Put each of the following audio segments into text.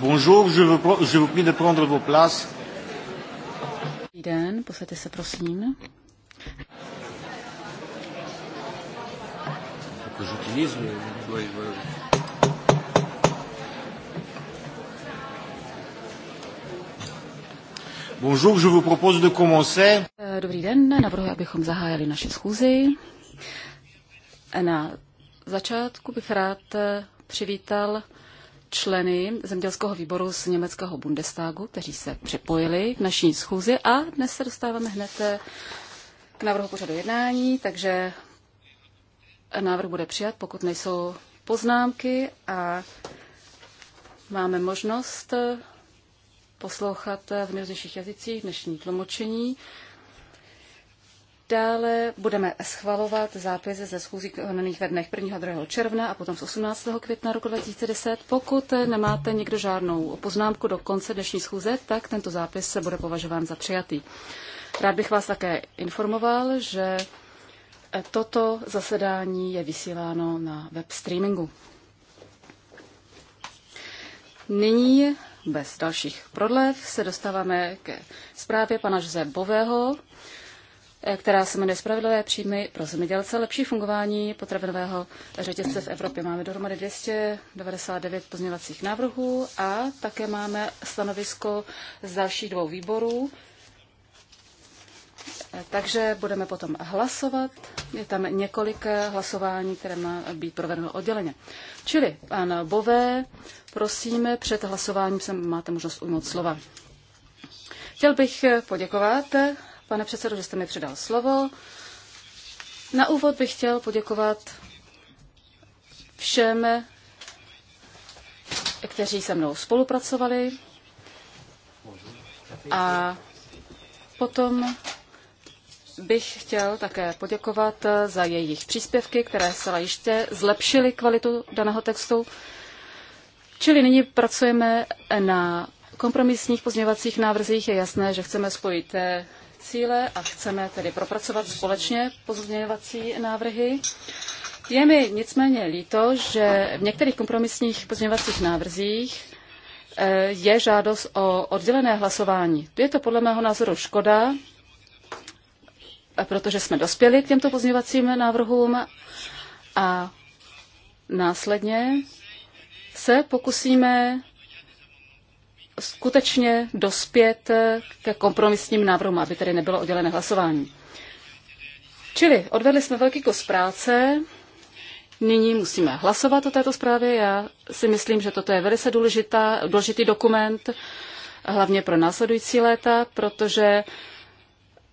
Bonjour, je vous, je vous prie de prendre vos places. den, posaďte se prosím. Jako Bonjour, je vous propose de commencer. Eh, dobrý den, navrhuji, abychom zahájili naši schůzi. Na začátku bych rád eh, přivítal členy zemědělského výboru z německého Bundestagu, kteří se připojili k naší schůzi a dnes se dostáváme hned eh, k návrhu pořadu jednání, takže návrh bude přijat, pokud nejsou poznámky a máme možnost eh, poslouchat v nejrůznějších jazycích dnešní tlumočení. Dále budeme schvalovat zápisy ze schůzí konaných ve dnech 1. a 2. června a potom z 18. května roku 2010. Pokud nemáte někdo žádnou poznámku do konce dnešní schůze, tak tento zápis se bude považován za přijatý. Rád bych vás také informoval, že toto zasedání je vysíláno na web streamingu. Nyní bez dalších prodlev se dostáváme ke zprávě pana Žze Bového Eh, která se jmenuje Spravedlivé příjmy pro zemědělce, lepší fungování potravinového řetězce v Evropě. Máme dohromady 299 pozměňovacích návrhů a také máme stanovisko z dalších dvou výborů. Eh, takže budeme potom hlasovat. Je tam několik eh, hlasování, které má být provedeno odděleně. Čili, pan Bové, prosíme, před hlasováním se máte možnost ujmout slova. Chtěl bych poděkovat pane předsedo, že jste mi předal slovo. Na úvod bych chtěl poděkovat všem, kteří se mnou spolupracovali a potom bych chtěl také poděkovat za jejich příspěvky, které se jistě zlepšily kvalitu daného textu. Čili nyní pracujeme na kompromisních pozměňovacích návrzích. Je jasné, že chceme spojit cíle a chceme tedy propracovat společně pozměňovací návrhy. Je mi nicméně líto, že v některých kompromisních pozměňovacích návrzích eh, je žádost o oddělené hlasování. Je to podle mého názoru škoda, eh, protože jsme dospěli k těmto pozměňovacím návrhům a následně se pokusíme skutečně dospět ke kompromisním návrhům, aby tedy nebylo oddělené hlasování. Čili odvedli jsme velký kus práce, nyní musíme hlasovat o této zprávě. Já si myslím, že toto je velice důležitá, důležitý dokument, hlavně pro následující léta, protože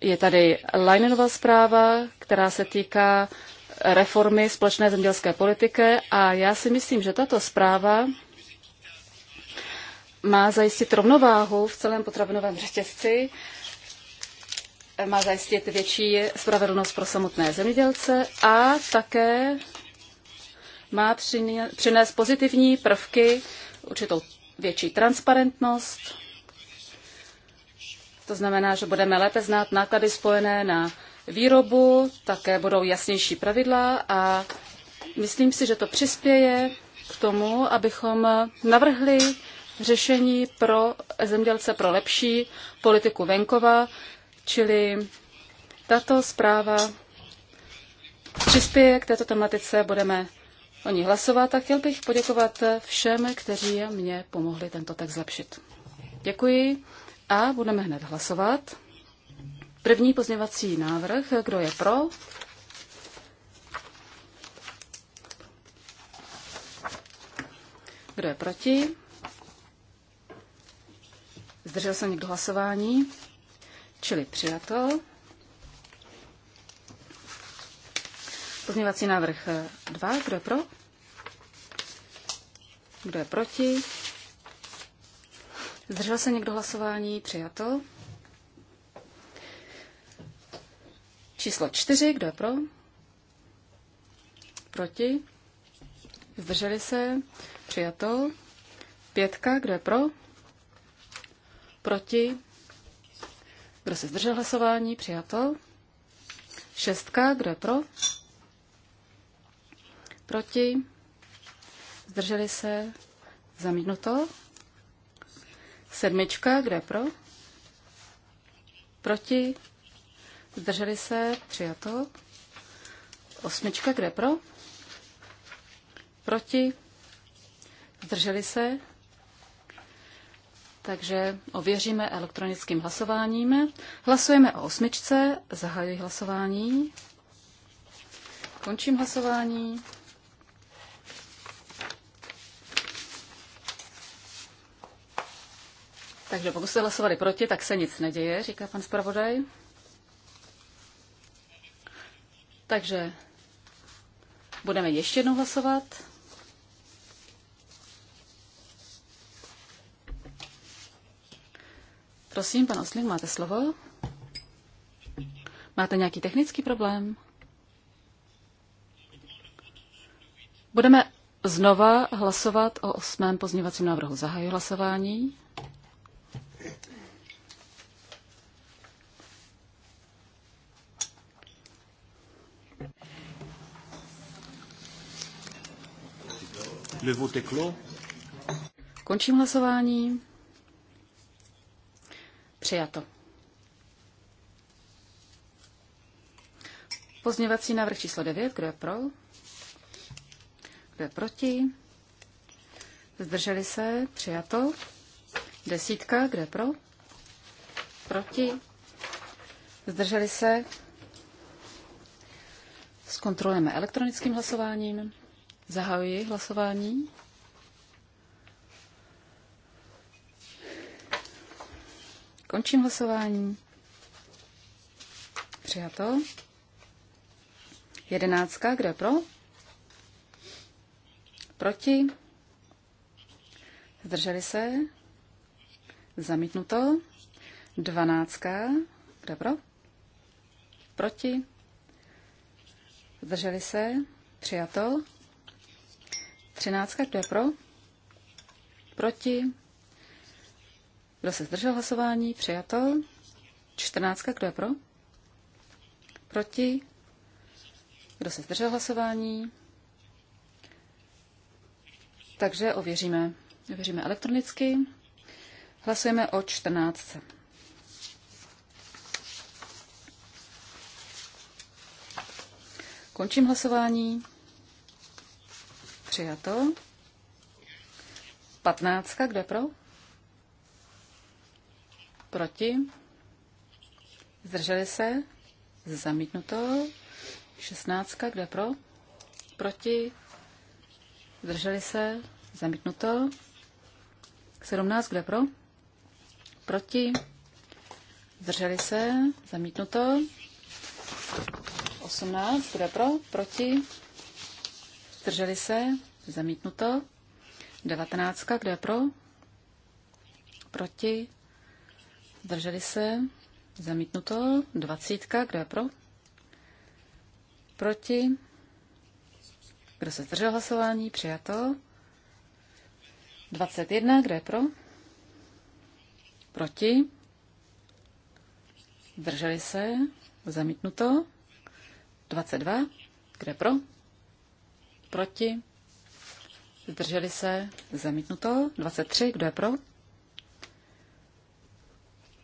je tady Leinenová zpráva, která se týká reformy společné zemědělské politiky a já si myslím, že tato zpráva má zajistit rovnováhu v celém potravinovém řetězci, má zajistit větší spravedlnost pro samotné zemědělce a také má přinést pozitivní prvky, určitou větší transparentnost. To znamená, že budeme lépe znát náklady spojené na výrobu, také budou jasnější pravidla a myslím si, že to přispěje k tomu, abychom navrhli řešení pro zemědělce pro lepší politiku venkova, čili tato zpráva přispěje k této tematice, budeme o ní hlasovat a chtěl bych poděkovat všem, kteří mě pomohli tento text zlepšit. Děkuji a budeme hned hlasovat. První pozměvací návrh, kdo je pro? Kdo je proti? Zdržel se někdo hlasování? Čili přijato. Pozměňovací návrh 2. Eh, kdo je pro? Kdo je proti? Zdržel se někdo hlasování? Přijato. Číslo 4. Kdo je pro? Proti? Zdrželi se? Přijato. Pětka. Kdo je pro? Proti? Kdo se zdržel hlasování? Přijato. Šestka. Kdo je pro? Proti? Zdrželi se? Zamítnuto. Sedmička. Kdo je pro? Proti? Zdrželi se? Přijato. Osmička. Kdo je pro? Proti? Zdrželi se? takže ověříme elektronickým hlasováním. Hlasujeme o osmičce, zahajuji hlasování, končím hlasování. Takže pokud jste hlasovali proti, tak se nic neděje, říká pan zpravodaj. Takže budeme ještě jednou hlasovat. Prosím, pan Osling, máte slovo. Máte nějaký technický problém? Budeme znova hlasovat o osmém pozměňovacím návrhu. Zahajuji hlasování. Le vote Končím hlasování. Přijato. Pozměvací návrh číslo 9. Kdo je pro? Kdo je proti? Zdrželi se? Přijato. Desítka. Kdo je pro? Proti? Zdrželi se? Zkontrolujeme elektronickým hlasováním. Zahajuji hlasování. Končím hlasování. Přijato. Jedenáctka, kdo je pro? Proti? Zdrželi se? Zamítnuto. Dvanáctka, kdo je pro? Proti? Zdrželi se? Přijato. Třináctka, kdo je pro? Proti? Kdo se zdržel hlasování? Přijato. 14. Kdo je pro? Proti? Kdo se zdržel hlasování? Takže ověříme. Ověříme elektronicky. Hlasujeme o 14. Končím hlasování. Přijato. 15. Kdo je pro? Proti? Zdrželi se? Zamítnuto. 16. kde pro? Proti? Zdrželi se? Zamítnuto. 17. kde pro? Proti? Zdrželi se? Zamítnuto. 18. kde pro? Proti? Zdrželi se? Zamítnuto. 19. kde pro? Proti? Zdrželi se? Zamítnuto. Dvacítka. Kdo je pro? Proti? Kdo se zdržel hlasování? Přijato. 21. Kdo je pro? Proti? Zdrželi se? Zamítnuto. 22. Kdo je pro? Proti? Zdrželi se? Zamítnuto. 23. Kdo je pro?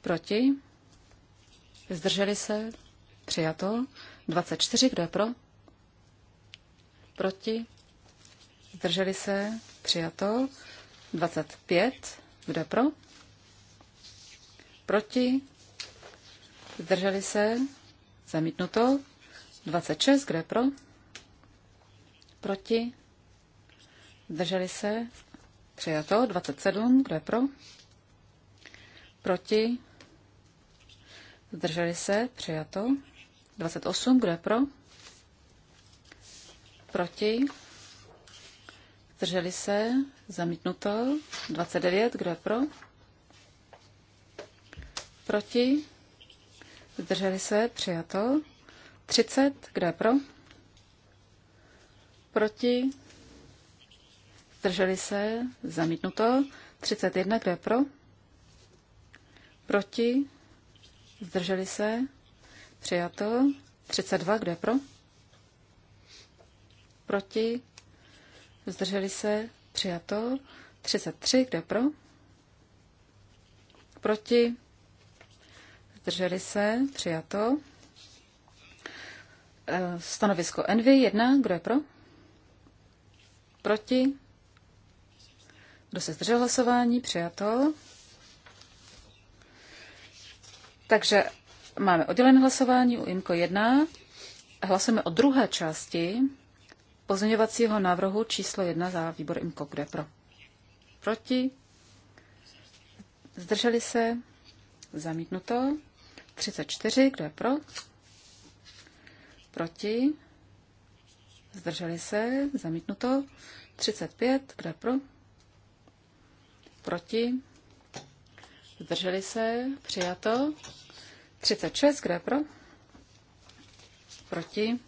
Proti? Zdrželi se? Přijato. 24. Kdo je pro? Proti? Zdrželi se? Přijato. 25. Kdo je pro? Proti? Zdrželi se? Zamítnuto. 26. Kdo je pro? Proti? Zdrželi se? Přijato. 27. Kdo je pro? Proti? Zdrželi se? Přijato. 28. Kdo je pro? Proti? Zdrželi se? Zamítnuto. 29. Kdo je pro? Proti? Zdrželi se? Přijato. 30. Kdo je pro? Proti? Zdrželi se? Zamítnuto. 31. Kdo je pro? Proti? Zdrželi se? Přijato. 32, kdo je pro? Proti? Zdrželi se? Přijato. 33, kdo je pro? Proti? Zdrželi se? Přijato. E, stanovisko NV 1, kdo je pro? Proti? Kdo se zdržel hlasování? Přijato. Takže máme oddělené hlasování u IMKO 1. Hlasujeme o druhé části pozměňovacího návrhu číslo 1 za výbor IMKO. Kde pro? Proti? Zdrželi se? Zamítnuto. 34. Kdo je pro? Proti? Zdrželi se? Zamítnuto. 35. Kdo je pro? Proti? Zdrželi se? Přijato. 36, kdo je pro? Proti?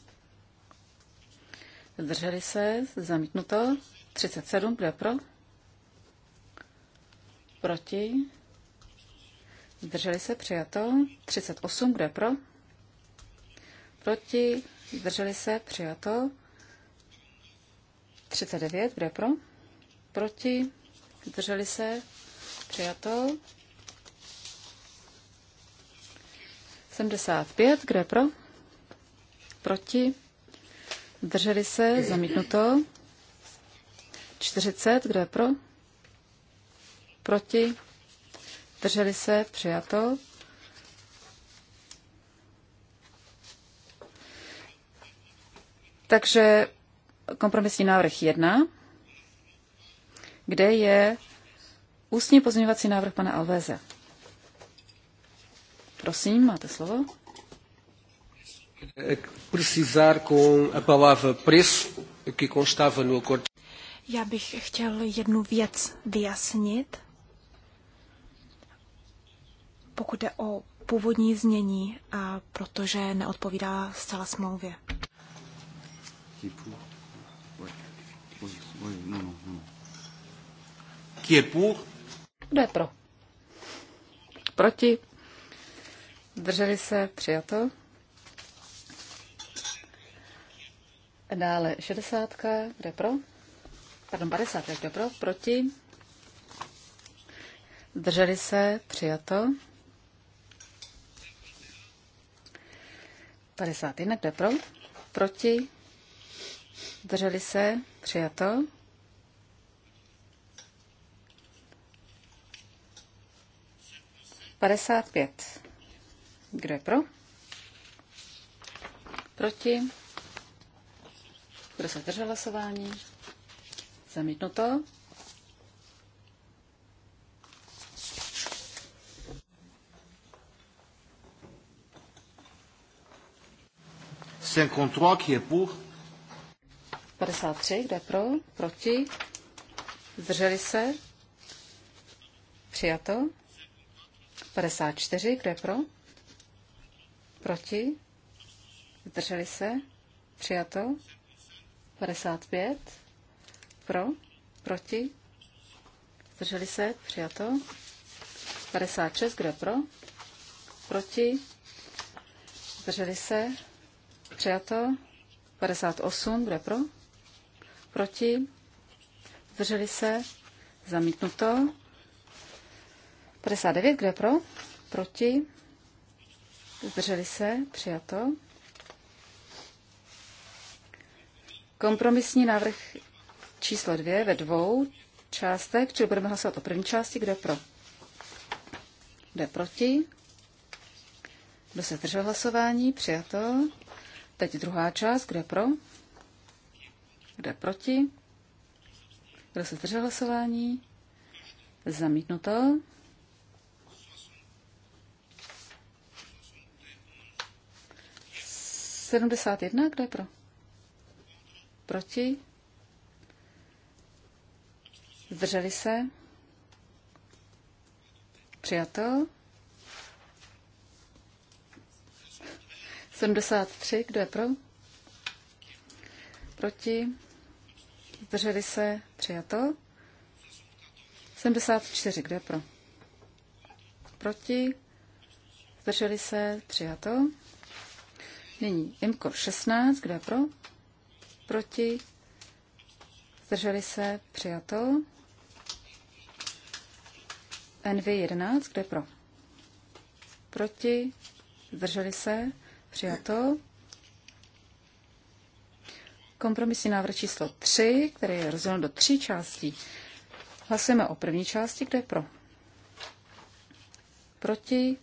Zdrželi se? Zamítnuto. 37, kdo je pro? Proti? Zdrželi se? Přijato. 38, kdo je pro? Proti? Zdrželi se? Přijato. 39, kdo je pro? Proti? Zdrželi se? Přijato. 75, kdo je pro? Proti? Drželi se, zamítnuto. 40, kdo je pro? Proti? Drželi se, přijato. Takže kompromisní návrh 1, kde je ústní pozměňovací návrh pana Alvéze. Prosím, máte slovo. Eh, precisar com a palavra preço que constava no acordo. Já bych chtěl jednu věc vyjasnit. Pokud jde o původní znění, a protože neodpovídá zcela smlouvě. Kdo je pro? Proti? Drželi se? Přijato. Dále 60. Kde pro? Pardon, 50. Kde pro? Proti. Drželi se? Přijato. 51. Kde pro? Proti. Drželi se? Přijato. Padesát pět. Kdo je pro? Proti? Kdo se zdržel hlasování? Zamítnuto. qui est pour. 53, je pro, proti, zdrželi se, přijato. 54, je pro, Proti? Zdrželi se? Přijato? 55. Pro? Proti? Zdrželi se? Přijato? 56. Kdo pro? Proti? Zdrželi se? Přijato? 58. Kdo pro? Proti? Zdrželi se? Zamítnuto? 59. Kdo pro? Proti? Zdrželi se? Přijato. Kompromisní návrh číslo dvě ve dvou částech, čili budeme hlasovat o první části, kde pro. Kde proti? Kdo se zdržel hlasování? Přijato. Teď druhá část, kde pro? Kde proti? Kdo se zdržel hlasování? Zamítnuto. 71, kdo je pro? Proti? Zdrželi se? Přijato? 73, kdo je pro? Proti? Zdrželi se? Přijato? 74, kdo je pro? Proti? Zdrželi se? Přijato? Nyní IMKO 16, kde pro? Proti? Zdrželi se? Přijato. NV 11, kde pro? Proti? Zdrželi se? Přijato. Kompromisní návrh číslo 3, který je rozdělen do tří částí. Hlasujeme o první části, kde je pro. Proti?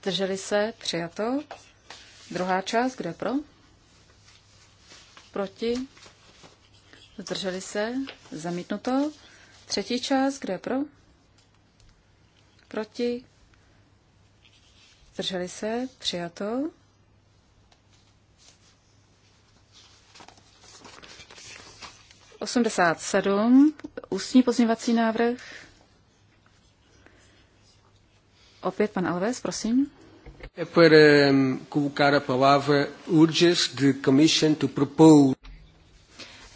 Zdrželi se? Přijato. Druhá část, kde pro? Proti? Zdrželi se? Zamítnuto. Třetí část, kde pro? Proti? Zdrželi se? Přijato. Osmdesát sedm. Ústní pozměvací návrh. Opět pan Alves, prosím. É para colocar a palavra urges the Commission to propose.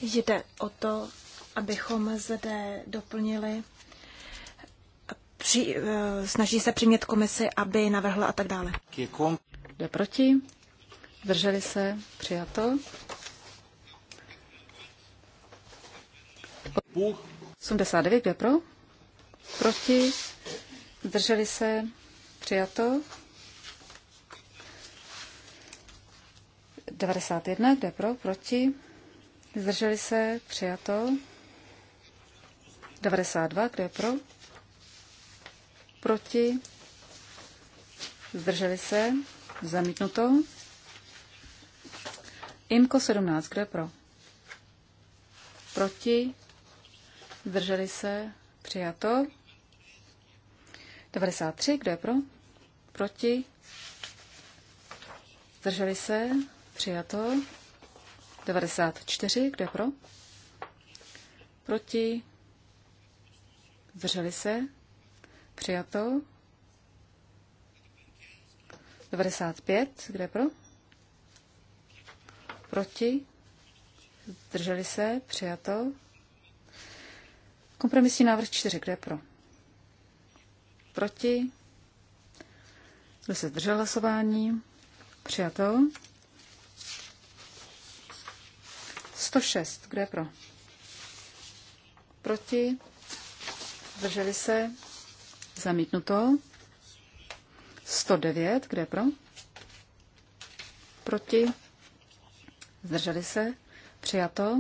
Jde o to, abychom zde doplnili při, eh, snaží se přimět komisi, aby navrhla a tak dále. Jde proti? Drželi se? Přijato? 89 kde pro? Proti? Drželi se? Přijato? 91, kde pro, proti, zdrželi se, přijato. 92, kde pro, proti, zdrželi se, zamítnuto. Imko 17, kde pro, proti, zdrželi se, přijato. 93, kdo je pro? Proti? Zdrželi se? Přijato. 94. kde pro? Proti? Zdrželi se? Přijato. 95. kde pro? Proti? Zdrželi se? Přijato. Kompromisní návrh 4. kde pro? Proti? Kdo se zdržel hlasování? Přijato. 106. Kdo je pro? Proti? Zdrželi se? Zamítnuto. 109. Kdo je pro? Proti? Zdrželi se? Přijato.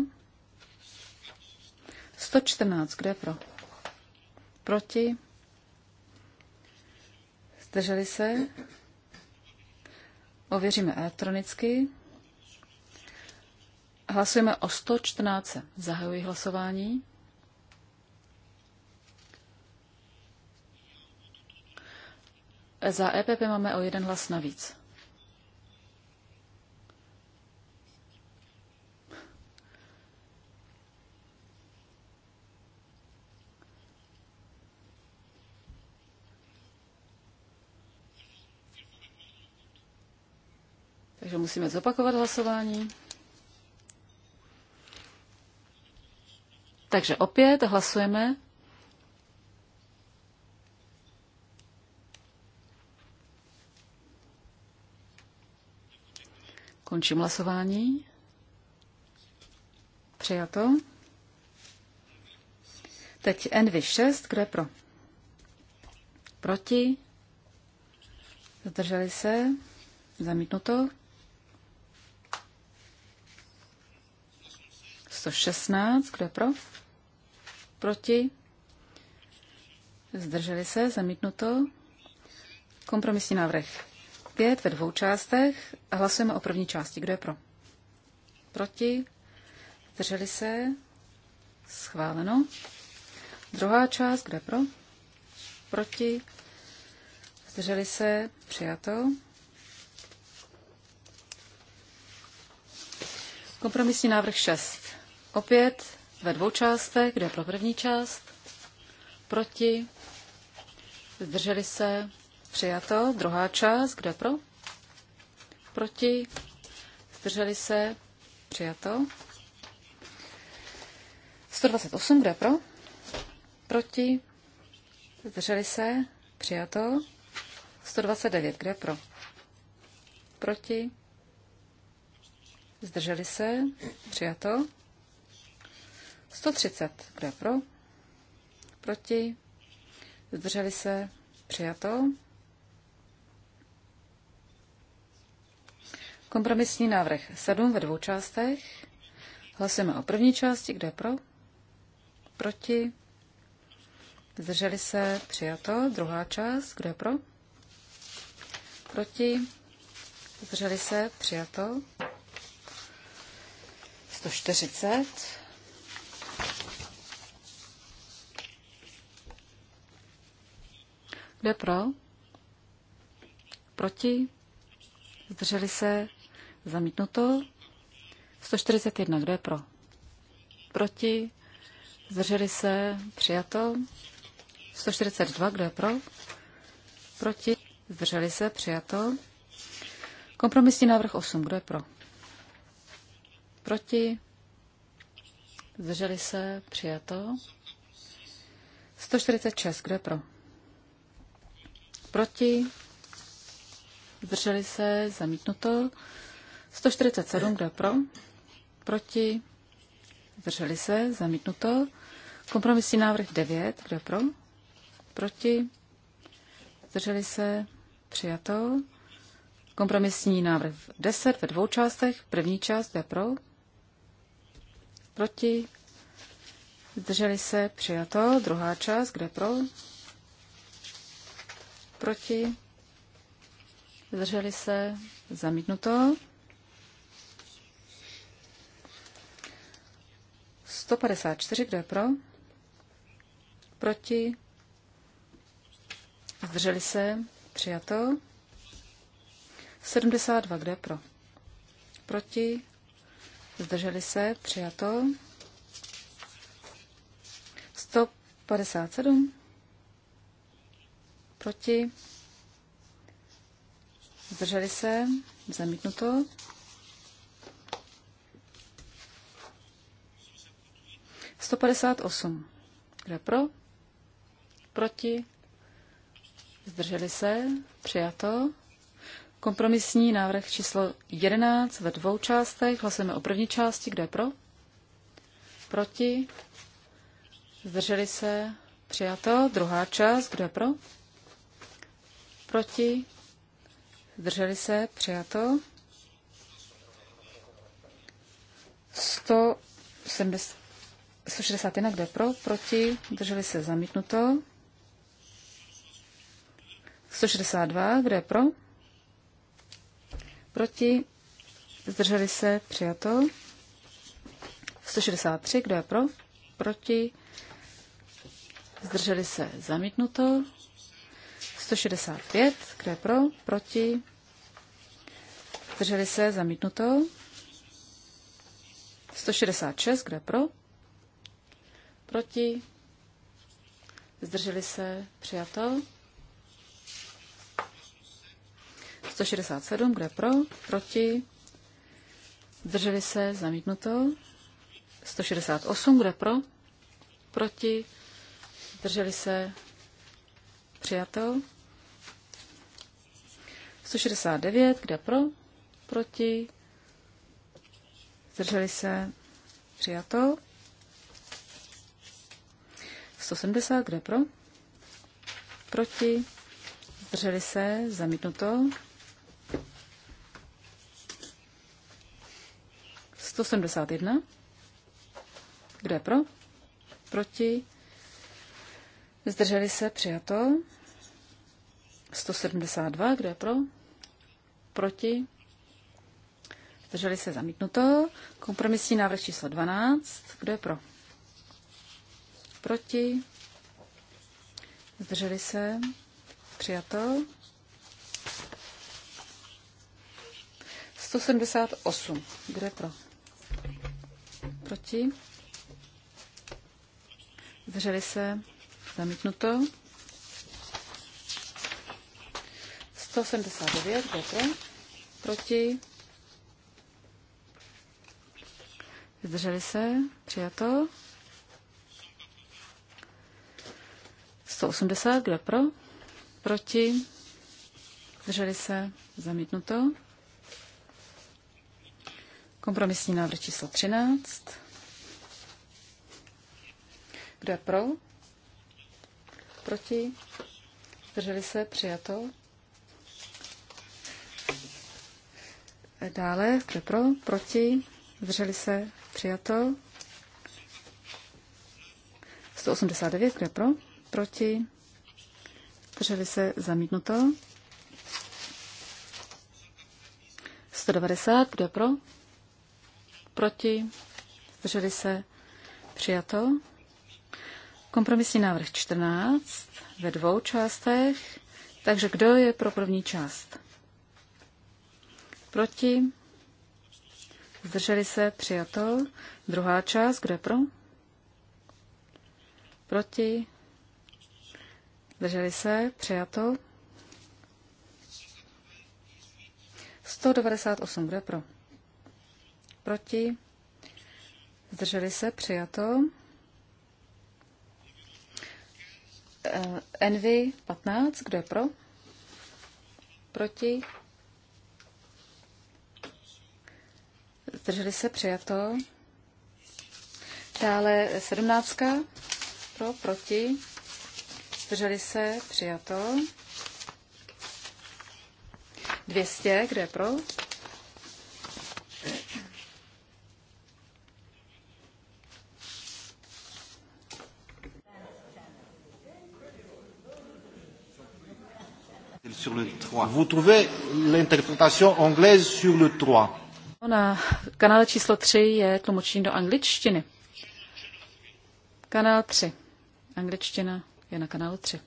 114. Kdo je pro? Proti? Zdrželi se? Ověříme elektronicky. Hlasujeme o 114. Zahajuji hlasování. Za EPP máme o jeden hlas navíc. Takže musíme zopakovat hlasování. Takže opět hlasujeme. Končím hlasování. Přijato. Teď nv 6, kdo je pro? Proti? Zdrželi se? Zamítnuto? 116, kdo je pro? proti, zdrželi se, zamítnuto. Kompromisní návrh pět ve dvou částech. Hlasujeme o první části. Kdo je pro? Proti, zdrželi se, schváleno. Druhá část, kde pro? Proti, zdrželi se, přijato. Kompromisní návrh 6. Opět ve dvou částech, kde pro první část, proti, zdrželi se, přijato, druhá část, kde pro, proti, zdrželi se, přijato, 128, kde pro, proti, zdrželi se, přijato, 129, kde pro, proti, zdrželi se, přijato, 130. Kdo je pro? Proti? Zdrželi se? Přijato. Kompromisní návrh 7 ve dvou částech. Hlasujeme o první části. Kdo je pro? Proti? Zdrželi se? Přijato. Druhá část. Kdo je pro? Proti? Zdrželi se? Přijato. 140. Kde pro? Proti? Zdrželi se? Zamítnuto. 141. Kdo je pro? Proti? Zdrželi se? Přijato. 142. Kdo je pro? Proti? Zdrželi se? Přijato. Kompromisní návrh 8. Kdo je pro? Proti? Zdrželi se? Přijato. 146. Kdo je pro? proti, zdrželi se, zamítnuto. 147, kdo je pro, proti, zdrželi se, zamítnuto. Kompromisní návrh 9, kdo je pro, proti, zdrželi se, přijato. Kompromisní návrh 10 ve dvou částech. První část je pro, proti, zdrželi se, přijato. Druhá část, kde pro, proti, zdrželi se, zamítnuto. 154, kdo je pro, proti, zdrželi se, přijato. 72, kdo je pro, proti, zdrželi se, přijato. 157. Proti? Zdrželi se? Zamítnuto. Sto padesát osm. Kde pro? Proti? Zdrželi se? Přijato. Kompromisní návrh číslo 11 ve dvou částech. Hlasujeme o první části. Kde je pro? Proti? Zdrželi se? Přijato. Druhá část. Kde je pro? proti, zdrželi se, přijato. 170, 161, kde pro, proti, zdrželi se, zamítnuto. 162, kde pro, proti, zdrželi se, přijato. 163, kdo je pro, proti, zdrželi se, zamítnuto. 165, kdo je pro, proti, zdrželi se, zamítnuto. 166, kdo je pro, proti, zdrželi se, přijato. 167, kde pro, proti, zdrželi se, zamítnuto. 168, kde pro, proti, zdrželi se, přijato. 169, kde pro, proti, zdrželi se, přijato. 170, kde pro, proti, zdrželi se, zamítnuto. 171, kde pro, proti, zdrželi se, přijato. 172, kde pro, proti, zdrželi se zamítnuto. Kompromisní návrh číslo 12, kdo je pro? Proti, zdrželi se, přijato. 178, kdo je pro? Proti, zdrželi se, zamítnuto. 179, kdo je pro? Proti? Zdrželi se? Přijato. 180, kdo pro? Proti? Zdrželi se? Zamítnuto. Kompromisní návrh číslo 13. Kdo je pro? Proti? Zdrželi se? Přijato. Dále, kdo pro, proti, zdrželi se, přijato. 189, kde pro, proti, zdrželi se, zamítnuto. 190, kde pro, proti, zdrželi se, přijato. Kompromisní návrh 14 ve dvou částech. Takže kdo je pro první část? Proti? Zdrželi se? Přijato. Druhá část. Kdo je pro? Proti? Zdrželi se? Přijato. 198. Kdo je pro? Proti? Zdrželi se? Přijato. Eh, Envy 15. Kdo je pro? Proti? Zdrželi se přijato. Dále sedmnáctka. Pro, proti. Zdrželi se přijato. 200, kde je pro? Vous trouvez l'interprétation anglaise sur le 3. No, na kanále číslo 3 je tlumočení do angličtiny. Kanál 3. Angličtina je na kanálu 3.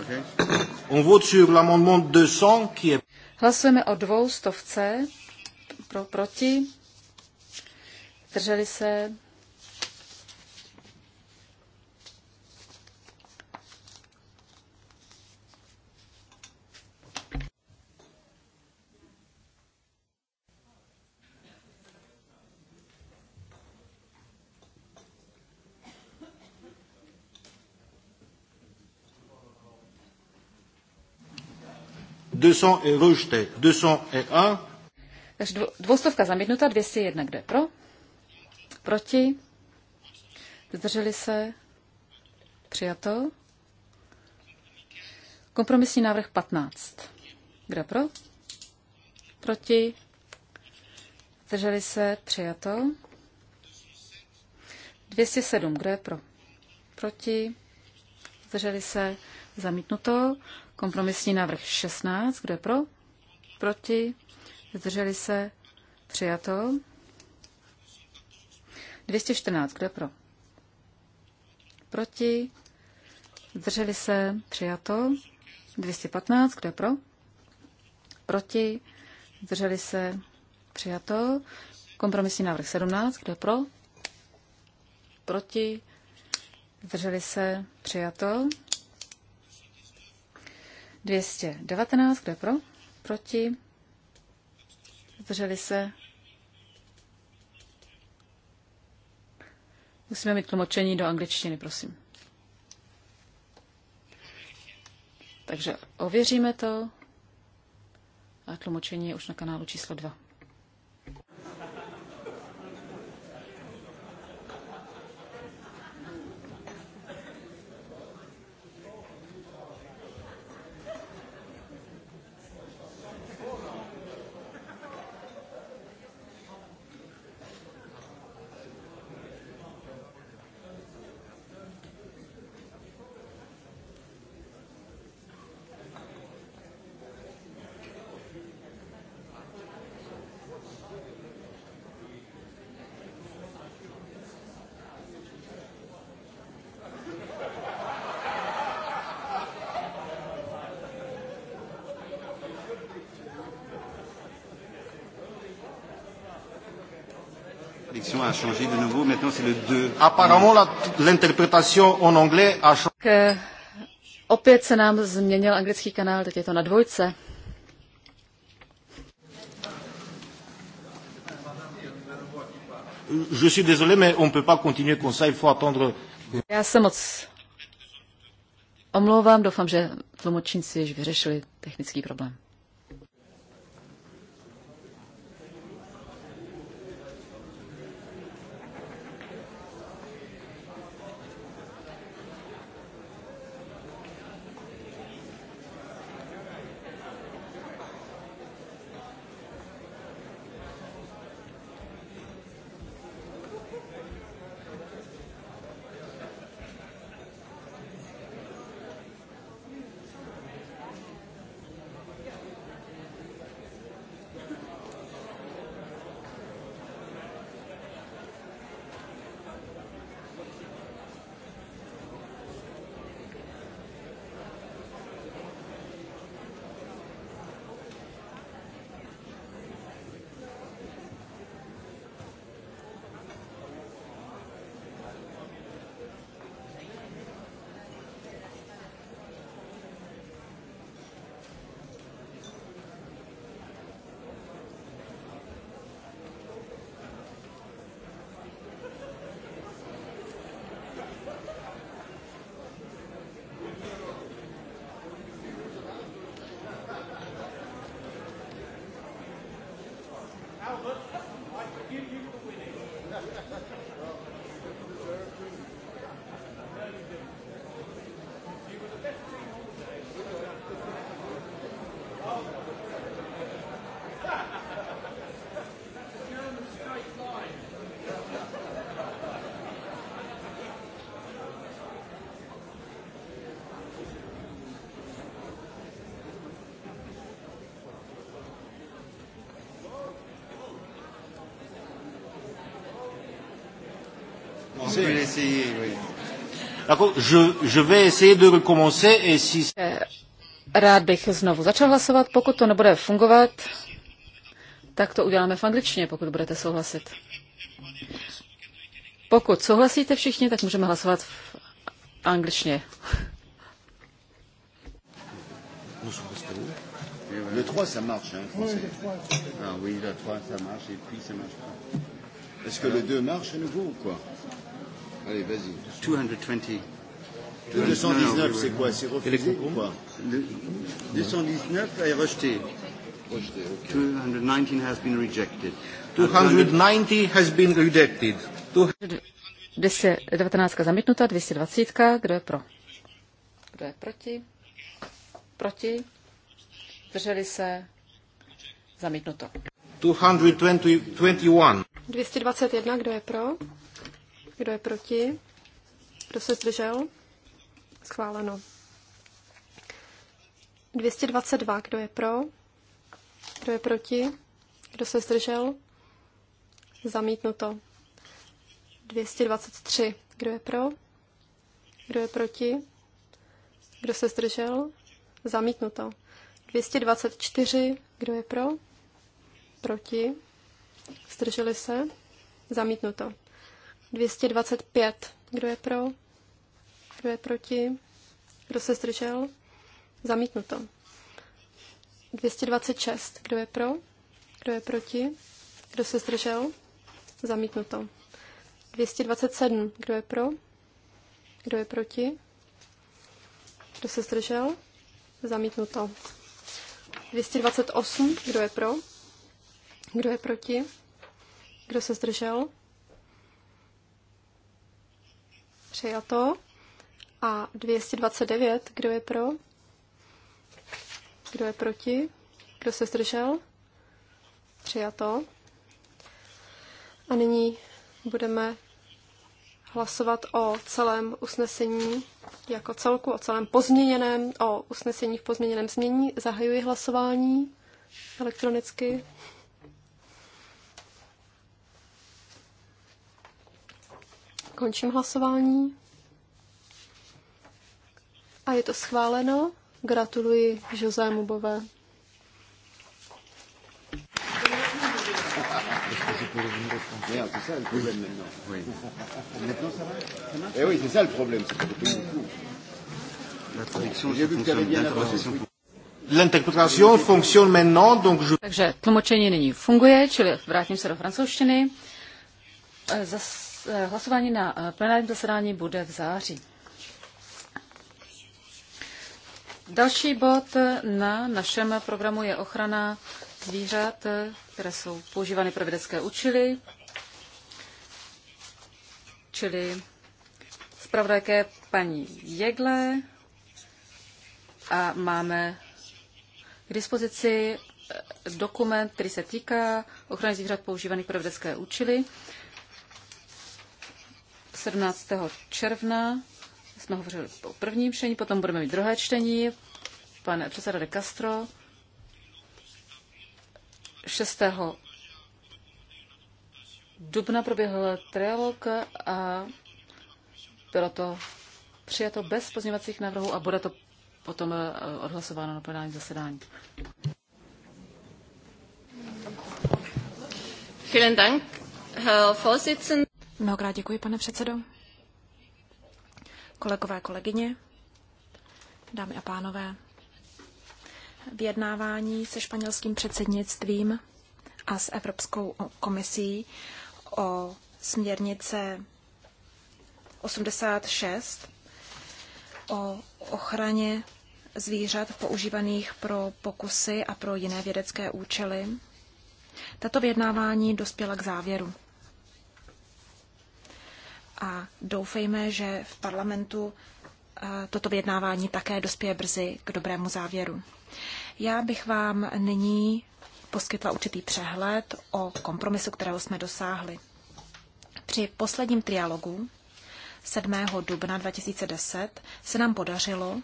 Okay. On vote sur l'amendement 200 qui est... Hlasujeme o dvou stovce pro, proti. Drželi se 200 je rejeté. 201. Takže dvoustovka zamítnuta, 201 kde pro? Proti? Zdrželi se? Přijato? Kompromisní návrh 15. Kde pro? Proti? Zdrželi se? Přijato? 207. kde pro? Proti? Zdrželi se? Zamítnuto. Kompromisní návrh 16. Kdo je pro? Proti? Zdrželi se? Přijato. 214. Kdo je pro? Proti? Zdrželi se? Přijato. 215. Kdo je pro? Proti? Zdrželi se? Přijato. Kompromisní návrh 17. Kdo je pro? Proti? Zdrželi se? Přijato. 219, kdo je pro? Proti? Zdrželi se? Musíme mít tlumočení do angličtiny, prosím. Takže ověříme to. A tlumočení je už na kanálu číslo 2. a changé de nouveau. Maintenant, c'est le 2. Apparemment, l'interprétation en anglais a changé. Opět se nám změnil anglický kanál, teď je to na dvojce. Je suis désolé, mais on peut pas continuer comme ça, il faut attendre. Já se moc omlouvám, doufám, že tlumočníci již vyřešili technický problém. essayer, oui. D'accord, je, je vais essayer de recommencer et si... Eh, rád bych znovu začal hlasovat. Pokud to nebude fungovat, tak to uděláme v angličtině, pokud budete souhlasit. Pokud souhlasíte všichni, tak můžeme hlasovat v angličtině. Eh le 3, ça marche, hein, français. Ah oui, le 3, ça marche, et puis ça marche pas. Est-ce que le 2 marche à nouveau ou quoi Allez, vas-y. 220. 219, no, no, c'est quoi C'est refusé ou quoi 219 est rejeté. Rejeté, ok. 219 has been rejected. 290 has been rejected. 19 zamítnuta, 220, kdo je pro? Kdo je proti? Proti? Drželi se? Zamítnuto. 221. 221, kdo je pro? Kdo je proti? Kdo se zdržel? Schváleno. 222. Kdo je pro? Kdo je proti? Kdo se zdržel? Zamítnuto. 223. Kdo je pro? Kdo je proti? Kdo se zdržel? Zamítnuto. 224. Kdo je pro? Proti? Zdrželi se? Zamítnuto. 225. Kdo je pro? Kdo je proti? Kdo se zdržel? Zamítnuto. 226. Kdo je pro? Kdo je proti? Kdo se zdržel? Zamítnuto. 227. Kdo je pro? Kdo je proti? Kdo se zdržel? Zamítnuto. 228. Kdo je pro? Kdo je proti? Kdo se zdržel? Přijato. A 229, kdo je pro? Kdo je proti? Kdo se zdržel? Přijato. A nyní budeme hlasovat o celém usnesení jako celku, o celém pozměněném, o usnesení v pozměněném změní. Zahajuji hlasování elektronicky. Končím hlasování. A je to schváleno. Gratuluji Josému Bové. Takže tlumočení nyní funguje, čili vrátím se do francouzštiny. Eh, zas Eh, hlasování na eh, plenárním zasedání bude v září. Další bod eh, na našem programu je ochrana zvířat, které jsou používány pro vědecké účely, čili zpravodajké paní Jegle a máme k dispozici dokument, který se týká ochrany zvířat používaných pro vědecké účely. 17. června jsme hovořili o prvním čtení, potom budeme mít druhé čtení. Pane předseda de Castro 6. dubna proběhl trialog a bylo to přijato bez pozměňovacích návrhů a bude to potom eh, odhlasováno na plenární zasedání. Vielen Dank, Herr Vorsitzender. Mnohokrát děkuji, pane předsedo. Kolegové, kolegyně, dámy a pánové, vyjednávání se španělským předsednictvím a s Evropskou komisí o směrnice 86 o ochraně zvířat používaných pro pokusy a pro jiné vědecké účely. Tato vyjednávání dospěla k závěru a doufejme, že v parlamentu eh, toto vyjednávání také dospěje brzy k dobrému závěru. Já bych vám nyní poskytla určitý přehled o kompromisu, kterého jsme dosáhli. Při posledním trialogu 7. dubna 2010 se nám podařilo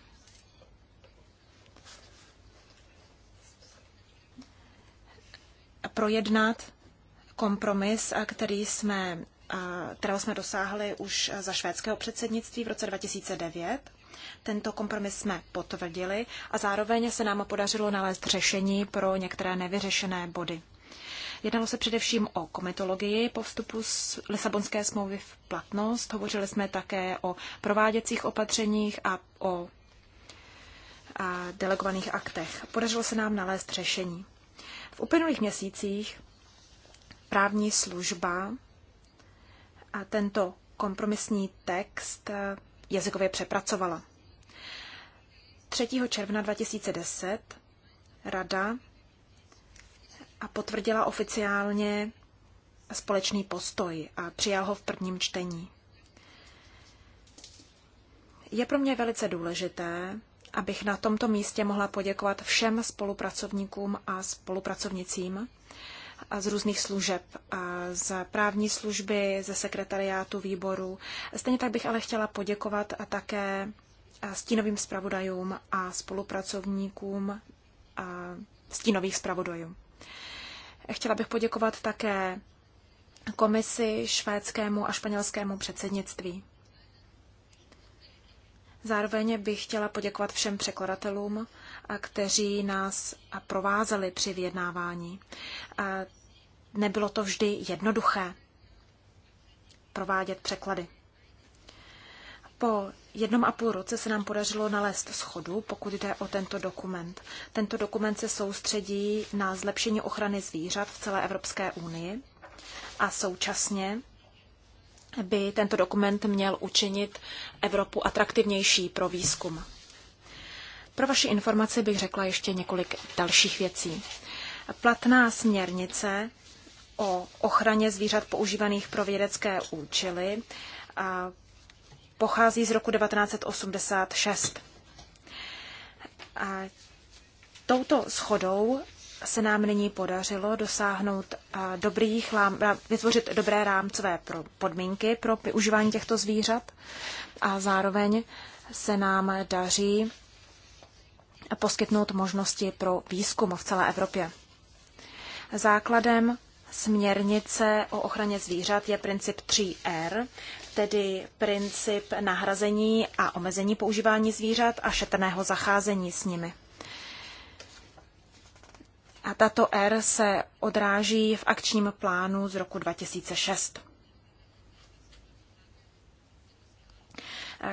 projednat kompromis, který jsme kterého jsme dosáhli už za švédského předsednictví v roce 2009. Tento kompromis jsme potvrdili a zároveň se nám podařilo nalézt řešení pro některé nevyřešené body. Jednalo se především o komitologii po vstupu z Lisabonské smlouvy v platnost. Hovořili jsme také o prováděcích opatřeních a o a delegovaných aktech. Podařilo se nám nalézt řešení. V uplynulých měsících právní služba a tento kompromisní text eh, jazykově přepracovala. 3. června 2010 Rada a potvrdila oficiálně společný postoj a přijal ho v prvním čtení. Je pro mě velice důležité, abych na tomto místě mohla poděkovat všem spolupracovníkům a spolupracovnicím, z různých služeb, z právní služby, ze sekretariátu výboru. Stejně tak bych ale chtěla poděkovat a také stínovým zpravodajům a spolupracovníkům a stínových zpravodajů. Chtěla bych poděkovat také komisi švédskému a španělskému předsednictví. Zároveň bych chtěla poděkovat všem překladatelům, kteří nás provázeli při vyjednávání nebylo to vždy jednoduché provádět překlady. Po jednom a půl roce se nám podařilo nalézt schodu, pokud jde o tento dokument. Tento dokument se soustředí na zlepšení ochrany zvířat v celé Evropské unii a současně by tento dokument měl učinit Evropu atraktivnější pro výzkum. Pro vaši informaci bych řekla ještě několik dalších věcí. Platná směrnice o ochraně zvířat používaných pro vědecké účely a pochází z roku 1986. A touto schodou se nám nyní podařilo dosáhnout dobrých, vytvořit dobré rámcové podmínky pro využívání těchto zvířat a zároveň se nám daří poskytnout možnosti pro výzkum v celé Evropě. Základem směrnice o ochraně zvířat je princip 3R, tedy princip nahrazení a omezení používání zvířat a šetrného zacházení s nimi. A tato R se odráží v akčním plánu z roku 2006.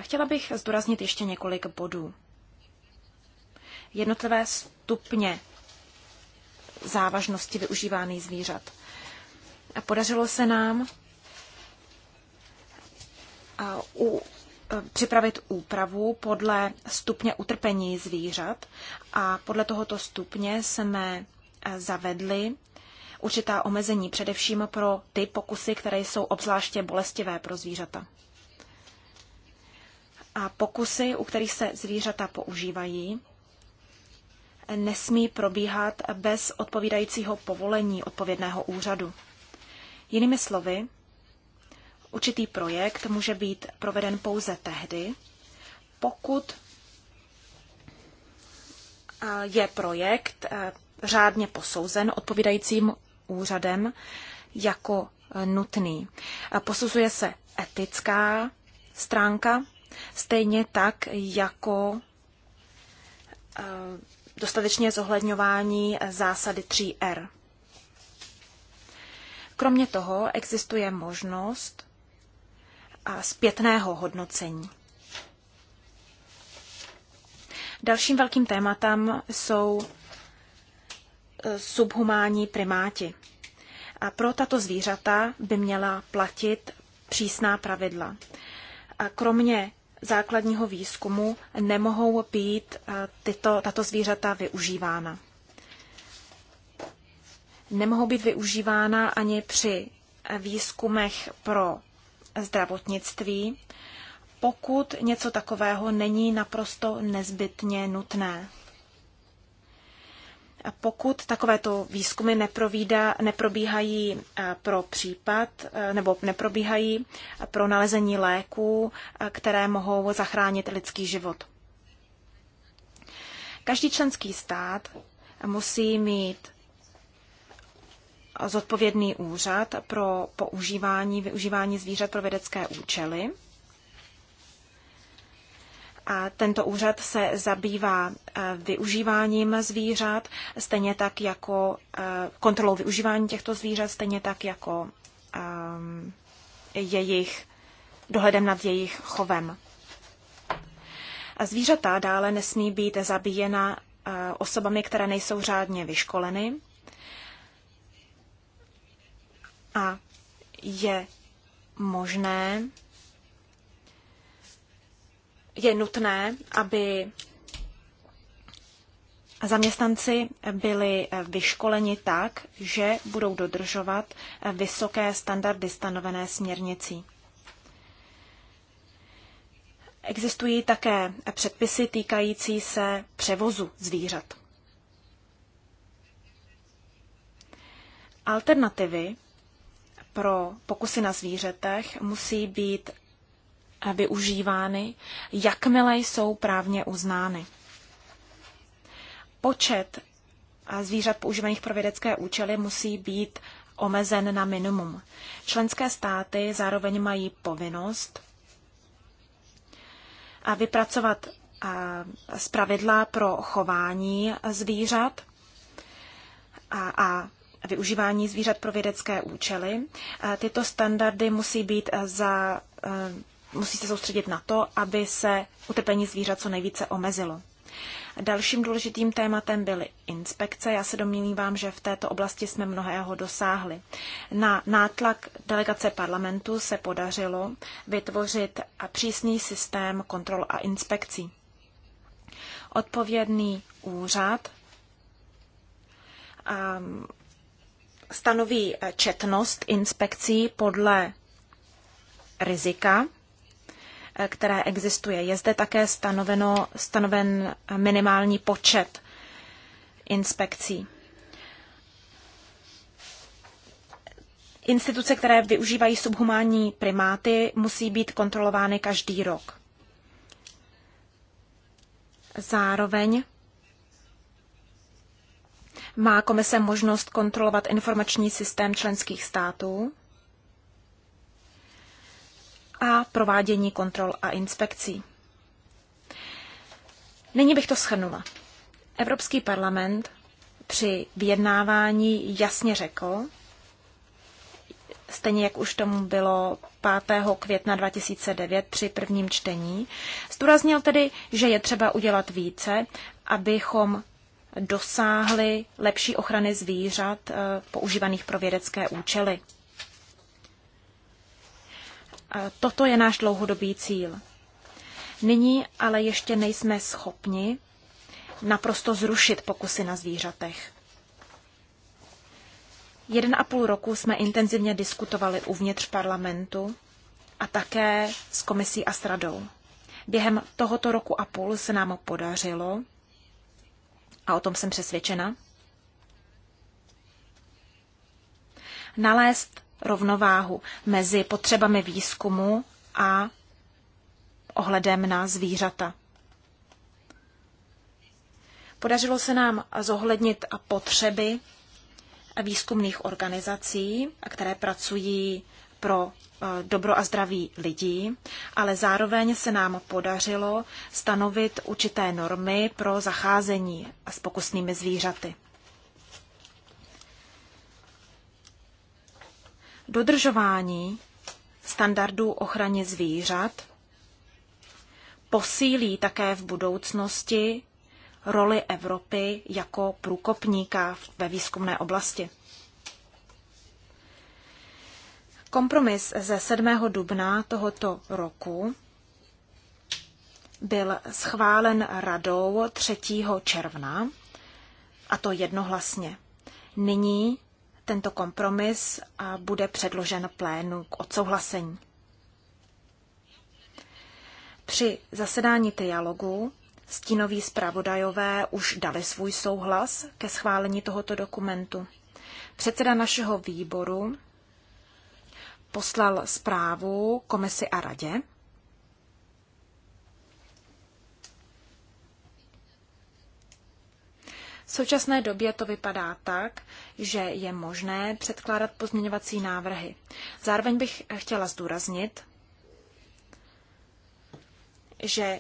Chtěla bych zdůraznit ještě několik bodů. Jednotlivé stupně závažnosti využívaných zvířat. Podařilo se nám u, e, připravit úpravu podle stupně utrpení zvířat a podle tohoto stupně jsme e, zavedli určitá omezení, především pro ty pokusy, které jsou obzvláště bolestivé pro zvířata. A pokusy, u kterých se zvířata používají, nesmí probíhat bez odpovídajícího povolení odpovědného úřadu. Jinými slovy, určitý projekt může být proveden pouze tehdy, pokud eh, je projekt eh, řádně posouzen odpovídajícím úřadem jako eh, nutný. Posuzuje se etická stránka, stejně tak jako dostatečně zohledňování zásady 3R. Kromě toho existuje možnost zpětného hodnocení. Dalším velkým tématem jsou e, subhumánní primáti. A pro tato zvířata by měla platit přísná pravidla. A kromě základního výzkumu nemohou být e, tyto, tato zvířata využívána nemohou být využívána ani při výzkumech pro zdravotnictví, pokud něco takového není naprosto nezbytně nutné. pokud takovéto výzkumy neprobíhají eh, pro případ eh, nebo neprobíhají pro nalezení léků, eh, které mohou zachránit lidský život. Každý členský stát musí mít zodpovědný úřad pro používání, využívání zvířat pro vědecké účely. A tento úřad se zabývá eh, využíváním zvířat, stejně tak jako eh, kontrolou využívání těchto zvířat, stejně tak jako eh, jejich dohledem nad jejich chovem. Zvířata dále nesmí být zabíjena osobami, které nejsou řádně vyškoleny a je možné, je nutné, aby Zaměstnanci byli vyškoleni tak, že budou dodržovat vysoké standardy stanovené směrnicí. Existují také předpisy týkající se převozu zvířat. Alternativy pro pokusy na zvířetech musí být eh, využívány, jakmile jsou právně uznány. Počet eh, zvířat používaných pro vědecké účely musí být omezen na minimum. Členské státy zároveň mají povinnost a eh, vypracovat zpravidla pro chování zvířat a využívání zvířat pro vědecké účely. Tyto standardy musí být eh, za, eh, musí se soustředit na to, aby se utrpení zvířat co nejvíce omezilo. Dalším důležitým tématem byly inspekce. Já se domnívám, že v této oblasti jsme mnohého dosáhli. Na nátlak delegace parlamentu se podařilo vytvořit přísný systém kontrol a inspekcí. Odpovědný úřad ehm, stanoví eh, četnost inspekcí podle rizika, eh, které existuje. Je zde také stanoveno, stanoven eh, minimální počet inspekcí. Instituce, které využívají subhumánní primáty, musí být kontrolovány každý rok. Zároveň má komise možnost kontrolovat informační systém členských států a provádění kontrol a inspekcí. Nyní bych to shrnula. Evropský parlament při vyjednávání jasně řekl, stejně jak už tomu bylo 5. května 2009 při prvním čtení. Zdůraznil tedy, že je třeba udělat více, abychom dosáhly lepší ochrany zvířat eh, používaných pro vědecké účely. Eh, toto je náš dlouhodobý cíl. Nyní ale ještě nejsme schopni naprosto zrušit pokusy na zvířatech. Jeden a půl roku jsme intenzivně diskutovali uvnitř parlamentu a také s komisí a s radou. Během tohoto roku a půl se nám podařilo a o tom jsem přesvědčena, nalézt rovnováhu mezi potřebami výzkumu a ohledem na zvířata. Podařilo se nám zohlednit potřeby výzkumných organizací, které pracují pro eh, dobro a zdraví lidí, ale zároveň se nám podařilo stanovit určité normy pro zacházení s pokusnými zvířaty. Dodržování standardů ochrany zvířat posílí také v budoucnosti roli Evropy jako průkopníka ve výzkumné oblasti. Kompromis ze 7. dubna tohoto roku byl schválen radou 3. června, a to jednohlasně. Nyní tento kompromis bude předložen plénu k odsouhlasení. Při zasedání dialogu stínoví zpravodajové už dali svůj souhlas ke schválení tohoto dokumentu. Předseda našeho výboru poslal zprávu komisi a radě. V současné době to vypadá tak, že je možné předkládat pozměňovací návrhy. Zároveň bych chtěla zdůraznit, že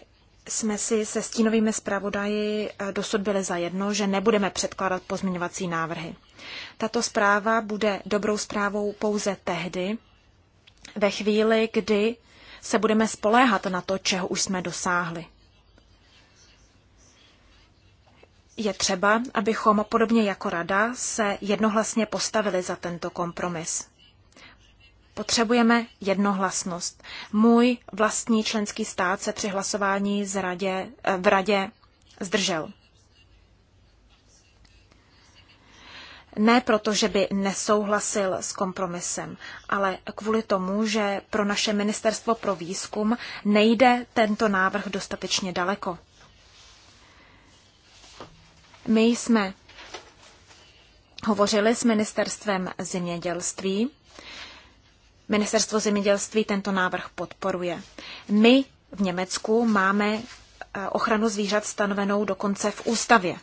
jsme si se stínovými zpravodaji eh, dosud byli zajedno, že nebudeme předkládat pozměňovací návrhy. Tato zpráva bude dobrou zprávou pouze tehdy, ve chvíli, kdy se budeme spoléhat na to, čeho už jsme dosáhli. Je třeba, abychom podobně jako Rada se jednohlasně postavili za tento kompromis. Potřebujeme jednohlasnost. Můj vlastní členský stát se při hlasování z radě, eh, v Radě zdržel. Ne proto, že by nesouhlasil s kompromisem, ale kvůli tomu, že pro naše ministerstvo pro výzkum nejde tento návrh dostatečně daleko. My jsme hovořili s ministerstvem zemědělství. Ministerstvo zemědělství tento návrh podporuje. My v Německu máme eh, ochranu zvířat stanovenou dokonce v ústavě.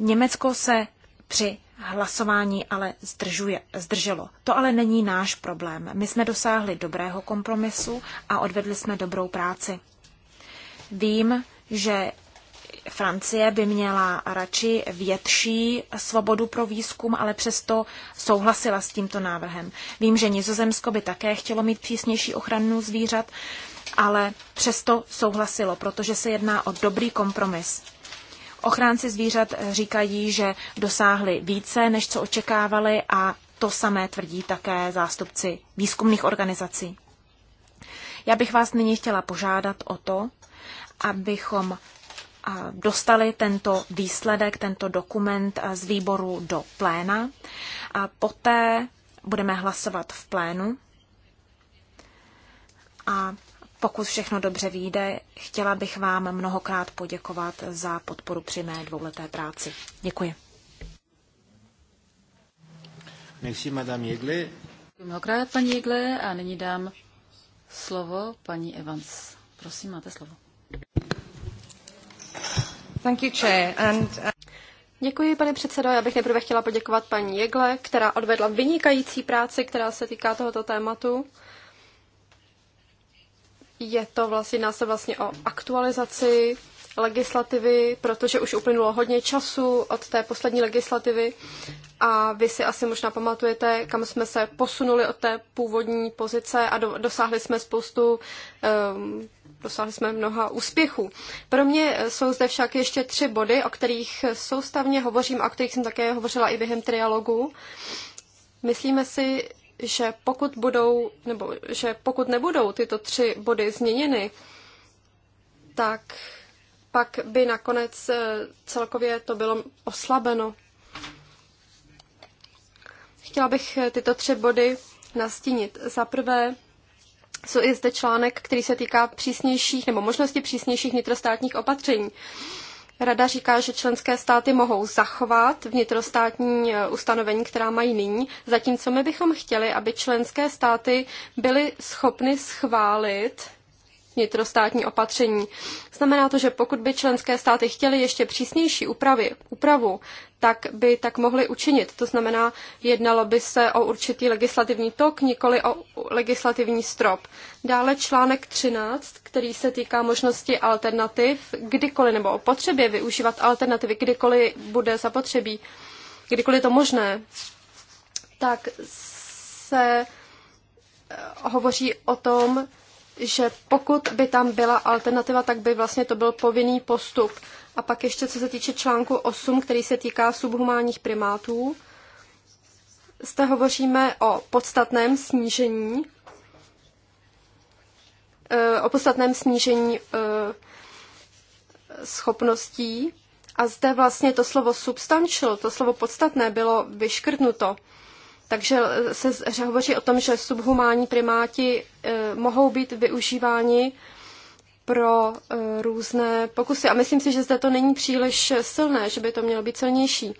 Německo se při hlasování ale zdržuje, zdrželo. To ale není náš problém. My jsme dosáhli dobrého kompromisu a odvedli jsme dobrou práci. Vím, že Francie by měla radši větší svobodu pro výzkum, ale přesto souhlasila s tímto návrhem. Vím, že Nizozemsko by také chtělo mít přísnější ochranu zvířat, ale přesto souhlasilo, protože se jedná o dobrý kompromis. Ochránci zvířat eh, říkají, že dosáhli více, než co očekávali a to samé tvrdí také zástupci výzkumných organizací. Já bych vás nyní chtěla požádat o to, abychom eh, dostali tento výsledek, tento dokument eh, z výboru do pléna. A poté budeme hlasovat v plénu. A pokud všechno dobře vyjde, chtěla bych vám mnohokrát poděkovat za podporu při mé dvouleté práci. Děkuji. Merci, Madame Jegle. Mnohokrát, paní Jegle, a nyní dám slovo paní Evans. Prosím, máte slovo. Thank you, Chair. And, uh... Děkuji, pane předsedo. Já bych nejprve chtěla poděkovat paní Jegle, která odvedla vynikající práci, která se týká tohoto tématu. Je to vlastně, jedná se vlastně o aktualizaci legislativy, protože už uplynulo hodně času od té poslední legislativy a vy si asi možná pamatujete, kam jsme se posunuli od té původní pozice a do, dosáhli jsme spoustu, um, dosáhli jsme mnoha úspěchů. Pro mě jsou zde však ještě tři body, o kterých soustavně hovořím a o kterých jsem také hovořila i během trialogu. Myslíme si, že pokud budou, nebo že pokud nebudou tyto tři body změněny, tak pak by nakonec eh, celkově to bylo oslabeno. Chtěla bych eh, tyto tři body nastínit. Za prvé je zde článek, který se týká přísnějších nebo možnosti přísnějších vnitrostátních opatření. Rada říká, že členské státy mohou zachovat vnitrostátní e, ustanovení, která mají nyní, zatímco my bychom chtěli, aby členské státy byly schopny schválit vnitrostátní opatření. Znamená to, že pokud by členské státy chtěly ještě přísnější úpravy, úpravu, tak by tak mohly učinit. To znamená, jednalo by se o určitý legislativní tok, nikoli o legislativní strop. Dále článek 13, který se týká možnosti alternativ kdykoliv nebo o potřebě využívat alternativy kdykoliv bude zapotřebí, kdykoliv je to možné, tak se eh, hovoří o tom, že pokud by tam byla alternativa, tak by vlastně to byl povinný postup. A pak ještě co se týče článku 8, který se týká subhumánních primátů, zde hovoříme o podstatném snížení, eh, o podstatném snížení eh, schopností. A zde vlastně to slovo substantial, to slovo podstatné bylo vyškrtnuto. Takže se hovoří o tom, že subhumánní primáti eh, mohou být využíváni pro eh, různé pokusy. A myslím si, že zde to není příliš silné, že by to mělo být silnější.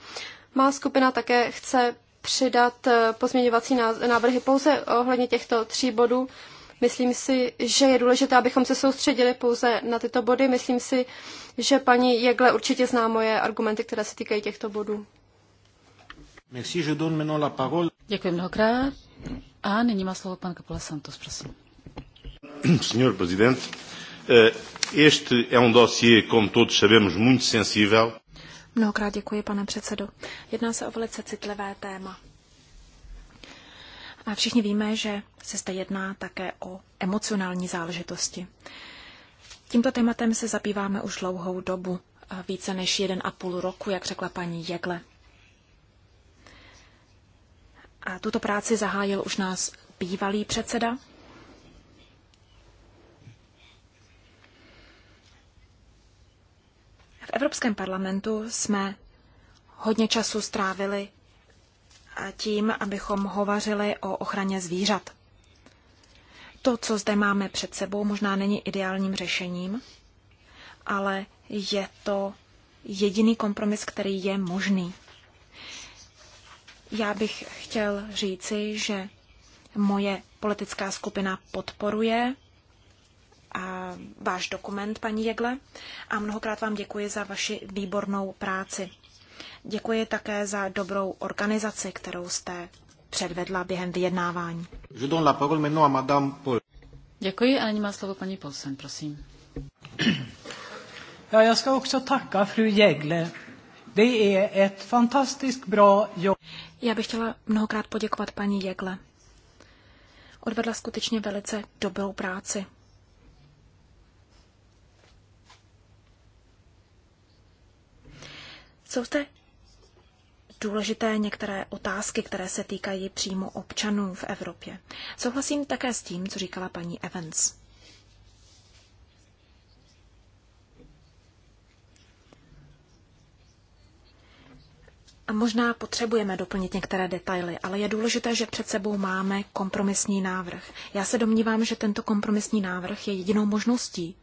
Má skupina také chce přidat eh, pozměňovací návrhy pouze ohledně těchto tří bodů. Myslím si, že je důležité, abychom se soustředili pouze na tyto body. Myslím si, že paní Jegle určitě zná moje argumenty, které se týkají těchto bodů. Merci, je donne maintenant la parole. Děkuji mnohokrát. A nyní má slovo pan Kapola Santos, prosím. Senhor Presidente, eh, este é um dossiê, como todos sabemos, muito sensível. Mnohokrát děkuji, pane předsedo. Jedná se o velice citlivé téma. A všichni víme, že se zde jedná také o emocionální záležitosti. Tímto tématem se zabýváme už dlouhou dobu, více než jeden a půl roku, jak řekla paní Jegle. A tuto práci zahájil už nás bývalý předseda. V Evropském parlamentu jsme hodně času strávili tím, abychom hovařili o ochraně zvířat. To, co zde máme před sebou, možná není ideálním řešením, ale je to jediný kompromis, který je možný. Já bych chtěl říci, že moje politická skupina podporuje a váš dokument, paní Jegle, a mnohokrát vám děkuji za vaši výbornou práci. Děkuji také za dobrou organizaci, kterou jste předvedla během vyjednávání. Děkuji a nyní má slovo paní Polsen, prosím. Ja, jsem ska också tacka fru Jegle. Det är ett fantastiskt bra jobb. Já bych chtěla mnohokrát poděkovat paní Jegle. Odvedla skutečně velice dobrou práci. Jsou zde důležité některé otázky, které se týkají přímo občanů v Evropě. Souhlasím také s tím, co říkala paní Evans. Možná potřebujeme doplnit některé detaily, ale je důležité, že před sebou máme kompromisní návrh. Já se domnívám, že tento kompromisní návrh je jedinou možností,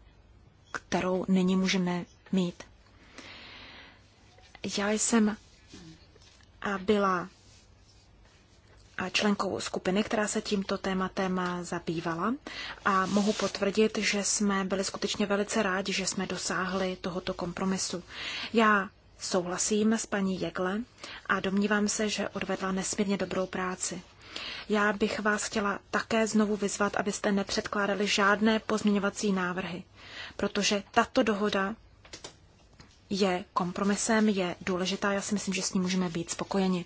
kterou nyní můžeme mít. Já jsem byla členkou skupiny, která se tímto tématem zabývala a mohu potvrdit, že jsme byli skutečně velice rádi, že jsme dosáhli tohoto kompromisu. Já Souhlasím s paní Jegle a domnívám se, že odvedla nesmírně dobrou práci. Já bych vás chtěla také znovu vyzvat, abyste nepředkládali žádné pozměňovací návrhy, protože tato dohoda je kompromisem, je důležitá. Já si myslím, že s ní můžeme být spokojeni.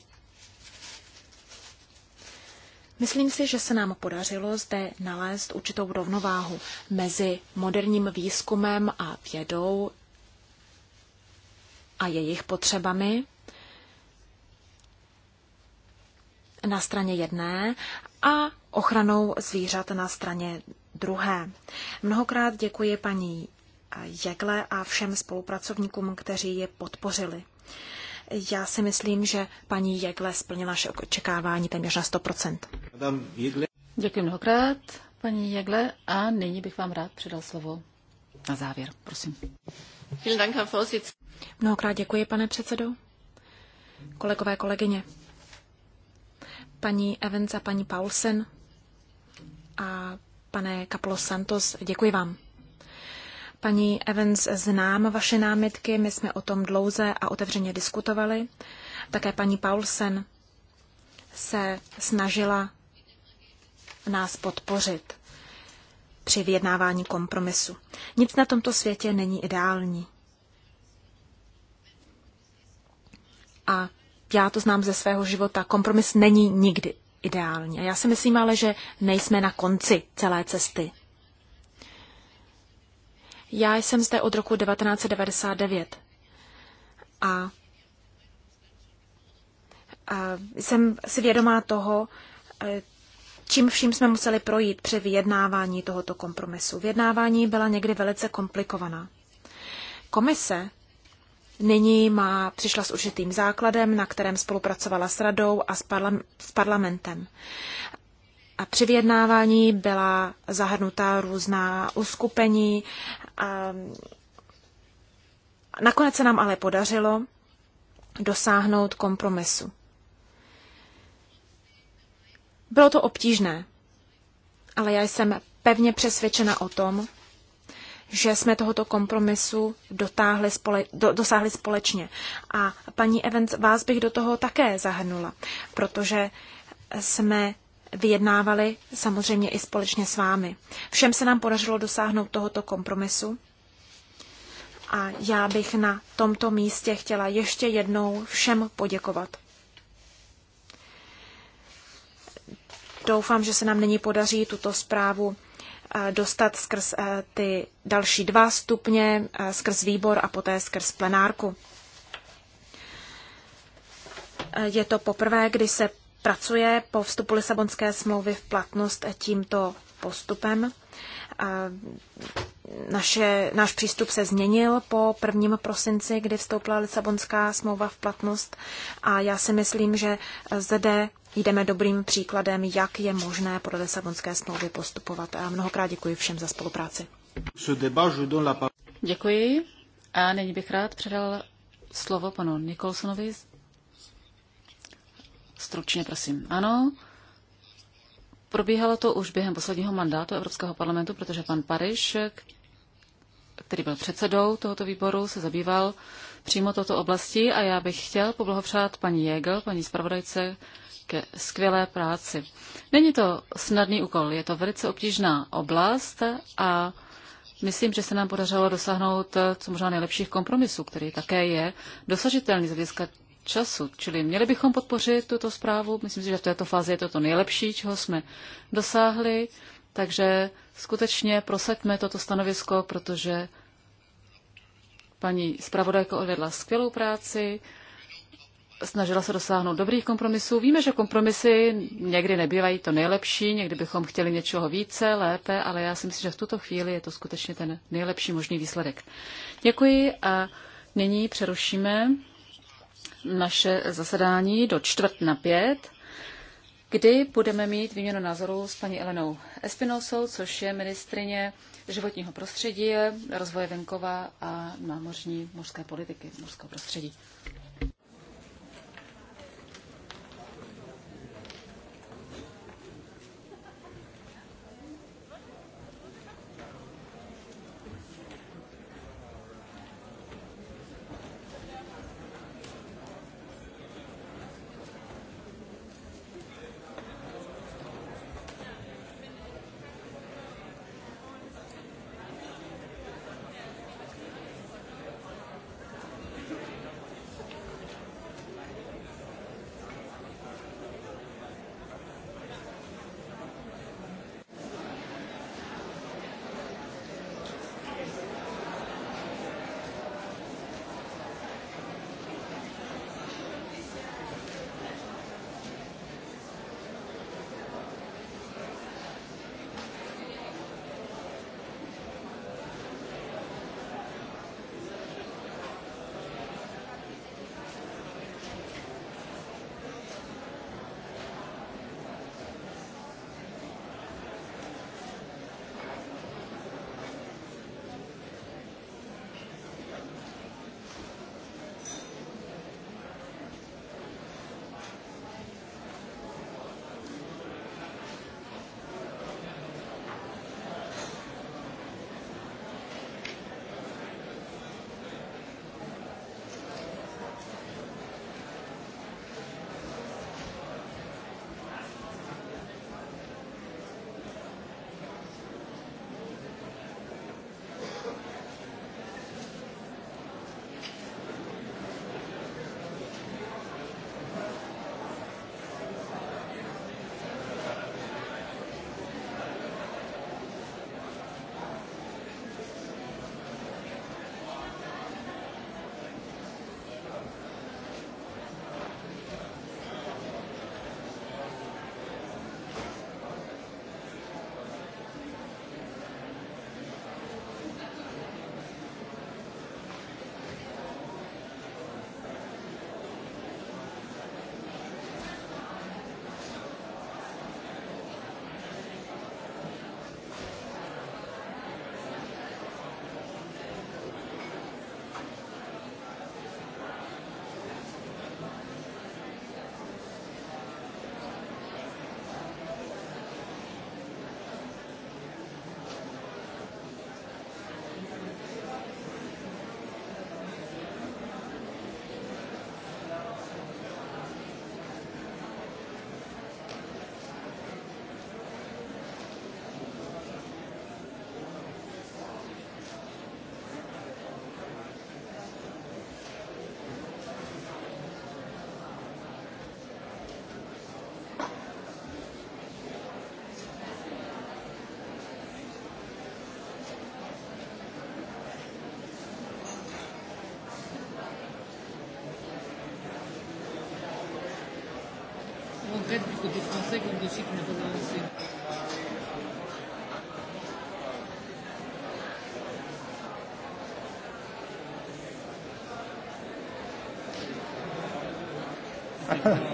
Myslím si, že se nám podařilo zde nalézt určitou rovnováhu mezi moderním výzkumem a vědou, a jejich potřebami na straně jedné a ochranou zvířat na straně druhé. Mnohokrát děkuji paní Jegle a všem spolupracovníkům, kteří je podpořili. Já si myslím, že paní Jegle splnila naše očekávání téměř na 100%. Děkuji mnohokrát, paní Jegle, a nyní bych vám rád předal slovo na závěr. Prosím. Mnohokrát děkuji, pane předsedo. Kolegové, kolegyně. Paní Evans a paní Paulsen a pane Kaplo Santos, děkuji vám. Paní Evans, znám vaše námitky, my jsme o tom dlouze a otevřeně diskutovali. Také paní Paulsen se snažila nás podpořit při vyjednávání kompromisu. Nic na tomto světě není ideální. A já to znám ze svého života. Kompromis není nikdy ideální. A já si myslím ale, že nejsme na konci celé cesty. Já jsem zde od roku 1999 a, a jsem si vědomá toho, čím vším jsme museli projít při vyjednávání tohoto kompromisu. Vyjednávání byla někdy velice komplikovaná. Komise nyní má, přišla s určitým základem, na kterém spolupracovala s radou a s, parla, s parlamentem. A při vyjednávání byla zahrnutá různá uskupení. A nakonec se nám ale podařilo dosáhnout kompromisu. Bylo to obtížné, ale já jsem pevně přesvědčena o tom, že jsme tohoto kompromisu dotáhli spole, do, dosáhli společně. A paní Evans, vás bych do toho také zahrnula, protože jsme vyjednávali samozřejmě i společně s vámi. Všem se nám podařilo dosáhnout tohoto kompromisu. A já bych na tomto místě chtěla ještě jednou všem poděkovat. Doufám, že se nám nyní podaří tuto zprávu eh, dostat skrz eh, ty další dva stupně, eh, skrz výbor a poté skrz plenárku. Je to poprvé, kdy se pracuje po vstupu Lisabonské smlouvy v platnost tímto postupem. Naše, náš přístup se změnil po 1. prosinci, kdy vstoupila Lisabonská smlouva v platnost a já si myslím, že zde jdeme dobrým příkladem, jak je možné podle Lisabonské smlouvy postupovat. A mnohokrát děkuji všem za spolupráci. Děkuji. A nyní bych rád předal slovo panu Nikolsonovi. Stručně, prosím. Ano. Probíhalo to už během posledního mandátu Evropského parlamentu, protože pan Pariš, který byl předsedou tohoto výboru, se zabýval přímo touto oblastí a já bych chtěl poblahopřát paní Jägel, paní zpravodajce, ke skvělé práci. Není to snadný úkol, je to velice obtížná oblast a myslím, že se nám podařilo dosáhnout eh, co možná nejlepších kompromisů, který také je dosažitelný z hlediska času. Čili měli bychom podpořit tuto zprávu. Myslím si, že v této fázi je to to nejlepší, čeho jsme dosáhli. Takže skutečně prosaďme toto stanovisko, protože paní zpravodajka odvedla skvělou práci snažila se dosáhnout dobrých kompromisů. Víme, že kompromisy někdy nebývají to nejlepší, někdy bychom chtěli něčeho více, lépe, ale já si myslím, že v tuto chvíli je to skutečně ten nejlepší možný výsledek. Děkuji a nyní přerušíme naše zasedání do čtvrt na pět, kdy budeme mít výměnu názorů s paní Elenou Espinosou, což je ministrině životního prostředí, rozvoje venkova a námořní mořské politiky, mořského prostředí. les Français comme des chiffres néerlandais. Ha ha.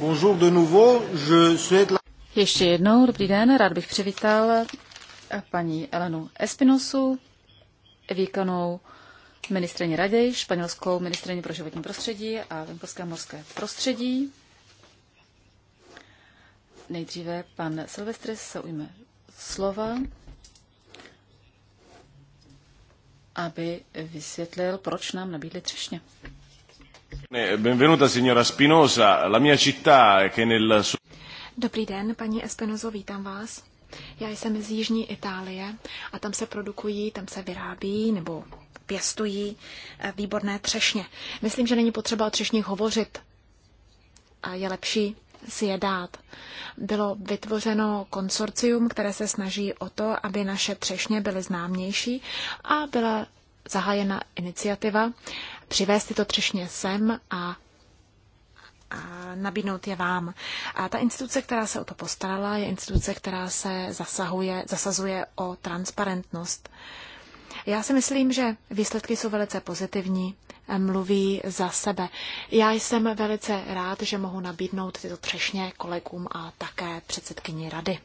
Bonjour de nouveau, je souhaite... Ještě jednou, dobrý den, rád bych přivítal eh, paní Elenu Espinosu, výkonnou ministrině Raději, španělskou ministrině pro životní prostředí a venkovské morské prostředí. Nejdříve pan Silvestris se ujme slova, aby vysvětlil, proč nám nabídli třešně. Eh, benvenuta signora Spinosa, la mia città che nel... Dobrý den, paní Espinozo, vítám vás. Já jsem z jižní Itálie a tam se produkují, tam se vyrábí nebo pěstují eh, výborné třešně. Myslím, že není potřeba o třešních hovořit. A je lepší si je dát. Bylo vytvořeno konsorcium, které se snaží o to, aby naše třešně byly známější a byla zahájena iniciativa, přivést tyto třešně sem a a nabídnout je vám. A ta instituce, která se o to postarala, je instituce, která se zasahuje, zasazuje o transparentnost. Já si myslím, že výsledky jsou velice pozitivní, mluví za sebe. Já jsem velice rád, že mohu nabídnout tyto třešně kolegům a také předsedkyni rady.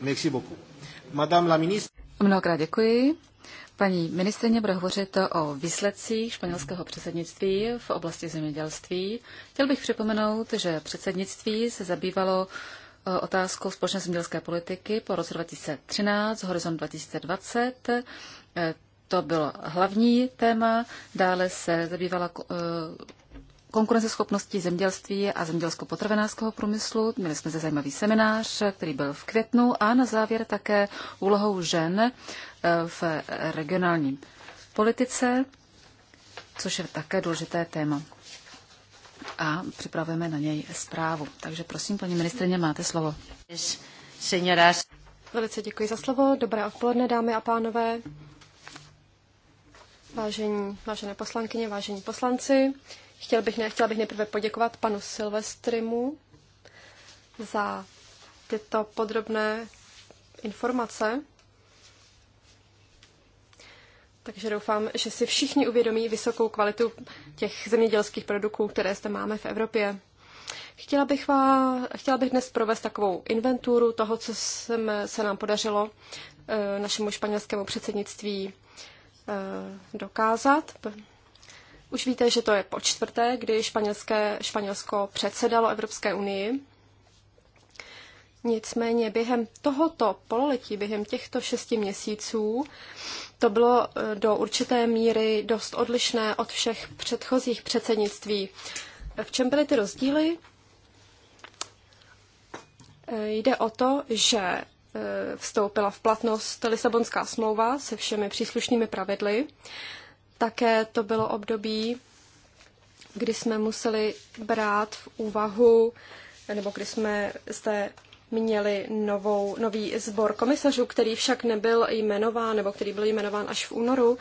Merci beaucoup. Madame la ministre. Mnohokrát děkuji. Paní ministrině bude hovořit o výsledcích španělského předsednictví v oblasti zemědělství. Chtěl bych připomenout, že předsednictví se zabývalo eh, otázkou společné zemědělské politiky po roce 2013, Horizont 2020. Eh, to bylo hlavní téma. Dále se zabývala eh, konkurenceschopnosti zemědělství a zemědělsko-potravinářského průmyslu. Měli jsme zde zajímavý seminář, který byl v květnu a na závěr také úlohou žen eh, v regionální politice, což je také důležité téma. A připravujeme na něj zprávu. Takže prosím, paní ministrině, máte slovo. Velice děkuji za slovo. Dobré odpoledne, dámy a pánové. Vážení, vážené poslankyně, vážení poslanci. Chtěl bych, ne, chtěla bych nejprve poděkovat panu Silvestrimu za tyto podrobné informace. Takže doufám, že si všichni uvědomí vysokou kvalitu těch zemědělských produktů, které zde máme v Evropě. Chtěla bych, vá, chtěla bych dnes provést takovou inventuru toho, co jsem, se nám podařilo eh, našemu španělskému předsednictví eh, dokázat. Už víte, že to je po čtvrté, kdy španělské, Španělsko předsedalo Evropské unii. Nicméně během tohoto pololetí, během těchto šesti měsíců, to bylo eh, do určité míry dost odlišné od všech předchozích předsednictví. V čem byly ty rozdíly? Eh, jde o to, že eh, vstoupila v platnost Lisabonská smlouva se všemi příslušnými pravidly také to bylo období, kdy jsme museli brát v úvahu, nebo kdy jsme zde měli novou, nový sbor komisařů, který však nebyl jmenován, nebo který byl jmenován až v únoru.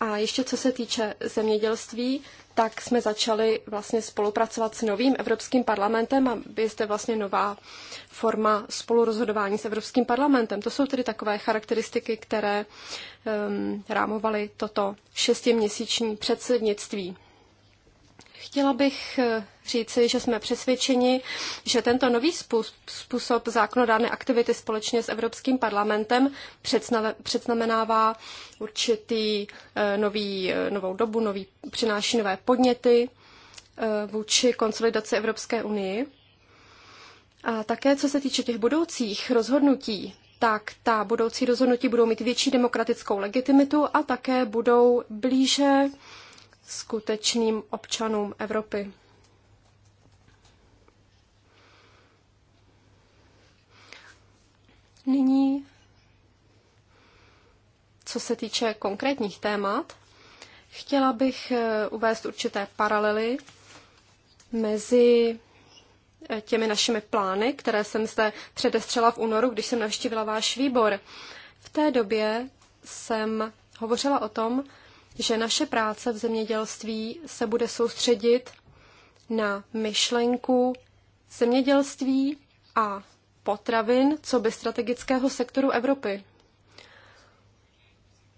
A ještě co se týče zemědělství, tak jsme začali vlastně spolupracovat s novým Evropským parlamentem a je zde vlastně nová forma spolurozhodování s Evropským parlamentem. To jsou tedy takové charakteristiky, které um, rámovaly toto šestiměsíční předsednictví. Chtěla bych eh, říci, že jsme přesvědčeni, že tento nový způsob zákonodárné aktivity společně s Evropským parlamentem předznamenává určitý eh, nový, eh, novou dobu, nový, přináší nové podněty vůči konsolidaci Evropské unii. A také co se týče těch budoucích rozhodnutí, tak ta budoucí rozhodnutí budou mít větší demokratickou legitimitu a také budou blíže skutečným občanům Evropy. Nyní, co se týče konkrétních témat, chtěla bych eh, uvést určité paralely mezi eh, těmi našimi plány, které jsem zde předestřela v únoru, když jsem navštívila váš výbor. V té době jsem hovořila o tom, že naše práce v zemědělství se bude soustředit na myšlenku zemědělství a potravin co by strategického sektoru Evropy.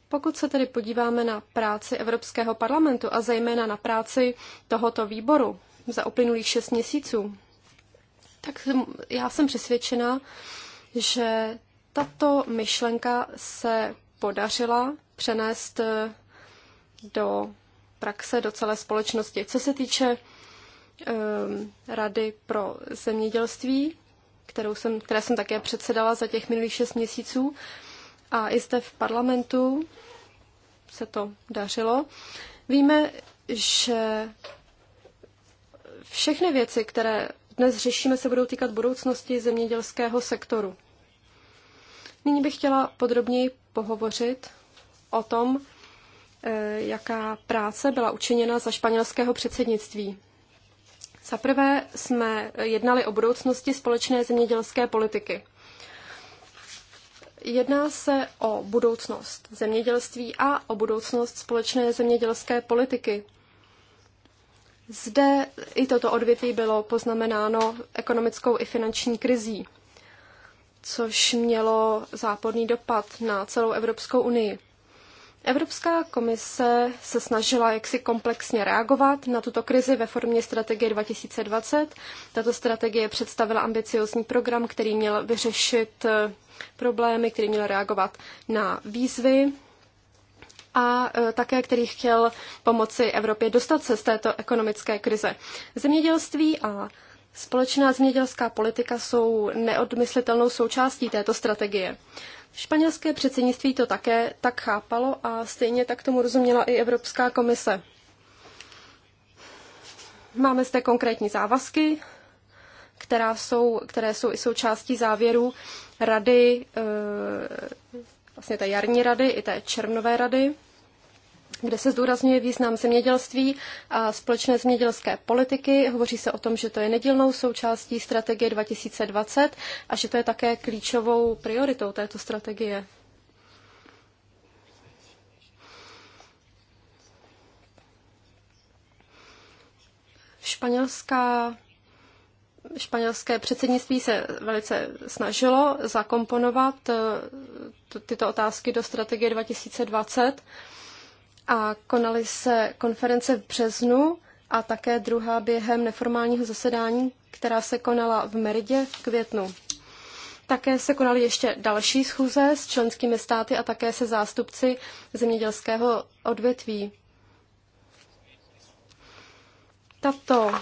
Pokud se tedy podíváme na práci Evropského parlamentu a zejména na práci tohoto výboru za uplynulých šest měsíců, tak já jsem přesvědčena, že tato myšlenka se podařila přenést do praxe, do celé společnosti. Co se týče um, Rady pro zemědělství, kterou jsem, které jsem také předsedala za těch minulých šest měsíců, a i zde v parlamentu se to dařilo. Víme, že všechny věci, které dnes řešíme, se budou týkat budoucnosti zemědělského sektoru. Nyní bych chtěla podrobněji pohovořit o tom, Eh, jaká práce byla učiněna za španělského předsednictví. Za prvé jsme jednali o budoucnosti společné zemědělské politiky. Jedná se o budoucnost zemědělství a o budoucnost společné zemědělské politiky. Zde i toto odvětví bylo poznamenáno ekonomickou i finanční krizí, což mělo záporný dopad na celou Evropskou unii. Evropská komise se snažila jaksi komplexně reagovat na tuto krizi ve formě strategie 2020. Tato strategie představila ambiciozní program, který měl vyřešit eh, problémy, který měl reagovat na výzvy a eh, také který chtěl pomoci Evropě dostat se z této ekonomické krize. Zemědělství a společná zemědělská politika jsou neodmyslitelnou součástí této strategie. Španělské předsednictví to také tak chápalo a stejně tak tomu rozuměla i Evropská komise. Máme zde konkrétní závazky, která jsou, které jsou i součástí závěru rady, eh, vlastně té jarní rady i té červnové rady kde se zdůrazňuje význam zemědělství a společné zemědělské politiky. Hovoří se o tom, že to je nedílnou součástí strategie 2020 a že to je také klíčovou prioritou této strategie. Španělská španělské předsednictví se velice snažilo zakomponovat eh, tyto otázky do strategie 2020 a konaly se konference v březnu a také druhá během neformálního zasedání, která se konala v Meridě v květnu. Také se konaly ještě další schůze s členskými státy a také se zástupci zemědělského odvětví. Tato,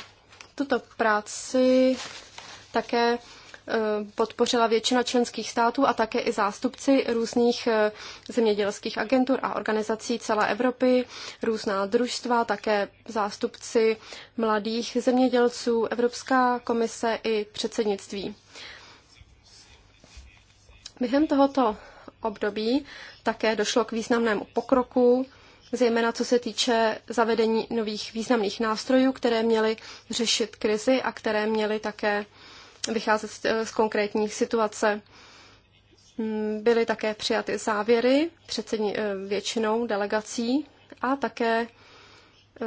tuto práci také Eh, podpořila většina členských států a také i zástupci různých eh, zemědělských agentur a organizací celé Evropy, různá družstva, také zástupci mladých zemědělců, Evropská komise i předsednictví. Během tohoto období také došlo k významnému pokroku, zejména co se týče zavedení nových významných nástrojů, které měly řešit krizi a které měly také vycházet z konkrétních situace. Mm, Byly také přijaty závěry předsední, eh, většinou delegací a také eh,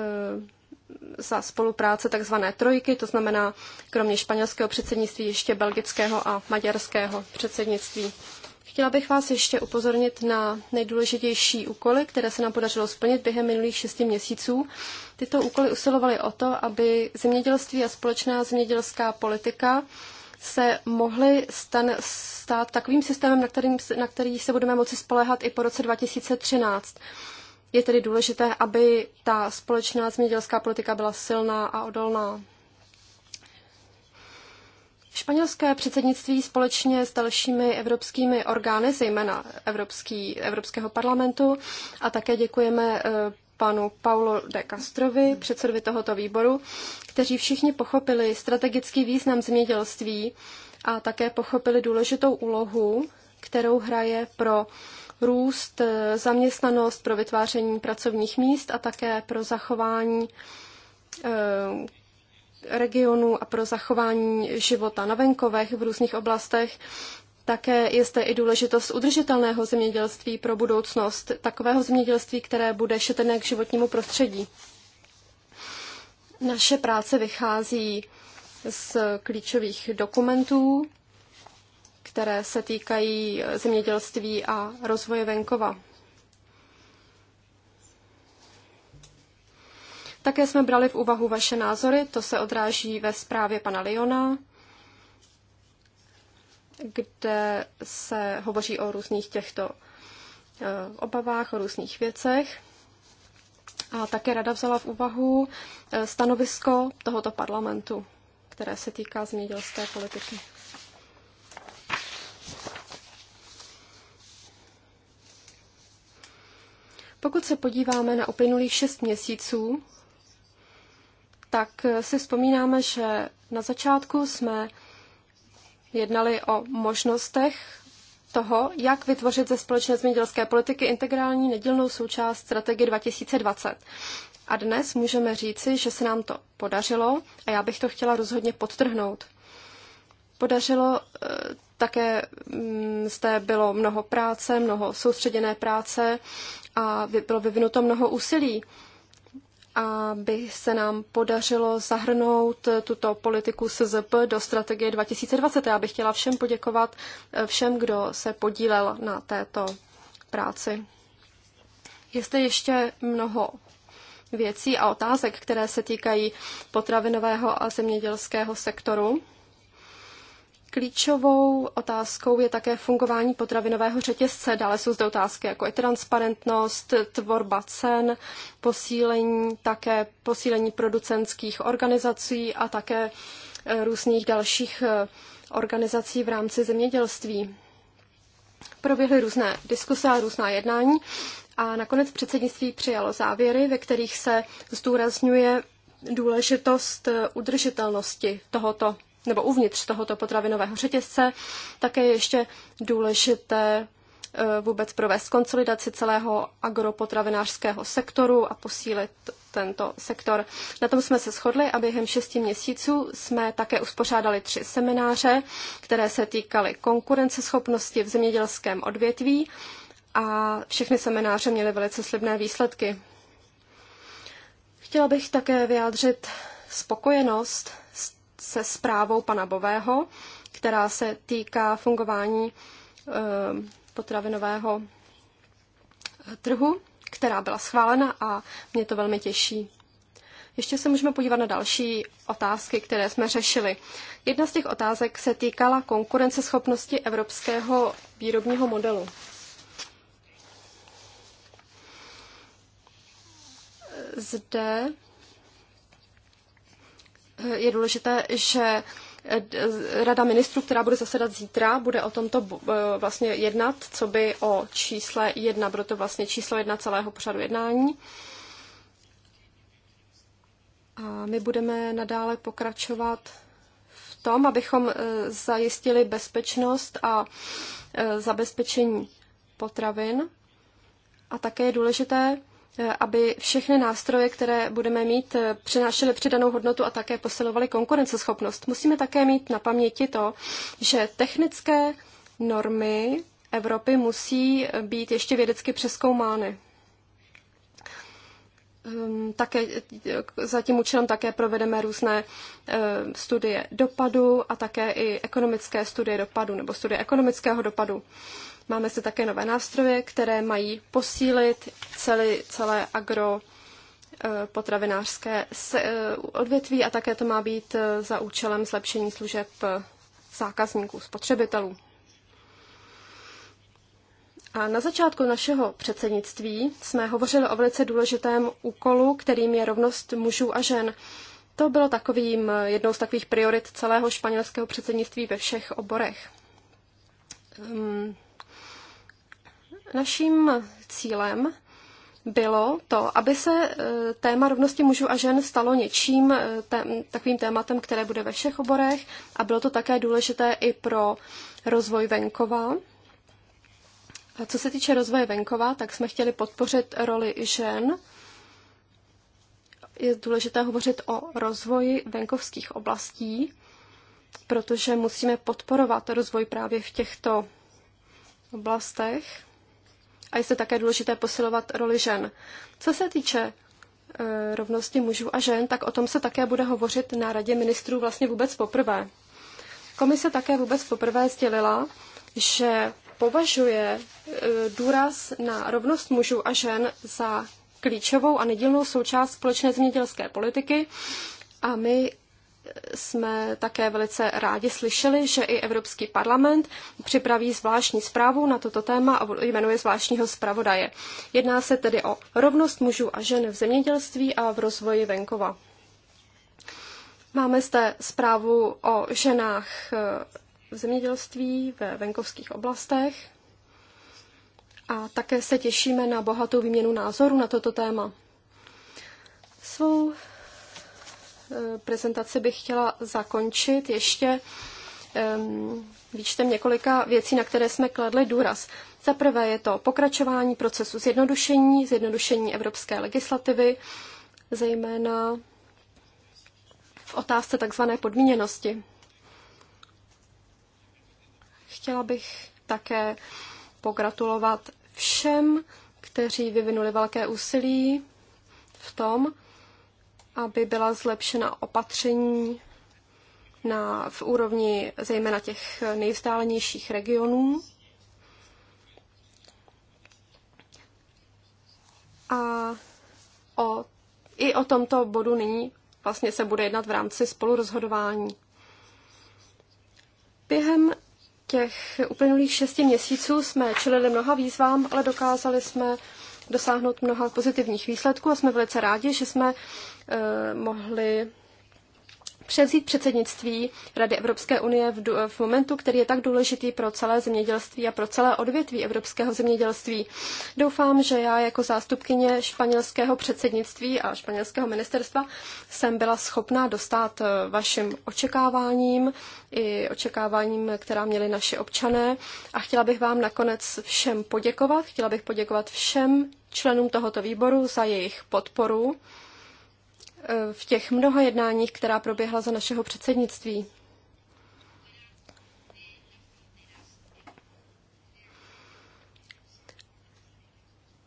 za spolupráce tzv. trojky, to znamená kromě španělského předsednictví ještě belgického a maďarského předsednictví. Chtěla bych vás ještě upozornit na nejdůležitější úkoly, které se nám podařilo splnit během minulých šesti měsíců. Tyto úkoly usilovaly o to, aby zemědělství a společná zemědělská politika se mohly stan- stát takovým systémem, na, kterým, na který se budeme moci spolehat i po roce 2013. Je tedy důležité, aby ta společná zemědělská politika byla silná a odolná. Španělské předsednictví společně s dalšími evropskými orgány, zejména Evropský, Evropského parlamentu, a také děkujeme eh, panu Paulo de Castrovi, předsedovi tohoto výboru, kteří všichni pochopili strategický význam zemědělství a také pochopili důležitou úlohu, kterou hraje pro růst, eh, zaměstnanost, pro vytváření pracovních míst a také pro zachování eh, regionů a pro zachování života na venkovech v různých oblastech. Také je zde i důležitost udržitelného zemědělství pro budoucnost, takového zemědělství, které bude šetrné k životnímu prostředí. Naše práce vychází z klíčových dokumentů, které se týkají zemědělství a rozvoje venkova. Také jsme brali v úvahu vaše názory, to se odráží ve zprávě pana Leona, kde se hovoří o různých těchto eh, obavách, o různých věcech. A také rada vzala v úvahu eh, stanovisko tohoto parlamentu, které se týká zemědělské politiky. Pokud se podíváme na uplynulých šest měsíců tak si vzpomínáme, že na začátku jsme jednali o možnostech toho, jak vytvořit ze společné zemědělské politiky integrální nedílnou součást strategie 2020. A dnes můžeme říci, že se nám to podařilo a já bych to chtěla rozhodně podtrhnout. Podařilo eh, také mm, zde bylo mnoho práce, mnoho soustředěné práce a bylo vyvinuto mnoho úsilí aby se nám podařilo zahrnout tuto politiku SZP do strategie 2020. Já bych chtěla všem poděkovat, všem, kdo se podílel na této práci. Je zde ještě mnoho věcí a otázek, které se týkají potravinového a zemědělského sektoru. Klíčovou otázkou je také fungování potravinového řetězce. Dále jsou zde otázky jako je transparentnost, tvorba cen, posílení také posílení producentských organizací a také eh, různých dalších eh, organizací v rámci zemědělství. Proběhly různé diskuse a různá jednání a nakonec předsednictví přijalo závěry, ve kterých se zdůrazňuje důležitost eh, udržitelnosti tohoto nebo uvnitř tohoto potravinového řetězce. Také je ještě důležité eh, vůbec provést konsolidaci celého agropotravinářského sektoru a posílit tento sektor. Na tom jsme se shodli a během šesti měsíců jsme také uspořádali tři semináře, které se týkaly konkurenceschopnosti v zemědělském odvětví a všechny semináře měly velice slibné výsledky. Chtěla bych také vyjádřit spokojenost s se zprávou pana Bového, která se týká fungování eh, potravinového eh, trhu, která byla schválena a mě to velmi těší. Ještě se můžeme podívat na další otázky, které jsme řešili. Jedna z těch otázek se týkala konkurenceschopnosti evropského výrobního modelu. Zde je důležité, že Rada ministrů, která bude zasedat zítra, bude o tomto eh, vlastně jednat, co by o čísle jedna, bude to vlastně číslo jedna celého pořadu jednání. A my budeme nadále pokračovat v tom, abychom eh, zajistili bezpečnost a eh, zabezpečení potravin. A také je důležité Eh, aby všechny nástroje, které budeme mít, eh, přinášely přidanou hodnotu a také posilovaly konkurenceschopnost. Musíme také mít na paměti to, že technické normy Evropy musí eh, být ještě vědecky přeskoumány. Ehm, také, za tím účelem také provedeme různé studie dopadu a také i ekonomické studie dopadu nebo studie ekonomického dopadu. Máme zde také nové nástroje, které mají posílit celý, celé agro eh, potravinářské eh, odvětví a také to má být eh, za účelem zlepšení služeb zákazníků, spotřebitelů. A na začátku našeho předsednictví jsme hovořili o velice důležitém úkolu, kterým je rovnost mužů a žen. To bylo takovým, jednou z takových priorit celého španělského předsednictví ve všech oborech. Ehm, Naším cílem bylo to, aby se e, téma rovnosti mužů a žen stalo něčím e, takovým tématem, které bude ve všech oborech a bylo to také důležité i pro rozvoj venkova. A co se týče rozvoje venkova, tak jsme chtěli podpořit roli žen. Je důležité hovořit o rozvoji venkovských oblastí, protože musíme podporovat rozvoj právě v těchto oblastech a je také důležité posilovat roli žen. Co se týče e, rovnosti mužů a žen, tak o tom se také bude hovořit na radě ministrů vlastně vůbec poprvé. Komise také vůbec poprvé sdělila, že považuje e, důraz na rovnost mužů a žen za klíčovou a nedílnou součást společné zemědělské politiky a my jsme také velice rádi slyšeli, že i Evropský parlament připraví zvláštní zprávu na toto téma a jmenuje zvláštního zpravodaje. Jedná se tedy o rovnost mužů a žen v zemědělství a v rozvoji venkova. Máme zde zprávu o ženách eh, v zemědělství ve venkovských oblastech a také se těšíme na bohatou výměnu názorů na toto téma. Svou Eh, prezentaci bych chtěla zakončit ještě výčtem několika věcí, na které jsme kladli důraz. Za prvé je to pokračování procesu zjednodušení, zjednodušení evropské legislativy, zejména v otázce takzvané podmíněnosti. Chtěla bych také pogratulovat všem, kteří vyvinuli velké úsilí v tom, aby byla zlepšena opatření na, v úrovni zejména těch nejvzdálenějších regionů. A o, i o tomto bodu nyní vlastně se bude jednat v rámci spolurozhodování. Během těch uplynulých šesti měsíců jsme čelili mnoha výzvám, ale dokázali jsme dosáhnout mnoha pozitivních výsledků a jsme velice rádi, že jsme eh, mohli převzít předsednictví Rady Evropské unie v, v momentu, který je tak důležitý pro celé zemědělství a pro celé odvětví evropského zemědělství. Doufám, že já jako zástupkyně španělského předsednictví a španělského ministerstva jsem byla schopná dostat eh, vašim očekáváním i očekáváním, která měli naši občané. A chtěla bych vám nakonec všem poděkovat. Chtěla bych poděkovat všem členům tohoto výboru za jejich podporu eh, v těch mnoha jednáních, která proběhla za našeho předsednictví.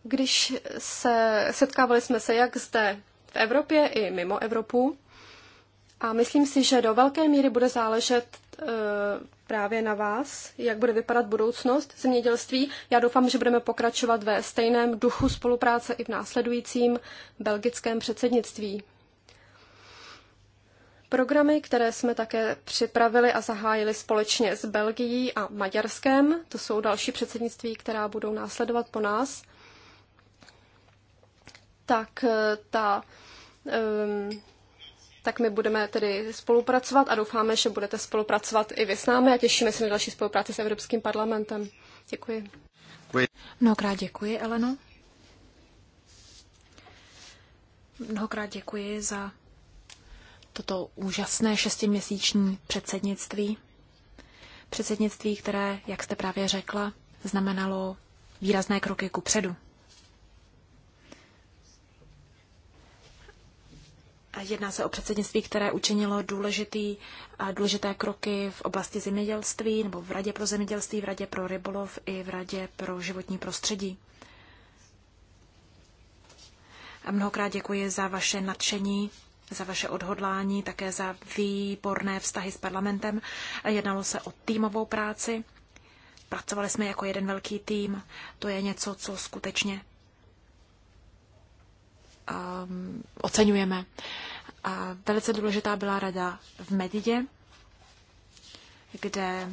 Když se setkávali jsme se jak zde v Evropě i mimo Evropu, a myslím si, že do velké míry bude záležet eh, právě na vás, jak bude vypadat budoucnost zemědělství. Já doufám, že budeme pokračovat ve stejném duchu spolupráce i v následujícím belgickém předsednictví. Programy, které jsme také připravili a zahájili společně s Belgií a Maďarskem, to jsou další předsednictví, která budou následovat po nás, tak eh, ta um, tak my budeme tedy spolupracovat a doufáme, že budete spolupracovat i vy s námi a těšíme se na další spolupráci s Evropským parlamentem. Děkuji. Mnohokrát děkuji, Eleno. Mnohokrát děkuji za toto úžasné šestiměsíční předsednictví. Předsednictví, které, jak jste právě řekla, znamenalo výrazné kroky ku předu. Jedná se o předsednictví, které učinilo důležitý, důležité kroky v oblasti zemědělství nebo v Radě pro zemědělství, v Radě pro rybolov i v Radě pro životní prostředí. A mnohokrát děkuji za vaše nadšení, za vaše odhodlání, také za výborné vztahy s parlamentem. Jednalo se o týmovou práci. Pracovali jsme jako jeden velký tým. To je něco, co skutečně um, oceňujeme. A velice důležitá byla rada v Medidě, kde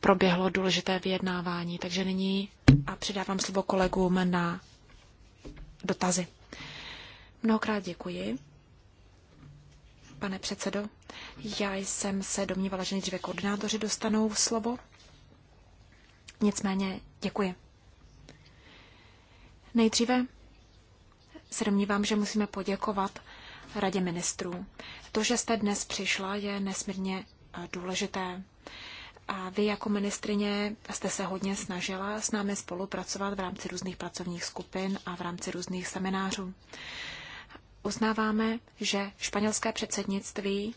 proběhlo důležité vyjednávání. Takže nyní a předávám slovo kolegům na dotazy. Mnohokrát děkuji. Pane předsedo, já jsem se domnívala, že nejdříve koordinátoři dostanou slovo. Nicméně děkuji. Nejdříve se domnívám, že musíme poděkovat Radě ministrů. To, že jste dnes přišla, je nesmírně eh, důležité. A vy jako ministrině jste se hodně snažila s námi spolupracovat v rámci různých pracovních skupin a v rámci různých seminářů. Uznáváme, že španělské předsednictví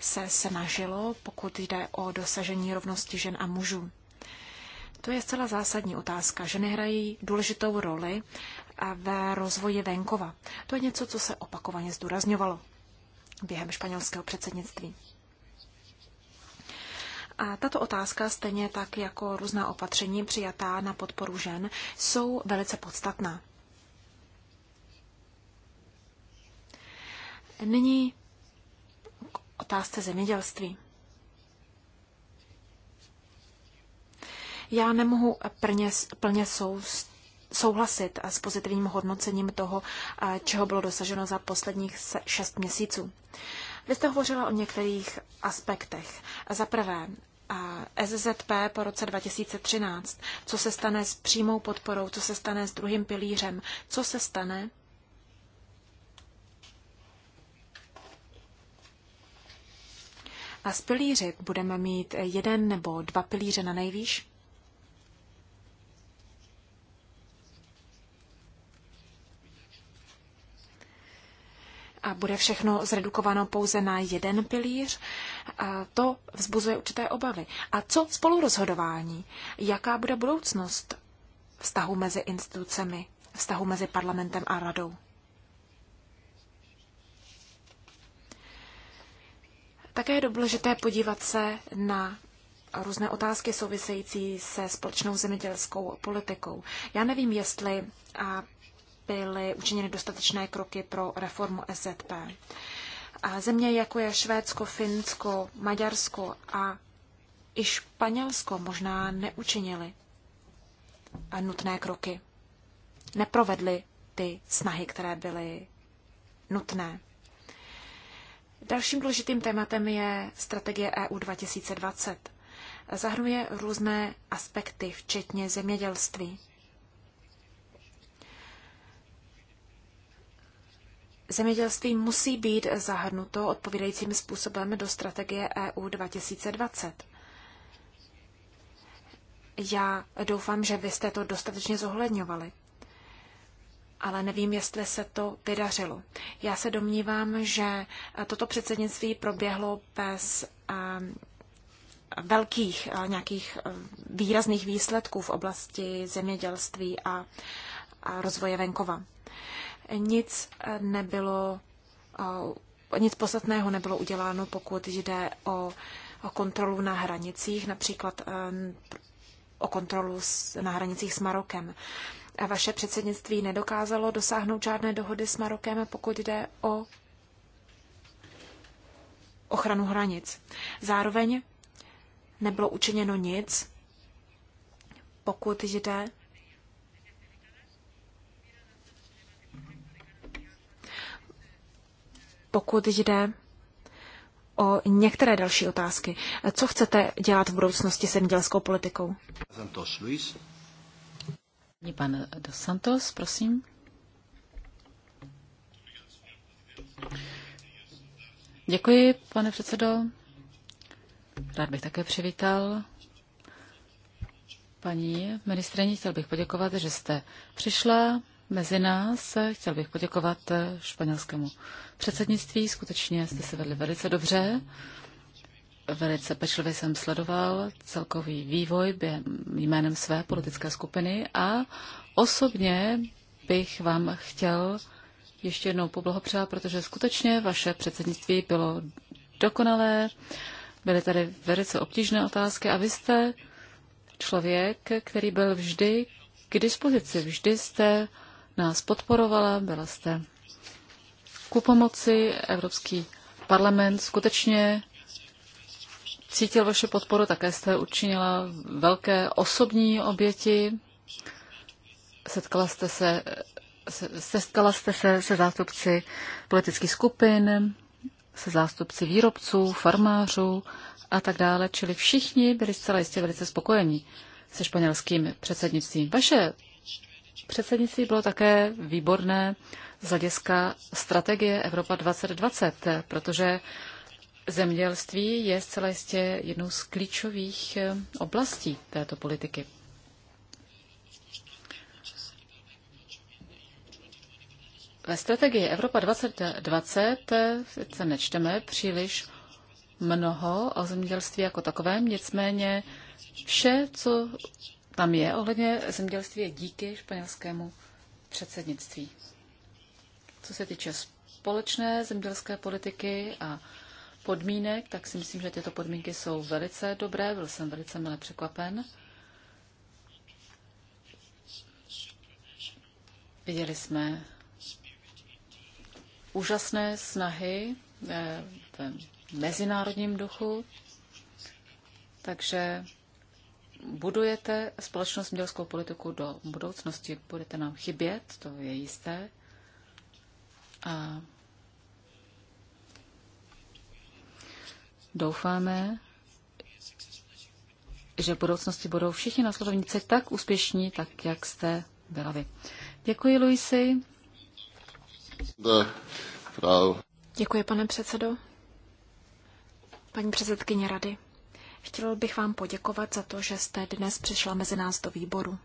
se snažilo, pokud jde o dosažení rovnosti žen a mužů. To je zcela zásadní otázka. Ženy hrají důležitou roli ve rozvoji venkova. To je něco, co se opakovaně zdůrazňovalo během španělského předsednictví. A tato otázka, stejně tak jako různá opatření přijatá na podporu žen, jsou velice podstatná. Nyní k otázce zemědělství. Já nemohu plně, plně soust, souhlasit s pozitivním hodnocením toho, čeho bylo dosaženo za posledních šest měsíců. Vy jste hovořila o některých aspektech. Za prvé, SZP po roce 2013, co se stane s přímou podporou, co se stane s druhým pilířem, co se stane A z pilíři budeme mít jeden nebo dva pilíře na nejvýš? a bude všechno zredukováno pouze na jeden pilíř, a to vzbuzuje určité obavy. A co spolurozhodování? Jaká bude budoucnost vztahu mezi institucemi, vztahu mezi parlamentem a radou? Také je důležité podívat se na různé otázky související se společnou zemědělskou politikou. Já nevím, jestli byly učiněny dostatečné kroky pro reformu SZP. A země jako je Švédsko, Finsko, Maďarsko a i Španělsko možná neučinili nutné kroky. Neprovedli ty snahy, které byly nutné. Dalším důležitým tématem je strategie EU 2020. Zahrnuje různé aspekty, včetně zemědělství. Zemědělství musí být zahrnuto odpovídajícím způsobem do strategie EU 2020. Já doufám, že vy jste to dostatečně zohledňovali. Ale nevím, jestli se to vydařilo. Já se domnívám, že toto předsednictví proběhlo bez ehm, velkých eh, nějakých eh, výrazných výsledků v oblasti zemědělství a rozvoje venkova nic nebylo, eh, nic podstatného nebylo uděláno, pokud jde o, o kontrolu na hranicích, například eh, o kontrolu na hranicích s Marokem. A vaše předsednictví nedokázalo dosáhnout žádné dohody s Marokem, pokud jde o ochranu hranic. Zároveň nebylo učiněno nic, pokud jde pokud jde o některé další otázky. Co chcete dělat v budoucnosti s zemědělskou politikou? Santos Luis. Pan Dos Santos, prosím. Děkuji, pane předsedo. Rád bych také přivítal paní ministrině. Chtěl bych poděkovat, že jste přišla mezi nás. Chtěl bych poděkovat eh, španělskému předsednictví. Skutečně jste se vedli velice dobře. Velice pečlivě jsem sledoval celkový vývoj během jménem své politické skupiny a osobně bych vám chtěl ještě jednou poblahopřát, protože skutečně vaše předsednictví bylo dokonalé. Byly tady velice obtížné otázky a vy jste člověk, který byl vždy k dispozici. Vždy jste nás podporovala, byla jste ku pomoci. Evropský parlament skutečně cítil vaše podporu, také jste učinila velké osobní oběti. Setkala jste se, se jste se se zástupci politických skupin, se zástupci výrobců, farmářů a tak dále, čili všichni byli zcela jistě velice spokojení se španělským předsednictvím. Vaše Předsednictví bylo také výborné z hlediska strategie Evropa 2020, protože zemědělství je zcela jistě jednou z klíčových eh, oblastí této politiky. Ve strategii Evropa 2020 eh, se nečteme příliš mnoho o zemědělství jako takovém, nicméně vše, co tam je ohledně zemědělství je díky španělskému předsednictví. Co se týče společné zemědělské politiky a podmínek, tak si myslím, že tyto podmínky jsou velice dobré. Byl jsem velice milé překvapen. Viděli jsme úžasné snahy eh, v mezinárodním duchu, takže budujete společnost zemědělskou politiku do budoucnosti. Budete nám chybět, to je jisté. A doufáme, že v budoucnosti budou všichni na Slovenice tak úspěšní, tak jak jste byla vy. Děkuji, Luisi. Děkuji, pane předsedo. Paní předsedkyně rady. Chtěl bych vám poděkovat za to, že jste dnes přišla mezi nás do výboru.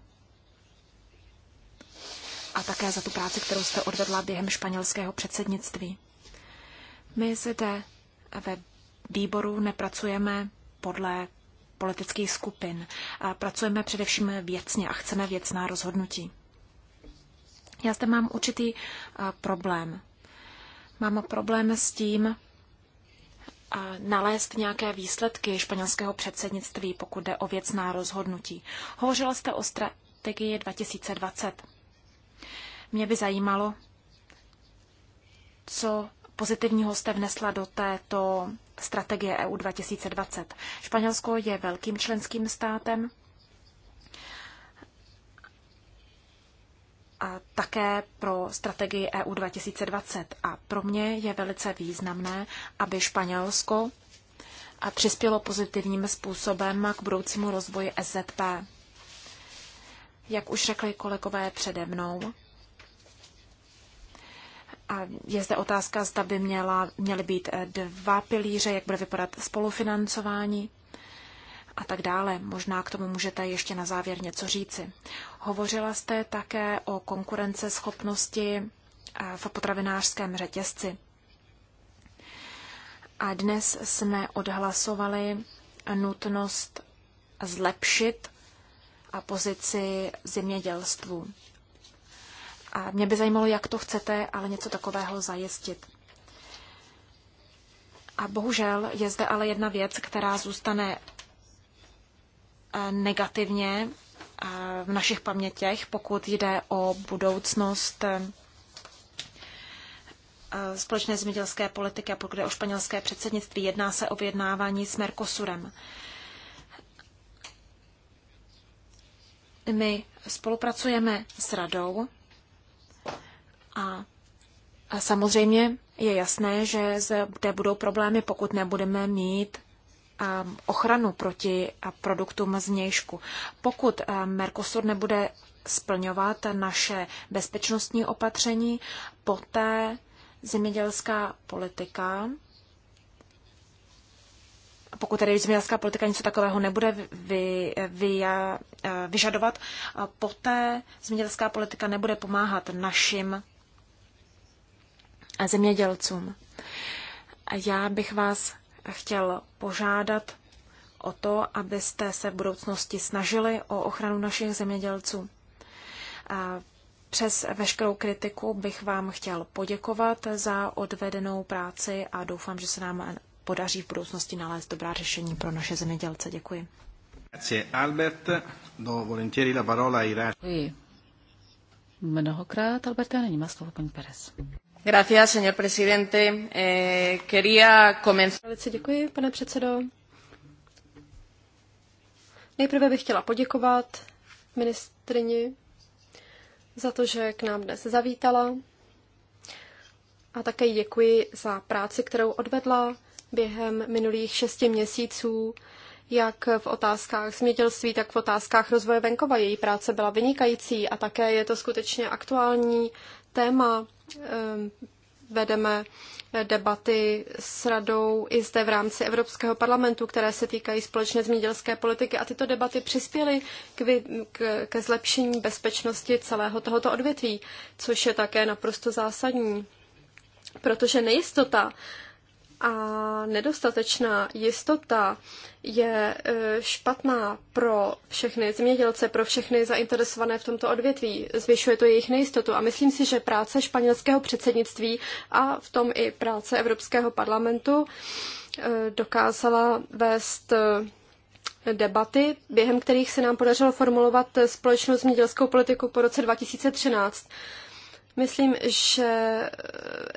A také za tu práci, kterou jste odvedla během španělského předsednictví. My zde ve výboru nepracujeme podle politických skupin. A pracujeme především věcně a chceme věcná rozhodnutí. Já zde mám určitý problém. Mám problém s tím, nalézt nějaké výsledky španělského předsednictví, pokud jde o věcná rozhodnutí. Hovořila jste o strategii 2020. Mě by zajímalo, co pozitivního jste vnesla do této strategie EU 2020. Španělsko je velkým členským státem a také pro strategii EU 2020. A pro mě je velice významné, aby Španělsko a přispělo pozitivním způsobem k budoucímu rozvoji SZP. Jak už řekli kolegové přede mnou, a je zde otázka, zda by měla, měly být eh, dva pilíře, jak bude vypadat spolufinancování a tak dále. Možná k tomu můžete ještě na závěr něco říci. Hovořila jste také o konkurenceschopnosti eh, v potravinářském řetězci. A dnes jsme odhlasovali nutnost zlepšit a pozici zemědělstvu. A mě by zajímalo, jak to chcete, ale něco takového zajistit. A bohužel je zde ale jedna věc, která zůstane Eh, negativně eh, v našich pamětěch, pokud jde o budoucnost eh, společné zemědělské politiky a pokud jde o španělské předsednictví. Jedná se o vyjednávání s Mercosurem. My spolupracujeme s radou a samozřejmě je jasné, že zde budou problémy, pokud nebudeme mít ochranu proti produktům z nějšku. Pokud eh, Mercosur nebude splňovat naše bezpečnostní opatření, poté zemědělská politika pokud tedy zemědělská politika něco takového nebude vy, vy, eh, vyžadovat, poté zemědělská politika nebude pomáhat našim zemědělcům. Já bych vás chtěl požádat o to, abyste se v budoucnosti snažili o ochranu našich zemědělců. Přes veškerou kritiku bych vám chtěl poděkovat za odvedenou práci a doufám, že se nám podaří v budoucnosti nalézt dobrá řešení pro naše zemědělce. Děkuji. Grazie Albert. Do volentieri la parola ai Mnohokrát, Alberta, není má slovo paní Perez. Gracias, señor presidente. Eh, quería comenzar... děkuji, pane předsedo. Nejprve bych chtěla poděkovat ministrini za to, že k nám dnes zavítala. A také děkuji za práci, kterou odvedla během minulých šesti měsíců, jak v otázkách zemědělství, tak v otázkách rozvoje venkova. Její práce byla vynikající a také je to skutečně aktuální téma, Ehm, vedeme debaty s radou i zde v rámci Evropského parlamentu, které se týkají společné zemědělské politiky a tyto debaty přispěly k, k, ke zlepšení bezpečnosti celého tohoto odvětví, což je také naprosto zásadní, protože nejistota a nedostatečná jistota je e, špatná pro všechny zemědělce, pro všechny zainteresované v tomto odvětví. Zvyšuje to jejich nejistotu a myslím si, že práce španělského předsednictví a v tom i práce Evropského parlamentu e, dokázala vést e, debaty, během kterých se nám podařilo formulovat společnou zemědělskou politiku po roce 2013. Myslím, že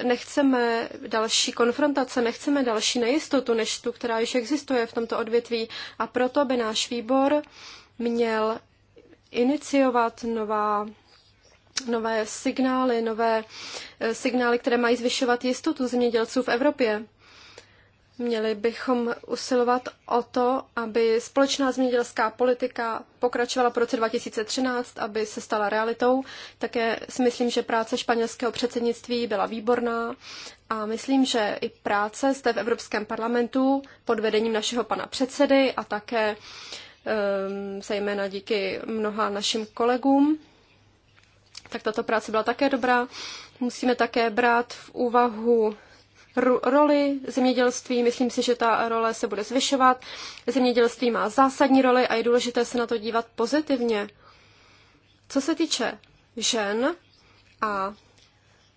nechceme další konfrontace, nechceme další nejistotu, než tu, která již existuje v tomto odvětví. A proto by náš výbor měl iniciovat nová nové signály, nové eh, signály, které mají zvyšovat jistotu zemědělců v Evropě. Měli bychom usilovat o to, aby společná zemědělská politika pokračovala po roce 2013, aby se stala realitou. Také si myslím, že práce španělského předsednictví byla výborná a myslím, že i práce zde v Evropském parlamentu pod vedením našeho pana předsedy a také ehm, zejména díky mnoha našim kolegům, tak tato práce byla také dobrá. Musíme také brát v úvahu roli zemědělství. Myslím si, že ta role se bude zvyšovat. Zemědělství má zásadní roli a je důležité se na to dívat pozitivně. Co se týče žen a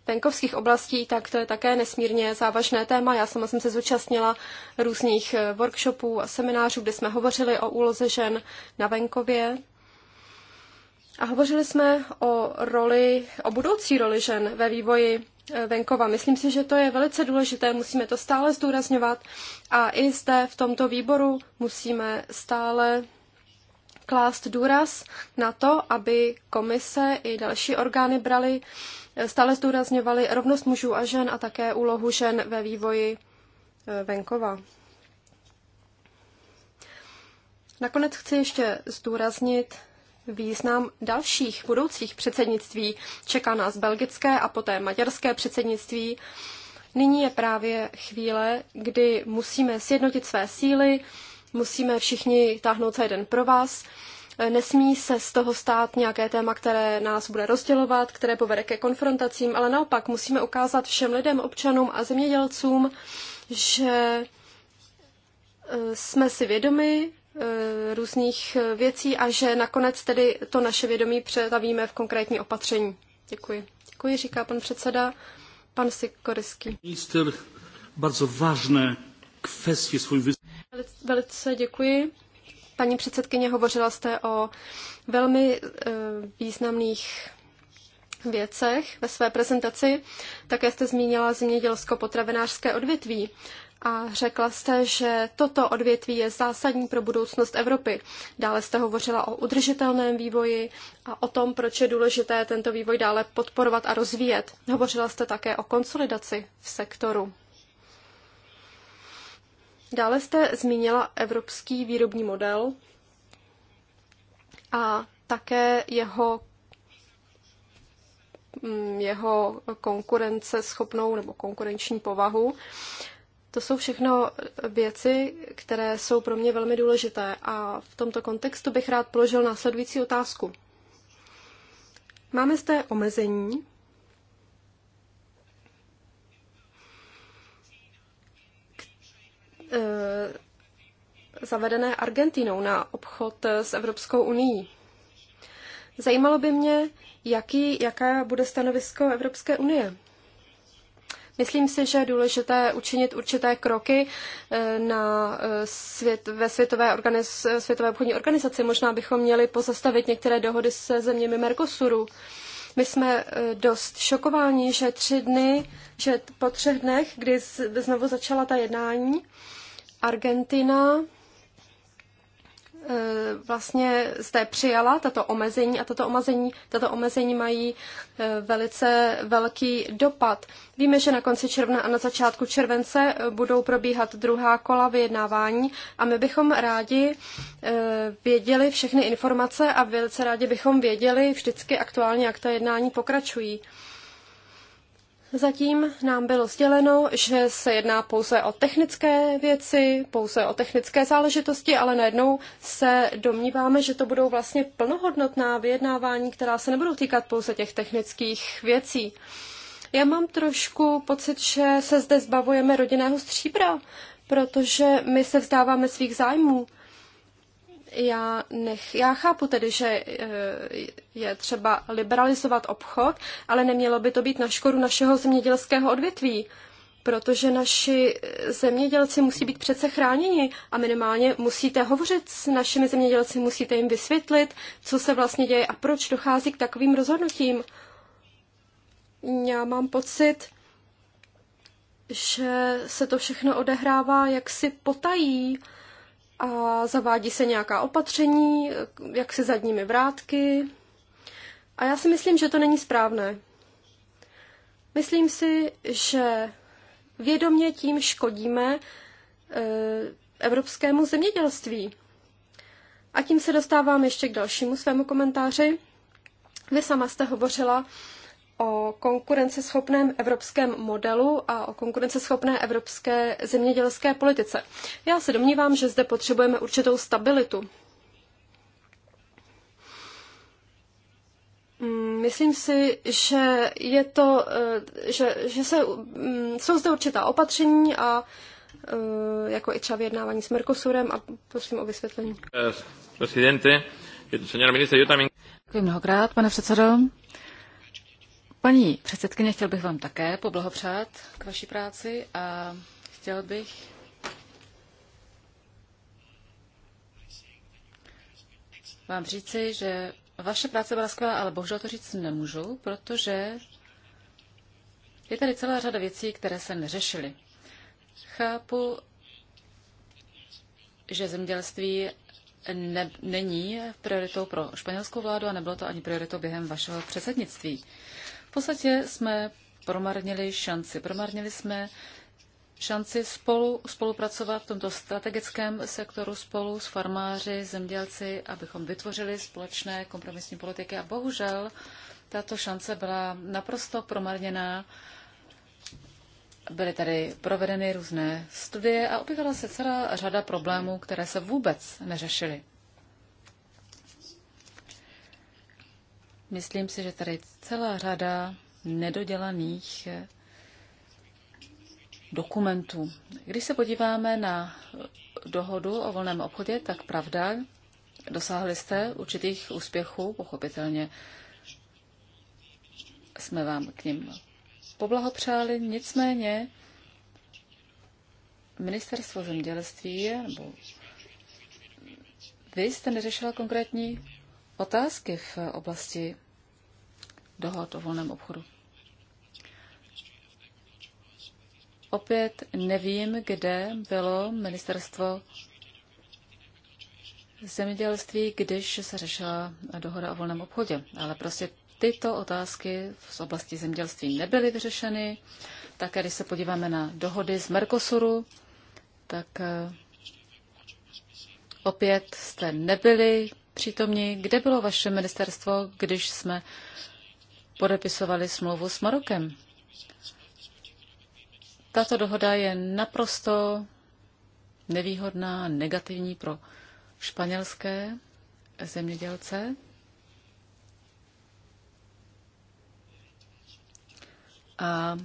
venkovských oblastí, tak to je také nesmírně závažné téma. Já sama jsem se zúčastnila různých eh, workshopů a seminářů, kde jsme hovořili o úloze žen na venkově. A hovořili jsme o roli, o budoucí roli žen ve vývoji venkova. Myslím si, že to je velice důležité, musíme to stále zdůrazňovat a i zde v tomto výboru musíme stále klást důraz na to, aby komise i další orgány brali, stále zdůrazňovaly rovnost mužů a žen a také úlohu žen ve vývoji e, venkova. Nakonec chci ještě zdůraznit význam dalších budoucích předsednictví. Čeká nás belgické a poté maďarské předsednictví. Nyní je právě chvíle, kdy musíme sjednotit své síly, musíme všichni táhnout za jeden pro vás. Nesmí se z toho stát nějaké téma, které nás bude rozdělovat, které povede ke konfrontacím, ale naopak musíme ukázat všem lidem, občanům a zemědělcům, že eh, jsme si vědomi Eh, různých eh, věcí a že nakonec tedy to naše vědomí přetavíme v konkrétní opatření. Děkuji. Děkuji, říká pan předseda, pan Sikoryský. Minister, bardzo vážné kwestie svůj velice, velice děkuji. Paní předsedkyně, hovořila jste o velmi eh, významných věcech ve své prezentaci. Také jste zmínila zemědělsko-potravinářské odvětví a řekla jste, že toto odvětví je zásadní pro budoucnost Evropy. Dále jste hovořila o udržitelném vývoji a o tom, proč je důležité tento vývoj dále podporovat a rozvíjet. Hovořila jste také o konsolidaci v sektoru. Dále jste zmínila evropský výrobní model a také jeho mm, jeho konkurenceschopnou nebo konkurenční povahu. To jsou všechno věci, které jsou pro mě velmi důležité a v tomto kontextu bych rád položil následující otázku. Máme zde omezení. K, eh, e, zavedené Argentinou na obchod s Evropskou unii. Zajímalo by mě, jaký, jaká bude stanovisko Evropské unie Myslím si, že je důležité učinit určité kroky eh, na eh, svět, ve Světové, organiz, světové obchodní organizaci. Možná bychom měli pozastavit některé dohody se zeměmi Mercosuru. My jsme eh, dost šokováni, že tři dny, že po třech dnech, kdy znovu začala ta jednání, Argentina Eh, vlastně jste přijala tato omezení a tato omezení, tato omezení mají eh, velice velký dopad. Víme, že na konci června a na začátku července eh, budou probíhat druhá kola vyjednávání a my bychom rádi věděli všechny informace a velice rádi bychom věděli vždycky aktuálně, jak ta jednání pokračují. Zatím nám bylo sděleno, že se jedná pouze o technické věci, pouze o technické záležitosti, ale najednou se domníváme, že to budou vlastně plnohodnotná vyjednávání, která se nebudou týkat pouze těch technických věcí. Já mám trošku pocit, že se zde zbavujeme rodinného stříbra, protože my se vzdáváme svých zájmů já, nech, já chápu tedy, že eh, je třeba liberalizovat obchod, ale nemělo by to být na škodu našeho zemědělského odvětví, protože naši zemědělci musí být přece chráněni a minimálně musíte hovořit s našimi zemědělci, musíte jim vysvětlit, co se vlastně děje a proč dochází k takovým rozhodnutím. Já mám pocit, že se to všechno odehrává jaksi potají a zavádí se nějaká opatření, jak se zadními vrátky. A já si myslím, že to není správné. Myslím si, že vědomě tím škodíme eh, evropskému zemědělství. A tím se dostávám ještě k dalšímu svému komentáři. Vy sama jste hovořila o konkurenceschopném evropském modelu a o konkurenceschopné evropské zemědělské politice. Já se domnívám, že zde potřebujeme určitou stabilitu. Mm, myslím si, že je to, eh, že, že se, mm, jsou zde určitá opatření a eh, jako i třeba vyjednávání s Mercosurem a prosím o vysvětlení. Presidente, señora ministra, yo también... Děkuji mnohokrát, pane předsedo. Paní předsedkyně, chtěl bych vám také poblahopřát k vaší práci a chtěl bych vám říci, že vaše práce byla skvělá, ale bohužel to říct nemůžu, protože je tady celá řada věcí, které se neřešily. Chápu, že zemědělství ne, není prioritou pro španělskou vládu a nebylo to ani prioritou během vašeho předsednictví. V podstatě jsme promarnili šanci. Promarnili jsme šanci spolu, spolupracovat v tomto strategickém sektoru spolu s farmáři, zemědělci, abychom vytvořili společné kompromisní politiky. A bohužel tato šance byla naprosto promarněná. Byly tady provedeny různé studie a objevila se celá řada problémů, které se vůbec neřešily. Myslím si, že tady celá řada nedodělaných eh, dokumentů. Když se podíváme na eh, dohodu o volném obchodě, tak pravda, dosáhli jste určitých úspěchů, pochopitelně jsme vám k ním poblahopřáli, nicméně ministerstvo zemědělství, nebo vy jste neřešila konkrétní otázky v oblasti dohod o volném obchodu. Opět nevím, kde bylo ministerstvo zemědělství, když se řešila dohoda o volném obchodě. Ale prostě tyto otázky v oblasti zemědělství nebyly vyřešeny. Také když se podíváme na dohody z Mercosuru, tak eh, opět jste nebyli přítomní. Kde bylo vaše ministerstvo, když jsme podepisovali smlouvu s Marokem. Tato dohoda je naprosto nevýhodná, negativní pro španělské zemědělce. A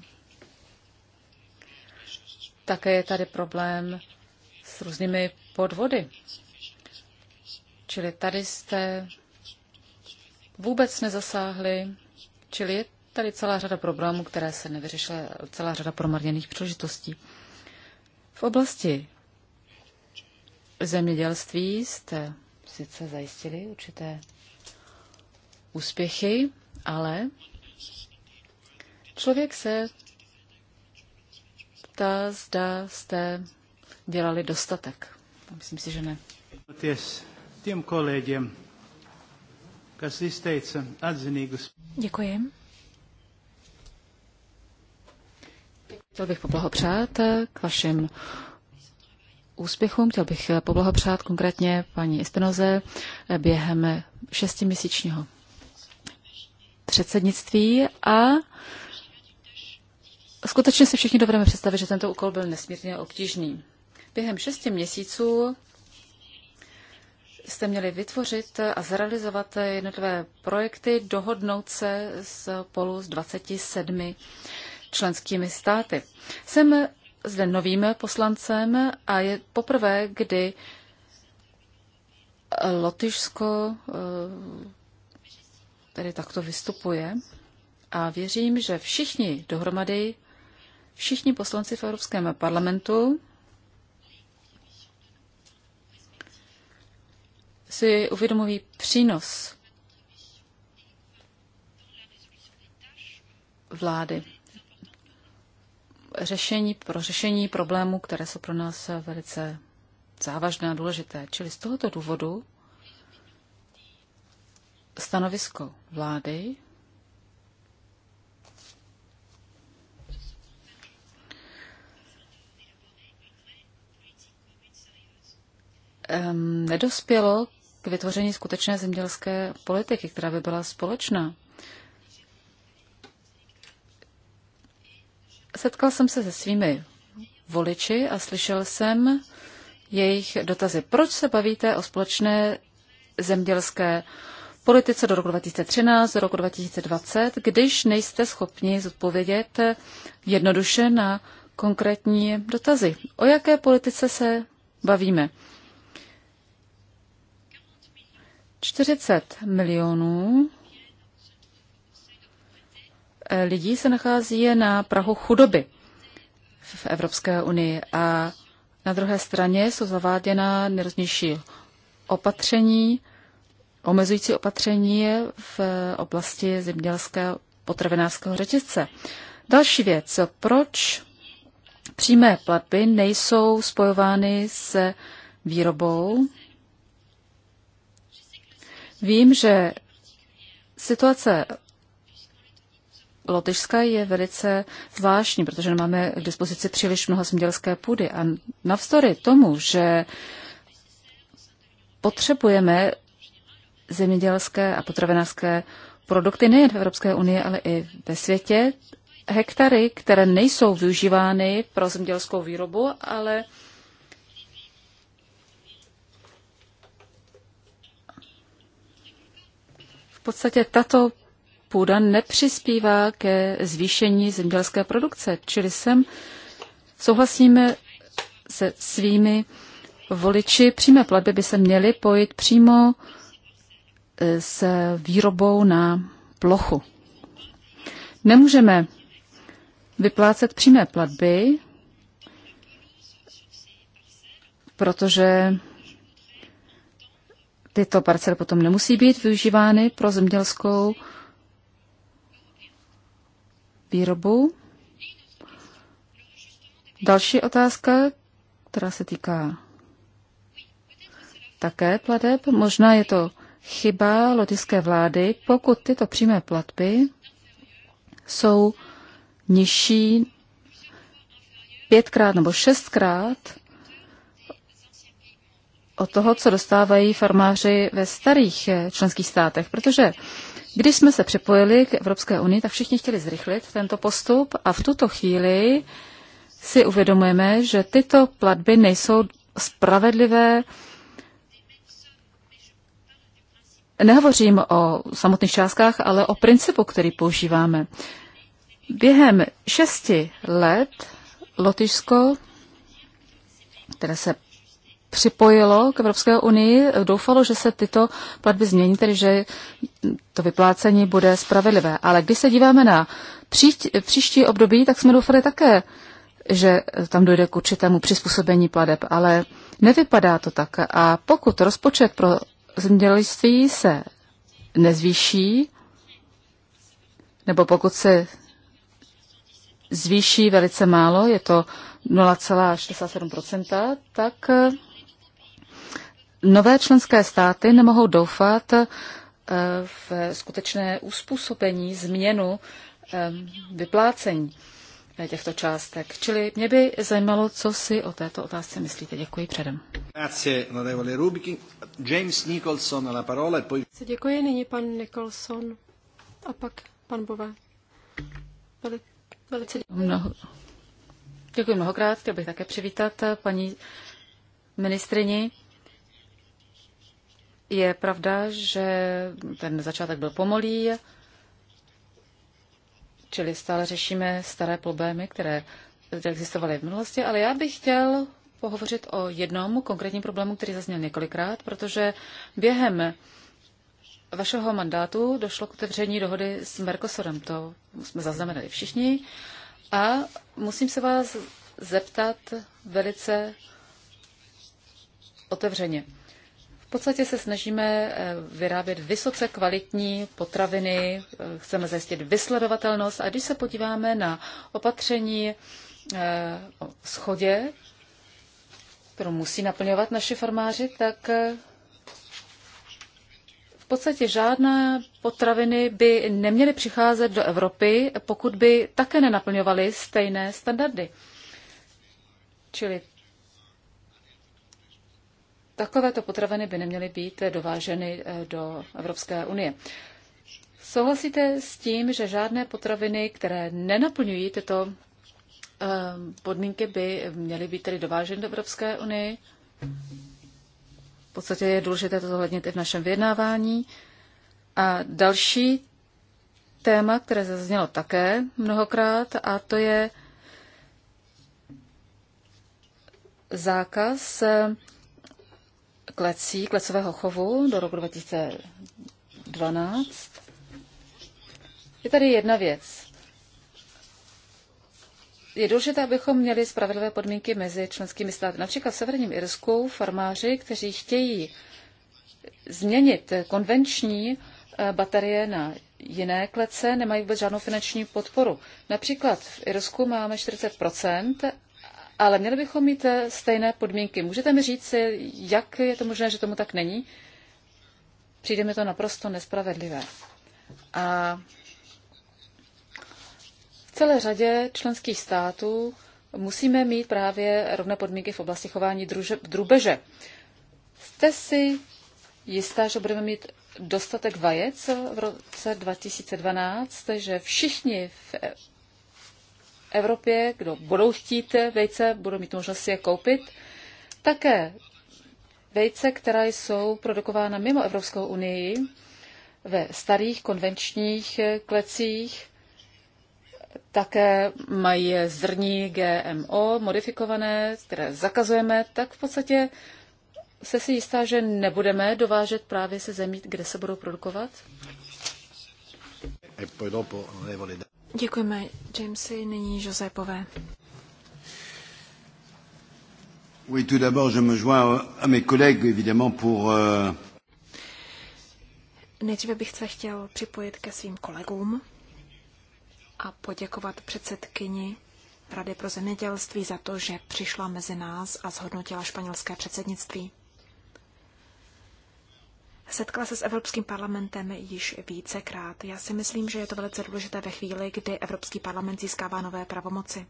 také je tady problém s různými podvody. Čili tady jste vůbec nezasáhli Čili je tady celá řada problémů, které se nevyřešily, celá řada promarněných příležitostí. V oblasti zemědělství jste sice zajistili určité úspěchy, ale člověk se ptá, zda jste dělali dostatek. Myslím si, že ne. Těm kolegům, kteří jste atzinīgus Děkuji. Chtěl bych poblahopřát eh, k vašim úspěchům. Chtěl bych eh, poblahopřát konkrétně paní Espinoze eh, během šestiměsíčního předsednictví a skutečně si všichni dovedeme představit, že tento úkol byl nesmírně obtížný. Během šesti měsíců jste měli vytvořit a zrealizovat jednotlivé projekty, dohodnout se spolu s 27 členskými státy. Jsem zde novým poslancem a je poprvé, kdy Lotyšsko eh, tedy takto vystupuje a věřím, že všichni dohromady, všichni poslanci v Evropském parlamentu si uvědomují přínos vlády řešení, pro řešení problémů, které jsou pro nás velice závažné a důležité. Čili z tohoto důvodu stanovisko vlády nedospělo k vytvoření skutečné zemědělské politiky, která by byla společná. Setkal jsem se se svými voliči a slyšel jsem jejich dotazy. Proč se bavíte o společné zemědělské politice do roku 2013, do roku 2020, když nejste schopni zodpovědět jednoduše na konkrétní dotazy. O jaké politice se bavíme? 40 milionů eh, lidí se nachází na Prahu chudoby v Evropské unii a na druhé straně jsou zaváděna nejrůznější opatření, omezující opatření v oblasti zemědělského potravinářského řetězce. Další věc, proč přímé platby nejsou spojovány s výrobou Vím, že situace Lotyšska je velice zvláštní, protože nemáme k dispozici příliš mnoho zemědělské půdy. A navzdory tomu, že potřebujeme zemědělské a potravinářské produkty nejen v Evropské unii, ale i ve světě, hektary, které nejsou využívány pro zemědělskou výrobu, ale podstatě tato půda nepřispívá ke zvýšení zemědělské produkce. Čili sem souhlasíme se svými voliči. Přímé platby by se měly pojít přímo e, s výrobou na plochu. Nemůžeme vyplácet přímé platby, protože tyto parcely potom nemusí být využívány pro zemědělskou výrobu. Další otázka, která se týká také plateb. Možná je to chyba lotické vlády, pokud tyto přímé platby jsou nižší pětkrát nebo šestkrát od toho, co dostávají farmáři ve starých eh, členských státech, protože když jsme se připojili k Evropské unii, tak všichni chtěli zrychlit tento postup a v tuto chvíli si uvědomujeme, že tyto platby nejsou spravedlivé. Nehovořím o samotných částkách, ale o principu, který používáme. Během šesti let Lotyšsko, které se připojilo k Evropské unii, doufalo, že se tyto platby změní, tedy že to vyplácení bude spravedlivé. Ale když se díváme na pří, příští období, tak jsme doufali také, že tam dojde k určitému přizpůsobení pladeb, ale nevypadá to tak. A pokud rozpočet pro zemědělství se nezvýší, nebo pokud se zvýší velice málo, je to 0,67%, tak nové členské státy nemohou doufat eh, v skutečné uspůsobení, změnu eh, vyplácení eh, těchto částek. Čili mě by zajímalo, co si o této otázce myslíte. Děkuji předem. James Nicholson la parola, e poi... Děkuji, nyní pan Nicholson a pak pan Bové. velice děkuji. Mnoho... Děkuji mnohokrát, chtěl bych také přivítat paní ministrini. Je pravda, že ten začátek byl pomalý, čili stále řešíme staré problémy, které existovaly v minulosti, ale já bych chtěl pohovořit o jednom konkrétním problému, který zazněl několikrát, protože během vašeho mandátu došlo k otevření dohody s Mercosurem. To jsme zaznamenali všichni. A musím se vás zeptat velice otevřeně. V podstatě se snažíme eh, vyrábět vysoce kvalitní potraviny, eh, chceme zajistit vysledovatelnost a když se podíváme na opatření eh, o schodě, kterou musí naplňovat naši farmáři, tak v podstatě žádné potraviny by neměly přicházet do Evropy, pokud by také nenaplňovaly stejné standardy. Čili takovéto potraviny by neměly být dováženy eh, do Evropské unie. Souhlasíte s tím, že žádné potraviny, které nenaplňují tyto eh, podmínky, by měly být tedy dováženy do Evropské unie? V podstatě je důležité to zohlednit i v našem vyjednávání. A další téma, které zaznělo také mnohokrát, a to je zákaz eh, klecí, klecového chovu do roku 2012. Je tady jedna věc. Je důležité, abychom měli spravedlivé podmínky mezi členskými státy. Například v Severním Irsku farmáři, kteří chtějí změnit konvenční eh, baterie na jiné klece, nemají vůbec žádnou finanční podporu. Například v Irsku máme 40 ale měli bychom mít eh, stejné podmínky. Můžete mi říct, eh, jak je to možné, že tomu tak není? Přijde mi to naprosto nespravedlivé. A v celé řadě členských států musíme mít právě rovné podmínky v oblasti chování druže, drubeže. Jste si jistá, že budeme mít dostatek vajec v roce 2012, že všichni v Evropě, kdo budou chtít vejce, budou mít možnost si je koupit. Také vejce, která jsou produkována mimo Evropskou unii, ve starých konvenčních klecích, také mají zrní GMO modifikované, které zakazujeme, tak v podstatě se si jistá, že nebudeme dovážet právě se zemí, kde se budou produkovat? E Děkujeme Jamesy, nyní Oui, tout d'abord, je me joins à mes collègues, évidemment, pour... Euh, Nejdříve bych se chtěl připojit ke svým kolegům a poděkovat předsedkyni Rady pro zemědělství za to, že přišla mezi nás a zhodnotila španělské předsednictví setkala se s Evropským parlamentem již vícekrát. Já si myslím, že je to velice důležité ve chvíli, kdy Evropský parlament získává nové pravomoci.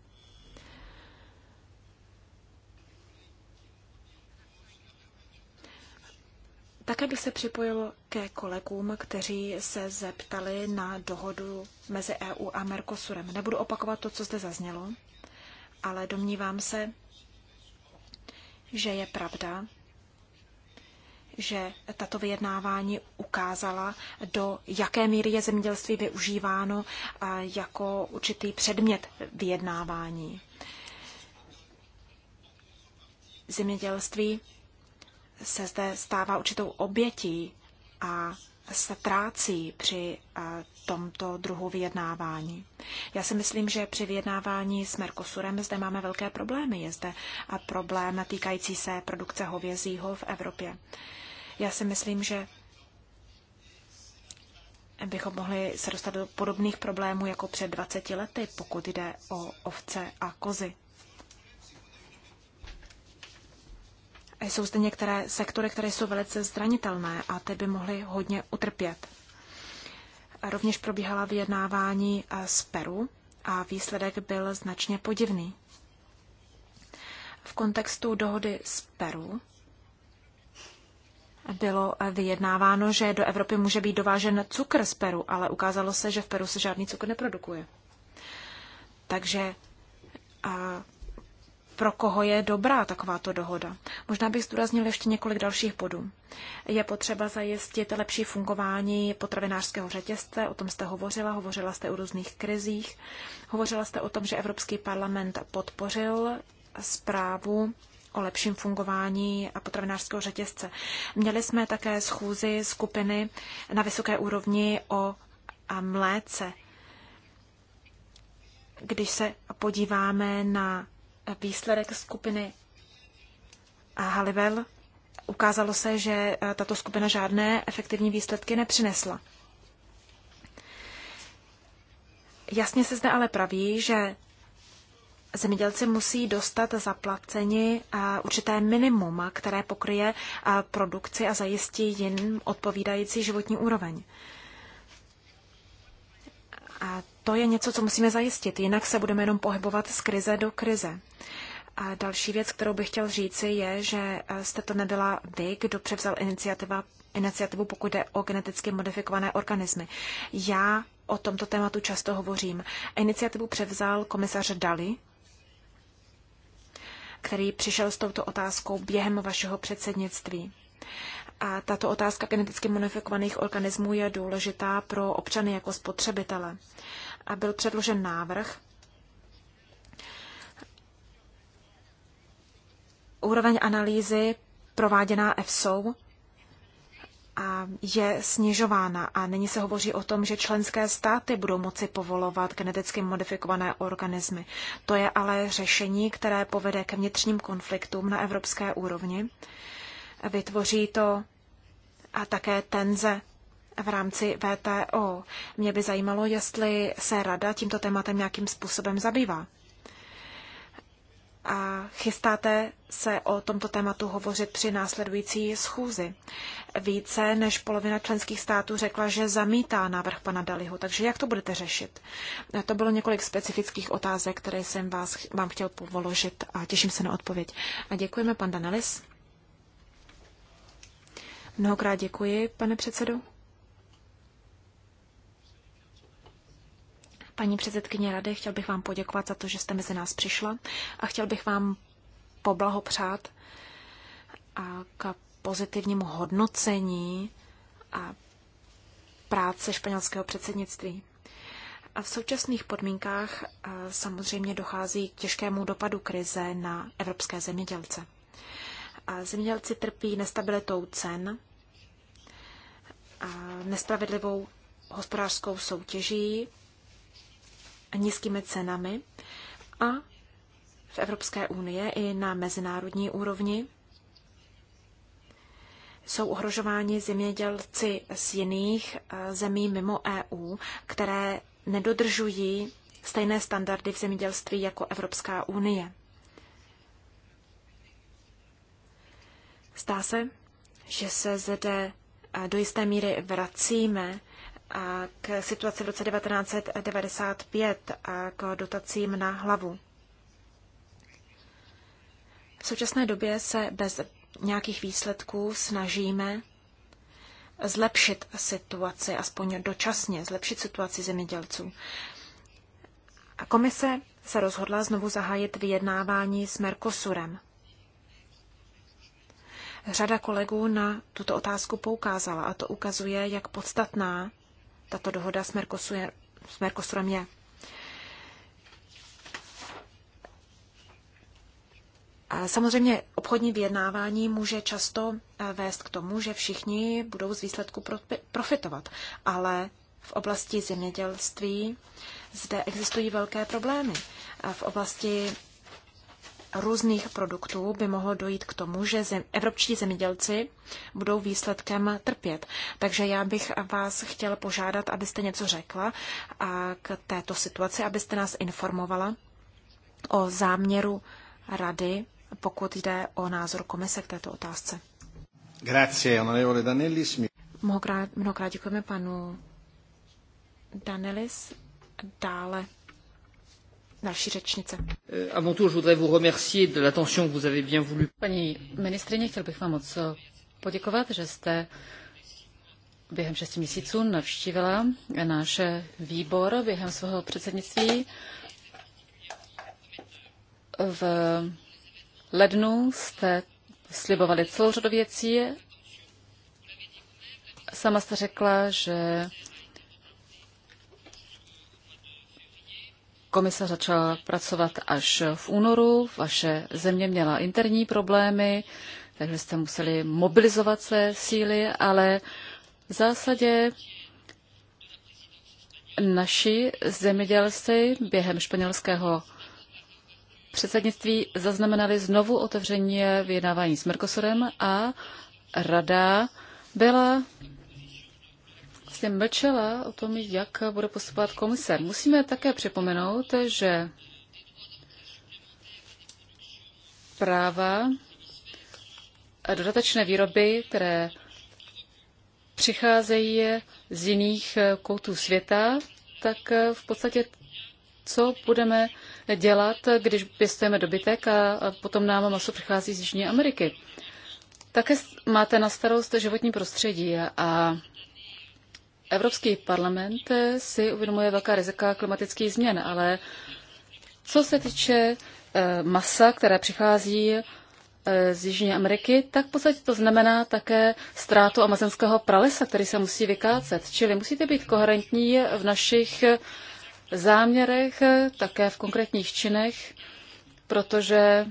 Také bych se připojil ke kolegům, kteří se zeptali na dohodu mezi EU a Mercosurem. Nebudu opakovat to, co zde zaznělo, ale domnívám se, že je pravda, že tato vyjednávání ukázala, do jaké míry je zemědělství využíváno jako určitý předmět vyjednávání. Zemědělství se zde stává určitou obětí a se trácí při tomto druhu vyjednávání. Já si myslím, že při vyjednávání s Mercosurem zde máme velké problémy. Je zde problém týkající se produkce hovězího v Evropě. Já si myslím, že bychom mohli se dostat do podobných problémů jako před 20 lety, pokud jde o ovce a kozy. Jsou zde některé sektory, které jsou velice zranitelné a ty by mohly hodně utrpět. Rovněž probíhala vyjednávání eh, z Peru a výsledek byl značně podivný. V kontextu dohody z Peru bylo vyjednáváno, že do Evropy může být dovážen cukr z Peru, ale ukázalo se, že v Peru se žádný cukr neprodukuje. Takže a pro koho je dobrá takováto dohoda. Možná bych zdůraznil ještě několik dalších bodů. Je potřeba zajistit lepší fungování potravinářského řetězce, o tom jste hovořila, hovořila jste o různých krizích, hovořila jste o tom, že Evropský parlament podpořil zprávu o lepším fungování potravinářského řetězce. Měli jsme také schůzi skupiny na vysoké úrovni o mléce. Když se podíváme na výsledek skupiny Halivel, ukázalo se, že tato skupina žádné efektivní výsledky nepřinesla. Jasně se zde ale praví, že zemědělci musí dostat zaplaceni eh, určité minimum, které pokryje eh, produkci a zajistí jim odpovídající životní úroveň. A to je něco, co musíme zajistit, jinak se budeme jenom pohybovat z krize do krize. A další věc, kterou bych chtěl říci, je, že eh, jste to nebyla vy, kdo převzal iniciativa, iniciativu, pokud jde o geneticky modifikované organismy. Já o tomto tématu často hovořím. Iniciativu převzal komisař Dali který přišel s touto otázkou během vašeho předsednictví. A tato otázka geneticky modifikovaných organismů je důležitá pro občany jako spotřebitele. A byl předložen návrh, úroveň analýzy prováděná EFSOU je snižována a nyní se hovoří o tom, že členské státy budou moci povolovat geneticky modifikované organismy. To je ale řešení, které povede k vnitřním konfliktům na evropské úrovni. Vytvoří to a také tenze v rámci VTO. Mě by zajímalo, jestli se rada tímto tématem nějakým způsobem zabývá a chystáte se o tomto tématu hovořit při následující schůzi. Více než polovina členských států řekla, že zamítá návrh pana Daliho, takže jak to budete řešit? To bylo několik specifických otázek, které jsem vás, vám chtěl položit a těším se na odpověď. A děkujeme, pan Danelis. Mnohokrát děkuji, pane předsedo. Paní předsedkyně rady, chtěl bych vám poděkovat za to, že jste mezi nás přišla a chtěl bych vám poblahopřát a k pozitivnímu hodnocení a práce španělského předsednictví. A v současných podmínkách samozřejmě dochází k těžkému dopadu krize na evropské zemědělce. A zemědělci trpí nestabilitou cen, a nespravedlivou hospodářskou soutěží, nízkými cenami a v Evropské unii i na mezinárodní úrovni jsou ohrožováni zemědělci z jiných eh, zemí mimo EU, které nedodržují stejné standardy v zemědělství jako Evropská unie. Zdá se, že se zde eh, do jisté míry vracíme k situaci v roce 1995 a k dotacím na hlavu. V současné době se bez nějakých výsledků snažíme zlepšit situaci, aspoň dočasně zlepšit situaci zemědělců. A komise se rozhodla znovu zahájit vyjednávání s Mercosurem. Řada kolegů na tuto otázku poukázala a to ukazuje, jak podstatná tato dohoda s, je, s Mercosurem je. Samozřejmě obchodní vyjednávání může často eh, vést k tomu, že všichni budou z výsledku profitovat, ale v oblasti zemědělství zde existují velké problémy. V oblasti různých produktů by mohlo dojít k tomu, že zem, evropští zemědělci budou výsledkem trpět. Takže já bych vás chtěla požádat, abyste něco řekla a k této situaci, abyste nás informovala o záměru rady, pokud jde o názor komise k této otázce. Grazie, onorevole Danellis. Mnohokrát, mnohokrát děkujeme panu Danelis. Dále další řečnice. Eh, avant tout, je voudrais vous remercier de l'attention que vous avez bien voulu. Paní ministrině, chtěl bych vám moc poděkovat, že jste během šesti měsíců navštívila náš výbor během svého předsednictví. V lednu jste slibovali celou řadu věcí. Sama jste řekla, že Komise začala pracovat až v únoru, vaše země měla interní problémy, takže jste museli mobilizovat své síly, ale v zásadě naši zemědělci během španělského předsednictví zaznamenali znovu otevření vyjednávání s Mercosurem a rada byla vlastně mlčela o tom, jak bude postupovat komise. Musíme také připomenout, že práva dodatečné výroby, které přicházejí z jiných koutů světa, tak v podstatě co budeme dělat, když pěstujeme dobytek a potom nám maso přichází z Jižní Ameriky. Také máte na starost životní prostředí a Evropský parlament si uvědomuje velká rizika klimatických změn, ale co se týče eh, masa, které přichází eh, z Jižní Ameriky, tak v podstatě to znamená také ztrátu amazonského pralesa, který se musí vykácet. Čili musíte být koherentní v našich záměrech, také v konkrétních činech, protože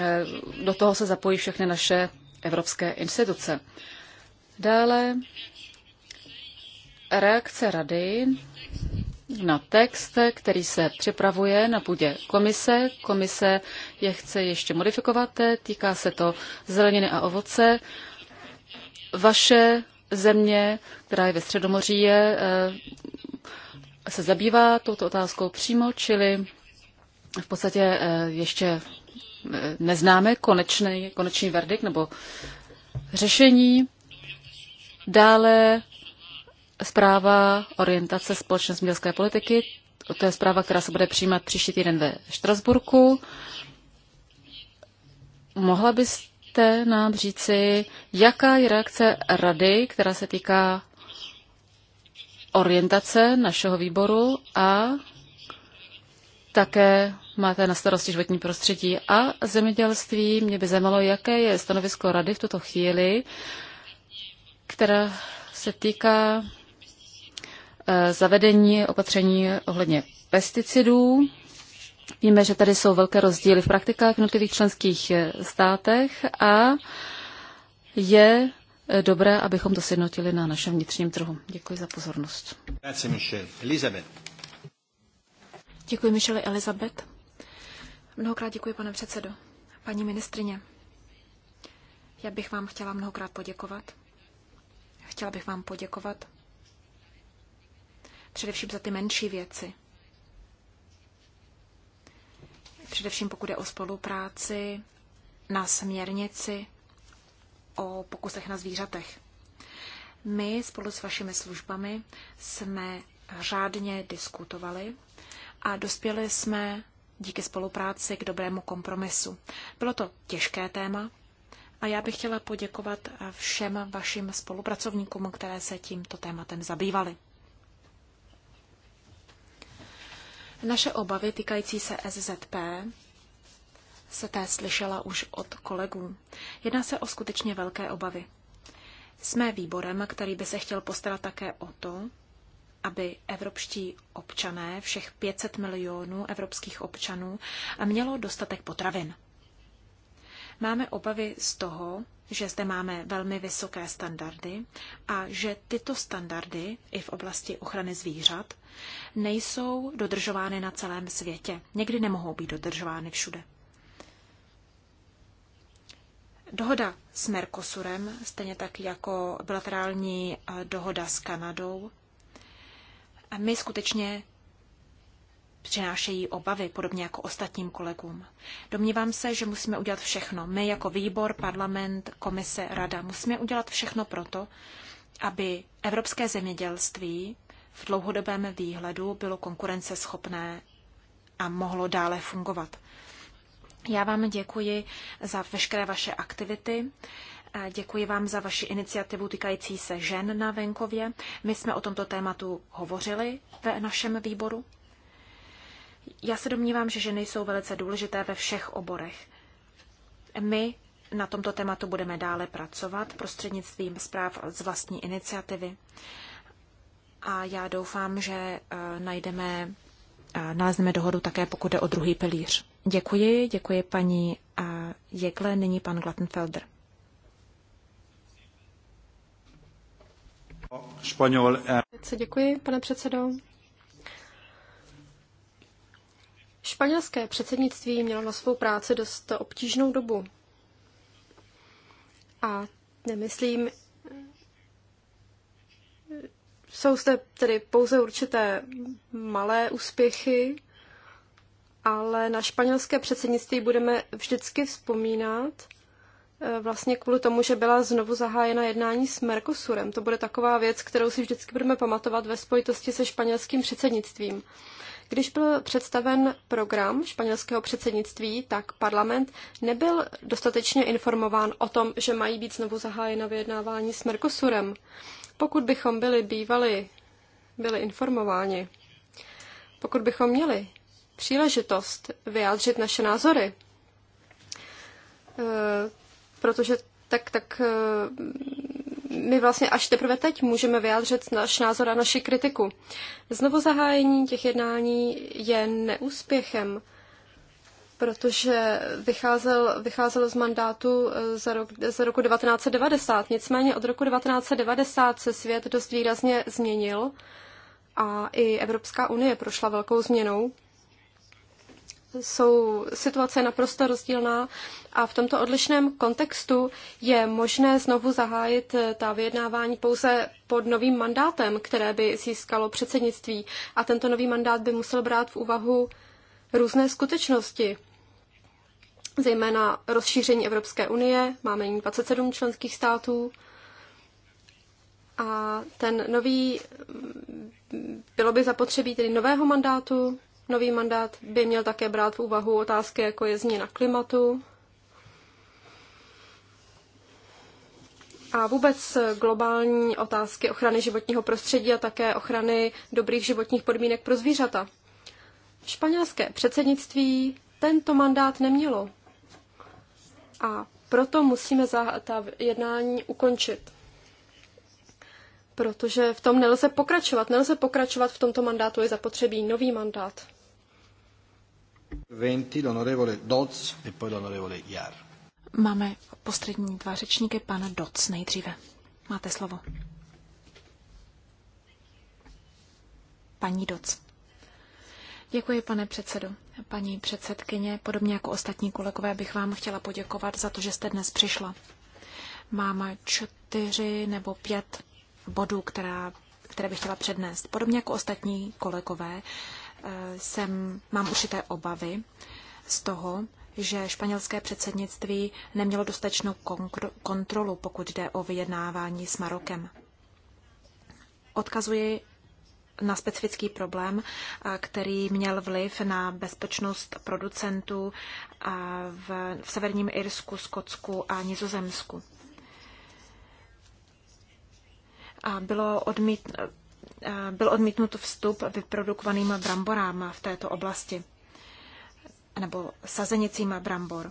eh, do toho se zapojí všechny naše evropské instituce. Dále reakce rady na text, který se připravuje na půdě komise. Komise je chce ještě modifikovat, týká se to zeleniny a ovoce. Vaše země, která je ve Středomoří, je, eh, se zabývá touto otázkou přímo, čili v podstatě eh, ještě eh, neznáme konečný, konečný verdikt nebo řešení. Dále zpráva orientace společné zemědělské politiky. To je zpráva, která se bude přijímat příští týden ve Štrasburku. Mohla byste nám říci, jaká je reakce rady, která se týká orientace našeho výboru a také máte na starosti životní prostředí a zemědělství. Mě by zajímalo, jaké je stanovisko rady v tuto chvíli, která se týká Eh, zavedení opatření ohledně pesticidů. Víme, že tady jsou velké rozdíly v praktikách v jednotlivých členských eh, státech a je eh, dobré, abychom to sjednotili na našem vnitřním trhu. Děkuji za pozornost. Děkuji, Michelle. Elizabeth. Děkuji, Elizabeth. Mnohokrát děkuji, pane předsedo. Paní ministrině, já bych vám chtěla mnohokrát poděkovat. Chtěla bych vám poděkovat především za ty menší věci. Především pokud je o spolupráci na směrnici o pokusech na zvířatech. My spolu s vašimi službami jsme řádně diskutovali a dospěli jsme díky spolupráci k dobrému kompromisu. Bylo to těžké téma a já bych chtěla poděkovat všem vašim spolupracovníkům, které se tímto tématem zabývali. Naše obavy týkající se SZP se té slyšela už od kolegů. Jedná se o skutečně velké obavy. Jsme výborem, který by se chtěl postarat také o to, aby evropští občané, všech 500 milionů evropských občanů, mělo dostatek potravin. Máme obavy z toho, že zde máme velmi vysoké standardy a že tyto standardy i v oblasti ochrany zvířat nejsou dodržovány na celém světě. Někdy nemohou být dodržovány všude. Dohoda s Mercosurem, stejně tak jako bilaterální eh, dohoda s Kanadou, my skutečně přinášejí obavy, podobně jako ostatním kolegům. Domnívám se, že musíme udělat všechno. My jako výbor, parlament, komise, rada musíme udělat všechno proto, aby evropské zemědělství v dlouhodobém výhledu bylo konkurenceschopné a mohlo dále fungovat. Já vám děkuji za veškeré vaše aktivity. Děkuji vám za vaši iniciativu týkající se žen na venkově. My jsme o tomto tématu hovořili ve našem výboru. Já se domnívám, že ženy jsou velice důležité ve všech oborech. My na tomto tématu budeme dále pracovat prostřednictvím zpráv z vlastní iniciativy. A já doufám, že eh, najdeme, eh, nalezneme dohodu také, pokud jde o druhý pilíř. Děkuji, děkuji paní eh, Jekle, nyní pan Glattenfelder. Děkuji, pane předsedo. Španělské předsednictví mělo na svou práci dost obtížnou dobu. A nemyslím, jsou zde tedy pouze určité malé úspěchy, ale na španělské předsednictví budeme vždycky vzpomínat eh, vlastně kvůli tomu, že byla znovu zahájena jednání s Mercosurem. To bude taková věc, kterou si vždycky budeme pamatovat ve spojitosti se španělským předsednictvím. Když byl představen program španělského předsednictví, tak parlament nebyl dostatečně informován o tom, že mají být znovu zahájena vyjednávání s Mercosurem. Pokud bychom byli bývali, byli informováni, pokud bychom měli příležitost vyjádřit naše názory, eh, protože tak, tak eh, my vlastně až teprve teď můžeme vyjádřit náš názor a naši kritiku. Znovu zahájení těch jednání je neúspěchem, protože vycházel, vycházel z mandátu eh, za rok, za roku 1990. Nicméně od roku 1990 se svět dost výrazně změnil a i Evropská unie prošla velkou změnou jsou situace naprosto rozdílná a v tomto odlišném kontextu je možné znovu zahájit eh, ta vyjednávání pouze pod novým mandátem, které by získalo předsednictví. A tento nový mandát by musel brát v úvahu různé skutečnosti, zejména rozšíření Evropské unie, máme nyní 27 členských států, a ten nový, mm, bylo by zapotřebí tedy nového mandátu, Nový mandát by měl také brát v úvahu otázky, jako je změna klimatu a vůbec globální otázky ochrany životního prostředí a také ochrany dobrých životních podmínek pro zvířata. Španělské předsednictví tento mandát nemělo a proto musíme za ta jednání ukončit protože v tom nelze pokračovat. Nelze pokračovat v tomto mandátu, je zapotřebí nový mandát. 20, l'onorevole Dodds e poi l'onorevole Jar. Máme poslední dva řečníky, pana Dodds nejdříve. Máte slovo. Paní Dodds. Děkuji, pane předsedo. Paní předsedkyně, podobně jako ostatní kolegové, bych vám chtěla poděkovat za to, že jste dnes přišla. Mám čtyři nebo pět bodů, která, které bych chtěla přednést. Podobně jako ostatní kolegové, Eh, jsem, mám určité obavy z toho, že španělské předsednictví nemělo dostatečnou kontrolu, pokud jde o vyjednávání s Marokem. Odkazuji na specifický problém, eh, který měl vliv na bezpečnost producentů eh, v, severním Irsku, Skotsku a Nizozemsku. A bylo odmítnuto Eh, byl odmítnut vstup vyprodukovaným bramborám v této oblasti, nebo sazenicím brambor.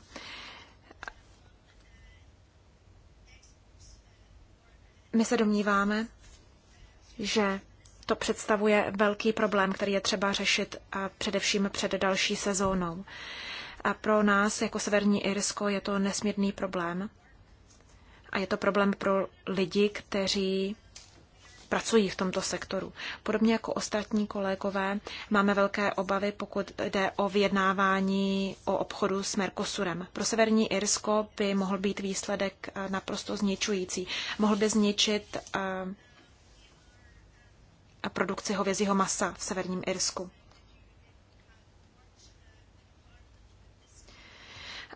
My se domníváme, že to představuje velký problém, který je třeba řešit a především před další sezónou. A pro nás, jako Severní Irsko, je to nesmírný problém. A je to problém pro lidi, kteří pracují v tomto sektoru. Podobně jako ostatní kolegové máme velké obavy, pokud jde o vyjednávání o obchodu s Mercosurem. Pro Severní Irsko by mohl být výsledek eh, naprosto zničující. Mohl by zničit eh, produkci hovězího masa v Severním Irsku.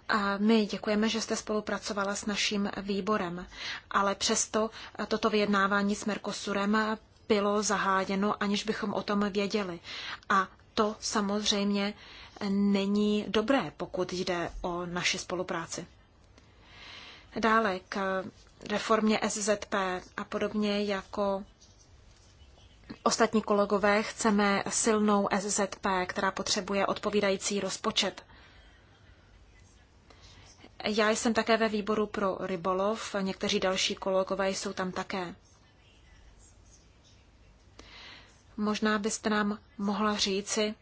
A my děkujeme, že jste spolupracovala s naším výborem, ale přesto toto vyjednávání s Mercosurem bylo zaháděno, aniž bychom o tom věděli. A to samozřejmě není dobré, pokud jde o naši spolupráci. Dále k reformě SZP a podobně jako ostatní kolegové chceme silnou SZP, která potřebuje odpovídající rozpočet. Já jsem také ve výboru pro rybolov, někteří další kolegové jsou tam také. Možná byste nám mohla říci,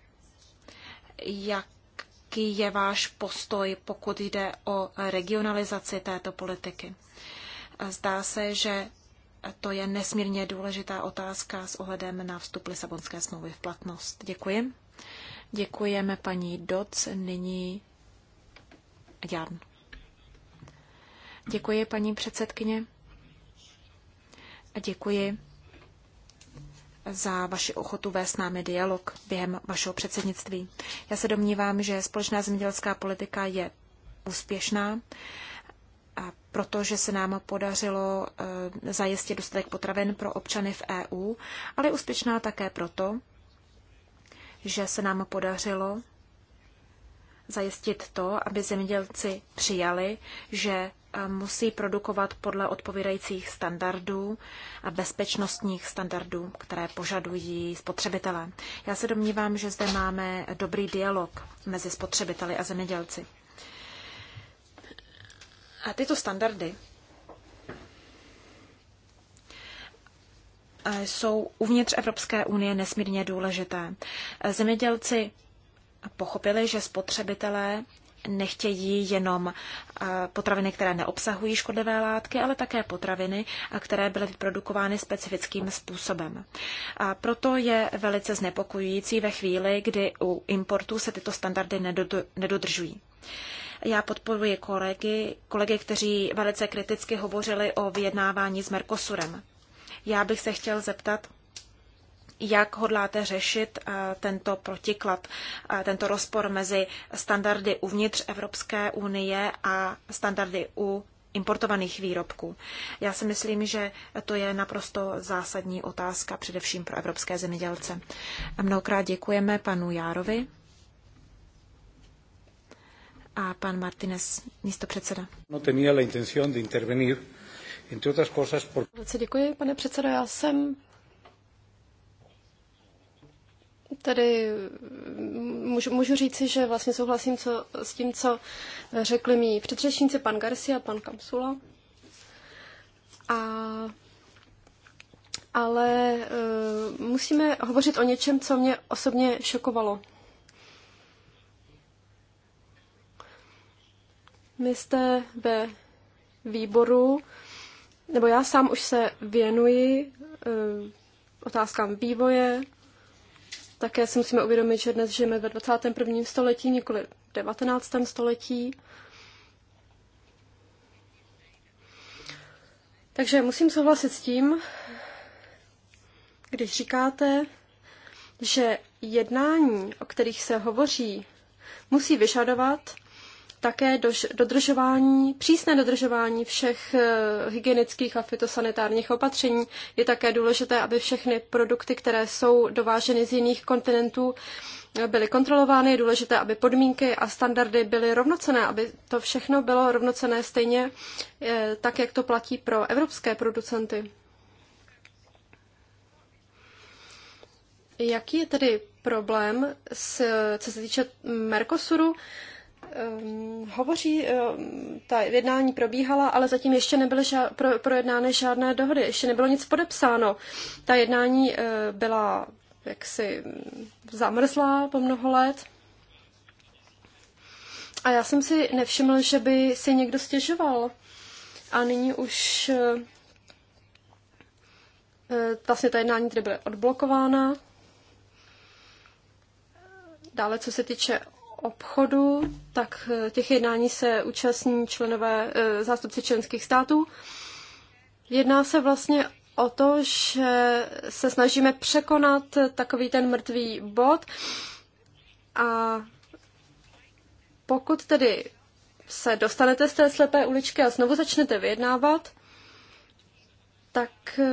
jaký je váš postoj, pokud jde o regionalizaci této politiky. Zdá se, že to je nesmírně důležitá otázka s ohledem na vstup Lisabonské smlouvy v platnost. Děkuji. Děkujeme paní Doc, nyní Jan. Děkuji, paní předsedkyně. A děkuji za vaši ochotu vést s námi dialog během vašeho předsednictví. Já se domnívám, že společná zemědělská politika je úspěšná, a protože se nám podařilo eh, zajistit dostatek potravin pro občany v EU, ale úspěšná také proto, že se nám podařilo zajistit to, aby zemědělci přijali, že eh, musí produkovat podle odpovídajících standardů a bezpečnostních standardů, které požadují spotřebitelé. Já se domnívám, že zde máme dobrý dialog mezi spotřebiteli a zemědělci. A tyto standardy eh, jsou uvnitř Evropské unie nesmírně důležité. Zemědělci pochopili, že spotřebitelé nechtějí jenom eh, potraviny, které neobsahují škodlivé látky, ale také potraviny, eh, které byly vyprodukovány specifickým způsobem. A proto je velice znepokojující ve chvíli, kdy u importu se tyto standardy nedodržují. Já podporuji kolegy, kolegy, kteří velice kriticky hovořili o vyjednávání s Mercosurem. Já bych se chtěl zeptat, jak hodláte řešit eh, tento protiklad, eh, tento rozpor mezi standardy uvnitř Evropské unie a standardy u importovaných výrobků. Já si myslím, že to je naprosto zásadní otázka, především pro evropské zemědělce. Mnohokrát děkujeme panu Járovi a pan Martinez, místo předseda. No tenía la intención de intervenir, entre otras cosas por... Velice děkuji, pane předsedo. Já jsem Tady mm, můžu, můžu říci, že vlastně souhlasím co, s tím, co řekli mi předřečníci pan Garcia a pan Kamsula. A, ale e, musíme hovořit o něčem, co mě osobně šokovalo. My jste ve výboru, nebo já sám už se věnuji e, otázkám vývoje, také si musíme uvědomit, že dnes žijeme ve 21. století, nikoli v 19. století. Takže musím souhlasit s tím, když říkáte, že jednání, o kterých se hovoří, musí vyžadovat také dož, dodržování, přísné dodržování všech eh, hygienických a fitosanitárních opatření. Je také důležité, aby všechny produkty, které jsou dováženy z jiných kontinentů, eh, byly kontrolovány. Je důležité, aby podmínky a standardy byly rovnocené, aby to všechno bylo rovnocené stejně eh, tak, jak to platí pro evropské producenty. Jaký je tedy problém, s, co se týče Mercosuru? um, hovoří, um, ta jednání probíhala, ale zatím ještě nebyly ža- pro- projednány žádné dohody, ještě nebylo nic podepsáno. Ta jednání uh, byla jaksi mm, zamrzlá po mnoho let. A já jsem si nevšiml, že by si někdo stěžoval. A nyní už eh, eh, vlastně ta jednání tedy byla odblokována. Dále, co se týče obchodu, tak eh, těch jednání se účastní členové, eh, zástupci členských států. Jedná se vlastně o to, že se snažíme překonat takový ten mrtvý bod a pokud tedy se dostanete z té slepé uličky a znovu začnete vyjednávat, tak eh,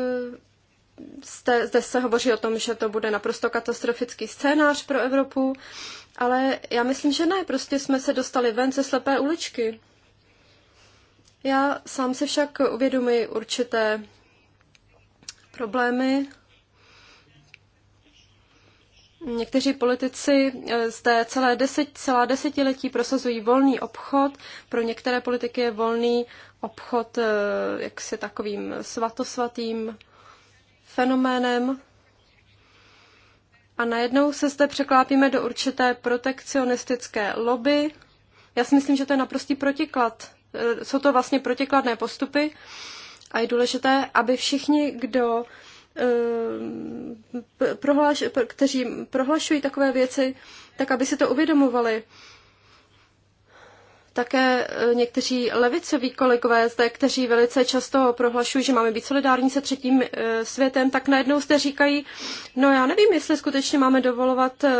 zde, zde se hovoří o tom, že to bude naprosto katastrofický scénář pro Evropu. Ale já myslím, že ne, prostě jsme se dostali ven ze slepé uličky. Já sám si však uvědomuji určité problémy. Někteří politici eh, z té celé deset, celá desetiletí prosazují volný obchod. Pro některé politiky je volný obchod eh, jaksi takovým svatosvatým fenoménem. A najednou se zde překlápíme do určité protekcionistické lobby. Já si myslím, že to je naprostý protiklad. E, jsou to vlastně protikladné postupy a je důležité, aby všichni, kdo e, kteří prohlašují takové věci, tak aby si to uvědomovali. Také eh, někteří levicoví kolegové zde, kteří velice často prohlašují, že máme být solidární se třetím eh, světem, tak najednou zde říkají, no já nevím, jestli skutečně máme dovolovat, eh,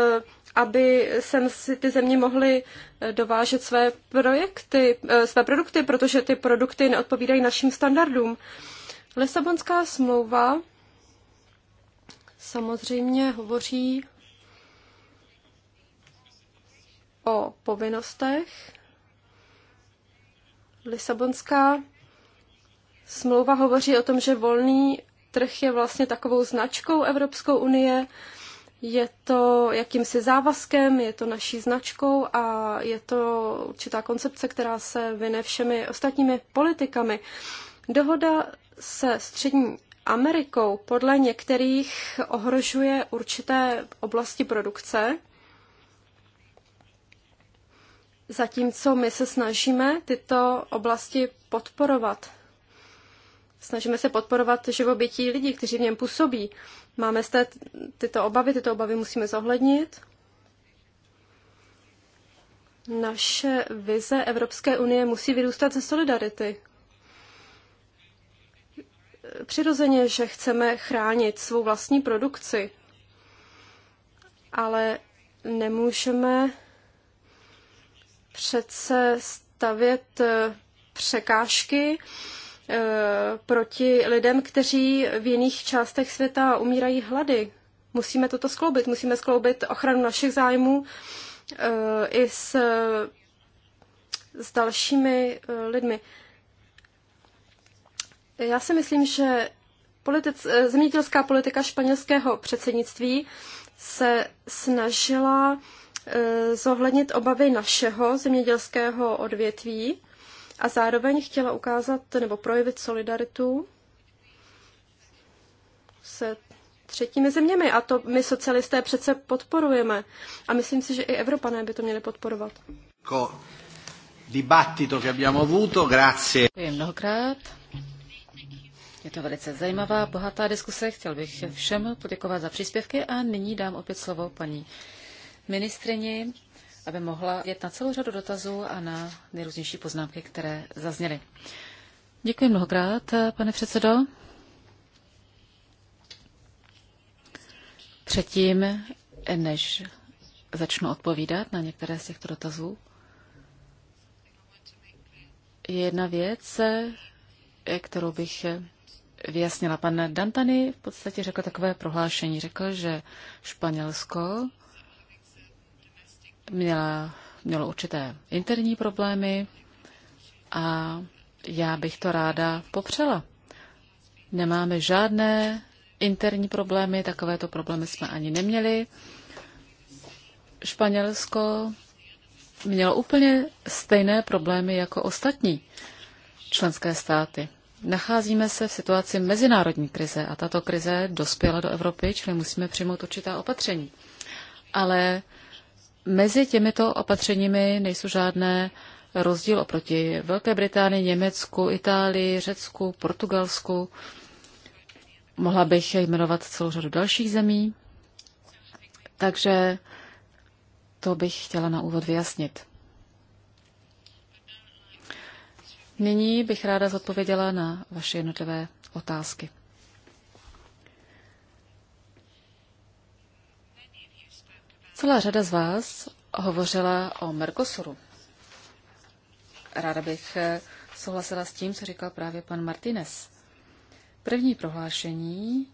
aby sem si ty země mohly dovážet své projekty, své produkty, protože ty produkty neodpovídají našim standardům. Lisabonská smlouva samozřejmě hovoří o povinnostech Lisabonská smlouva hovoří o tom, že volný trh je vlastně takovou značkou Evropskou unie, je to jakýmsi závazkem, je to naší značkou a je to určitá koncepce, která se vyne všemi ostatními politikami. Dohoda se střední Amerikou podle některých ohrožuje určité oblasti produkce, zatímco my se snažíme tyto oblasti podporovat. Snažíme se podporovat živobytí lidí, kteří v něm působí. Máme z té, tyto obavy, tyto obavy musíme zohlednit. Naše vize Evropské unie musí vyrůstat ze solidarity. Přirozeně, že chceme chránit svou vlastní produkci, ale nemůžeme přece stavět eh, překážky eh, proti lidem, kteří v jiných částech světa umírají hlady. Musíme toto skloubit. Musíme skloubit ochranu našich zájmů eh, i s, s dalšími lidmi. Já si myslím, že politic, zemědělská politika španělského předsednictví se snažila Eh, zohlednit obavy našeho zemědělského odvětví a zároveň chtěla ukázat nebo projevit solidaritu se třetími zeměmi. A to my socialisté přece podporujeme. A myslím si, že i Evropané by to měli podporovat. Ko, dibattito che abbiamo avuto, grazie. Děkuji mnohokrát. Je to velice zajímavá, bohatá diskuse. Chtěl bych všem poděkovat za příspěvky a nyní dám opět slovo paní ministrini, aby mohla jít na celou řadu dotazů a na nejrůznější poznámky, které zazněly. Děkuji mnohokrát, pane předsedo. Předtím, než začnu odpovídat na některé z těchto dotazů, je jedna věc, kterou bych vyjasnila. Pan Dantany v podstatě řekl takové prohlášení. Řekl, že Španělsko měla, mělo určité interní problémy a já bych to ráda popřela. Nemáme žádné interní problémy, takovéto problémy jsme ani neměli. Španělsko mělo úplně stejné problémy jako ostatní členské státy. Nacházíme se v situaci mezinárodní krize a tato krize dospěla do Evropy, čili musíme přijmout určitá opatření. Ale mezi těmito opatřeními nejsou žádné rozdíl oproti Velké Británii, Německu, Itálii, Řecku, Portugalsku. Mohla bych jmenovat celou řadu dalších zemí. Takže to bych chtěla na úvod vyjasnit. Nyní bych ráda zodpověděla na vaše jednotlivé otázky. Celá řada z vás hovořila o Mercosuru. Ráda bych eh, souhlasila s tím, co říkal právě pan Martinez. První prohlášení.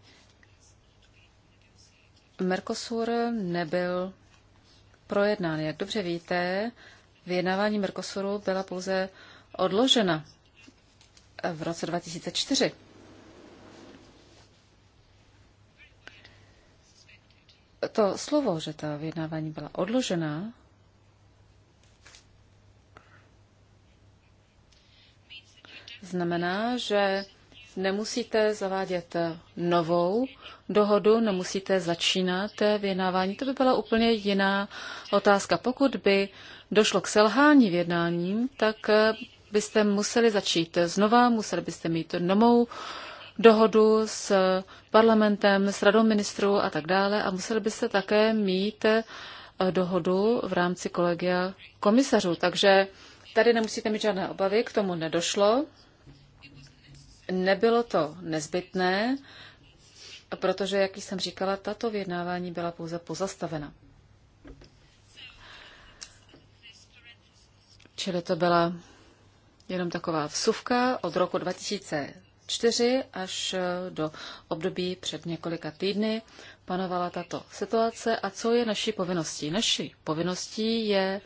Mercosur nebyl projednán. Jak dobře víte, vyjednávání Mercosuru byla pouze odložena v roce 2004. to slovo, že ta vyjednávání byla odložená, znamená, že nemusíte zavádět novou dohodu, nemusíte začínat vyjednávání. To by byla úplně jiná otázka. Pokud by došlo k selhání v tak byste museli začít znova, museli byste mít novou dohodu s parlamentem, s radou ministrů a tak dále a museli byste také mít eh, dohodu v rámci kolegia komisařů. Takže tady nemusíte mít žádné obavy, k tomu nedošlo. Nebylo to nezbytné, protože, jak jsem říkala, tato vyjednávání byla pouze pozastavena. Čili to byla jenom taková vsuvka od roku 2000 4 až eh, do období před několika týdny panovala tato situace. A co je naší povinností? Naší povinností je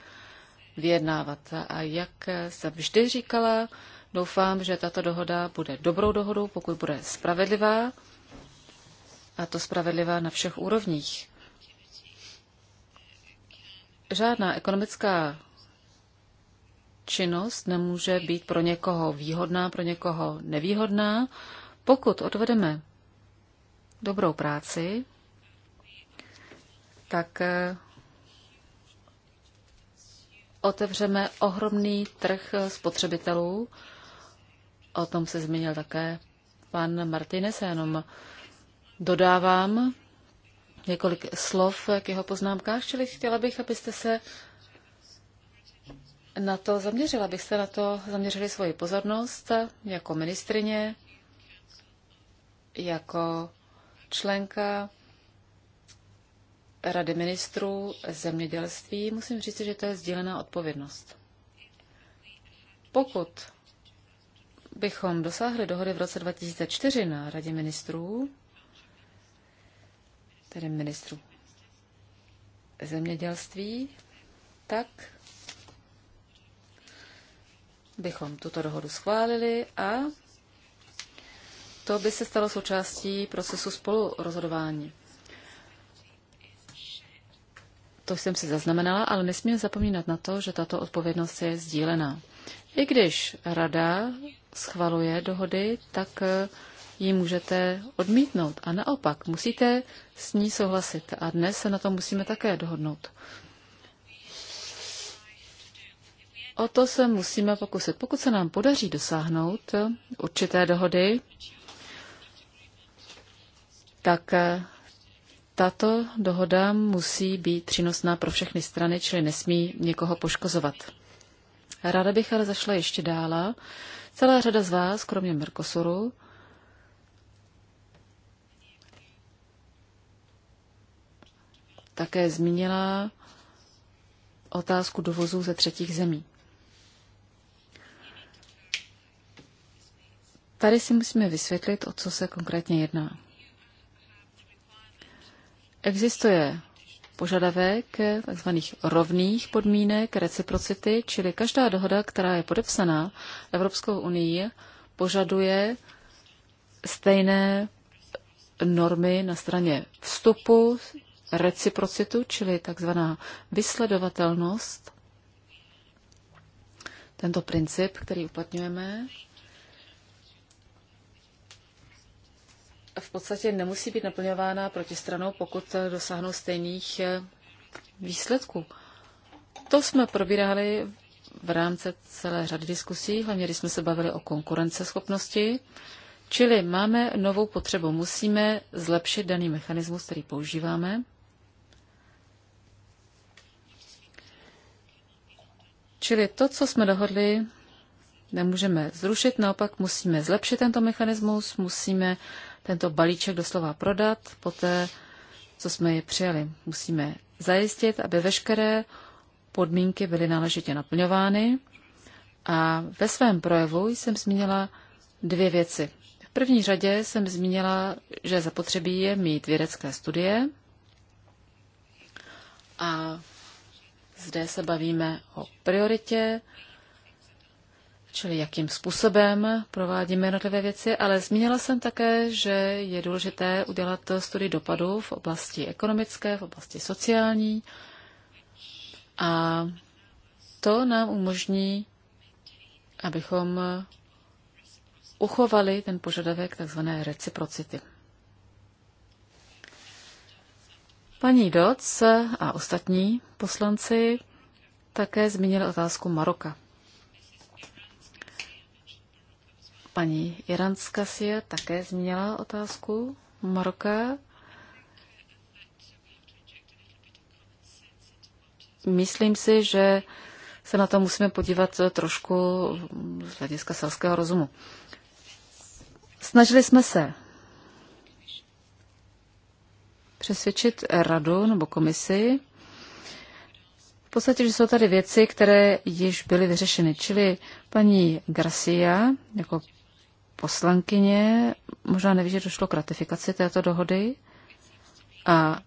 vyjednávat. A jak eh, jsem vždy říkala, doufám, že tato dohoda bude dobrou dohodou, pokud bude spravedlivá. A to spravedlivá na všech úrovních. Žádná ekonomická činnost nemůže být pro někoho výhodná, pro někoho nevýhodná. Pokud odvedeme dobrou práci, tak eh, otevřeme ohromný trh spotřebitelů. O tom se zmínil také pan Martinez. Já jenom dodávám několik slov k jeho poznámkách, čili chtěla bych, abyste se na to zaměřila, bych se na to zaměřili svoji pozornost jako ministrině, jako členka Rady ministrů zemědělství. Musím říct, že to je sdílená odpovědnost. Pokud bychom dosáhli dohody v roce 2004 na Radě ministrů, tedy ministrů zemědělství, tak bychom tuto dohodu schválili a to by se stalo součástí procesu spolurozhodování. To jsem si zaznamenala, ale nesmím zapomínat na to, že tato odpovědnost je sdílená. I když rada schvaluje dohody, tak eh, ji můžete odmítnout. A naopak, musíte s ní souhlasit. A dnes se na to musíme také dohodnout. O to se musíme pokusit. Pokud se nám podaří dosáhnout určité dohody, tak tato dohoda musí být přínosná pro všechny strany, čili nesmí někoho poškozovat. Ráda bych ale zašla ještě dále. Celá řada z vás, kromě Mercosuru, také zmínila otázku dovozů ze třetích zemí. Tady si musíme vysvětlit, o co se konkrétně jedná. Existuje požadavek tzv. rovných podmínek reciprocity, čili každá dohoda, která je podepsaná Evropskou unii, požaduje stejné normy na straně vstupu, reciprocitu, čili takzvaná vysledovatelnost. Tento princip, který uplatňujeme, v podstatě nemusí být naplňována protistranou, pokud dosáhnou stejných eh, výsledků. To jsme probírali v rámci celé řady diskusí, hlavně když jsme se bavili o konkurenceschopnosti. Čili máme novou potřebu, musíme zlepšit daný mechanismus, který používáme. Čili to, co jsme dohodli, nemůžeme zrušit, naopak musíme zlepšit tento mechanismus, musíme tento balíček doslova prodat, poté, co jsme je přijali. Musíme zajistit, aby veškeré podmínky byly náležitě naplňovány. A ve svém projevu jsem zmínila dvě věci. V první řadě jsem zmínila, že zapotřebí je mít vědecké studie. A zde se bavíme o prioritě, čili jakým způsobem provádíme jednotlivé věci, ale zmínila jsem také, že je důležité udělat studii dopadu v oblasti ekonomické, v oblasti sociální a to nám umožní, abychom uchovali ten požadavek tzv. reciprocity. Paní Doc a ostatní poslanci také zmínili otázku Maroka. Paní Iranska si je také změnila otázku Maroka. Myslím si, že se na to musíme podívat trošku z hlediska selského rozumu. Snažili jsme se přesvědčit radu nebo komisi, v podstatě, že jsou tady věci, které již byly vyřešeny. Čili paní Garcia jako poslankyně možná neví, že došlo k ratifikaci této dohody a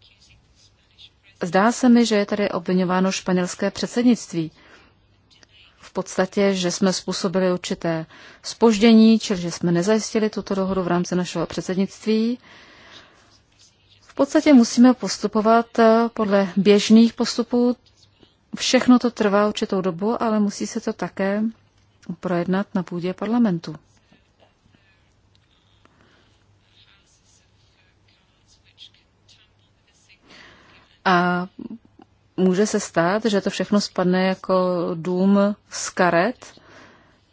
zdá se mi, že je tady obvinováno španělské předsednictví. V podstatě, že jsme způsobili určité spoždění, čili že jsme nezajistili tuto dohodu v rámci našeho předsednictví. V podstatě musíme postupovat eh, podle běžných postupů. Všechno to trvá určitou dobu, ale musí se to také projednat na půdě parlamentu. A může se stát, že to všechno spadne jako dům z karet,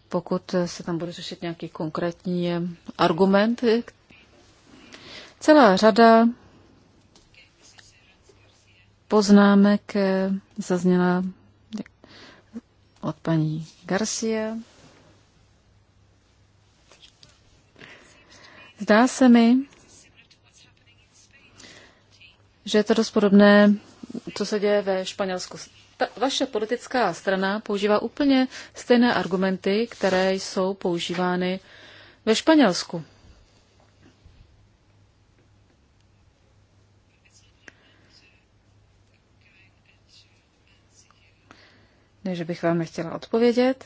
pokud se tam bude řešit nějaký konkrétní argument. Celá řada poznámek zazněla od paní Garcia. Zdá se mi, že je to dost podobné, co se děje ve Španělsku. Ta, vaše politická strana používá úplně stejné argumenty, které jsou používány ve Španělsku. Ne, že bych vám nechtěla odpovědět.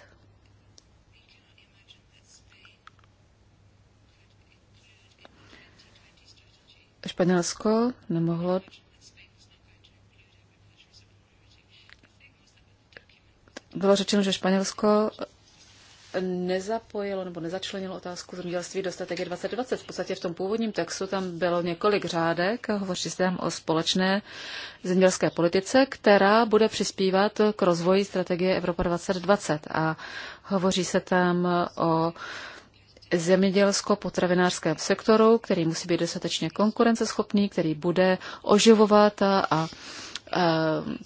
Španělsko nemohlo bylo řečeno, že Španělsko nezapojilo nebo nezačlenilo otázku zemědělství do strategie 2020. V podstatě v tom původním textu tam bylo několik řádek, hovoří se tam o společné zemědělské politice, která bude přispívat k rozvoji strategie Evropa 2020. A hovoří se tam o zemědělsko-potravinářském sektoru, který musí být dostatečně konkurenceschopný, který bude oživovat a, a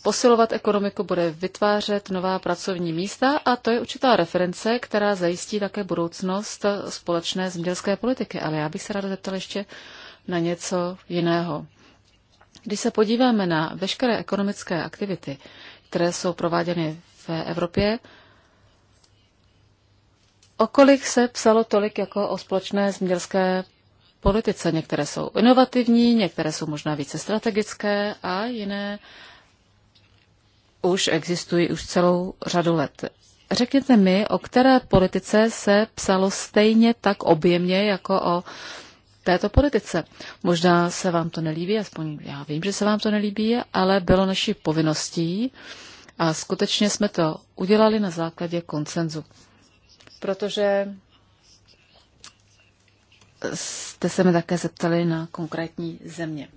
posilovat ekonomiku, bude vytvářet nová pracovní místa a to je určitá reference, která zajistí také budoucnost společné zemědělské politiky. Ale já bych se ráda zeptal ještě na něco jiného. Když se podíváme na veškeré ekonomické aktivity, které jsou prováděny v Evropě, O kolik se psalo tolik jako o společné zemědělské politice? Některé jsou inovativní, některé jsou možná více strategické a jiné už existují už celou řadu let. Řekněte mi, o které politice se psalo stejně tak objemně jako o této politice. Možná se vám to nelíbí, aspoň já vím, že se vám to nelíbí, ale bylo naší povinností a skutečně jsme to udělali na základě koncenzu protože jste se mi také zeptali na konkrétní země.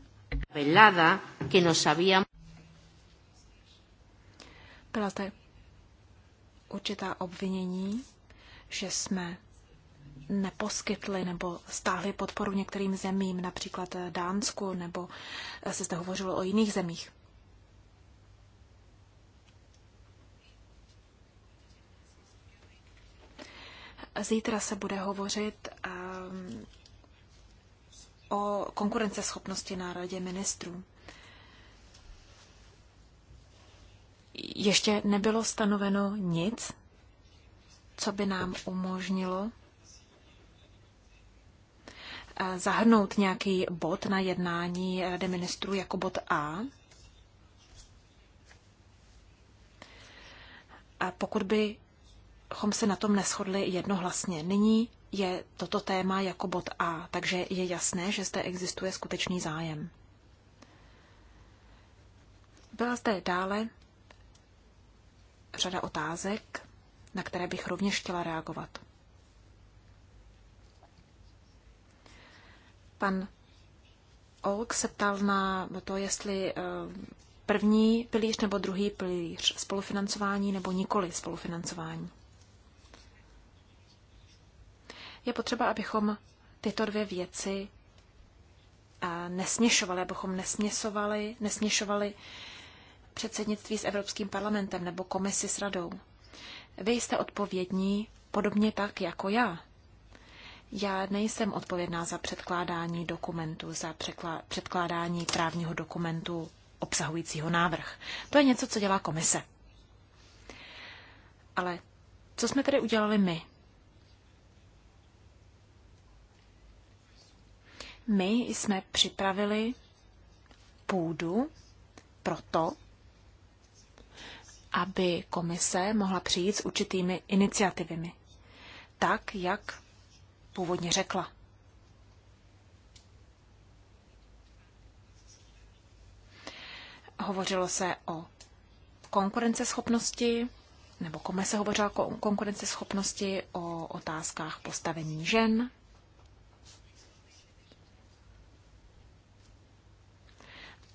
Byla to určitá obvinění, že jsme neposkytli nebo stáhli podporu některým zemím, například Dánsku, nebo se zde hovořilo o jiných zemích. Zítra se bude hovořit ehm, o konkurenceschopnosti na radě ministrů. Ještě nebylo stanoveno nic, co by nám umožnilo eh, zahrnout nějaký bod na jednání Rady ministrů jako bod A. A pokud by chom se na tom neschodli jednohlasně. Nyní je toto téma jako bod A, takže je jasné, že zde existuje skutečný zájem. Byla zde dále řada otázek, na které bych rovněž chtěla reagovat. Pan Olk se ptal na to, jestli eh, první pilíř nebo druhý pilíř spolufinancování nebo nikoli spolufinancování. je potřeba, abychom tyto dvě věci eh, nesměšovali, abychom nesměsovali, nesměšovali předsednictví s Evropským parlamentem nebo komisi s radou. Vy jste odpovědní podobně tak jako já. Já nejsem odpovědná za předkládání dokumentu, za předkládání právního dokumentu obsahujícího návrh. To je něco, co dělá komise. Ale co jsme tedy udělali my? My jsme připravili půdu pro to, aby komise mohla přijít s určitými iniciativami, tak, jak původně řekla. Hovořilo se o konkurenceschopnosti, nebo komise hovořila o konkurenceschopnosti, o otázkách postavení žen,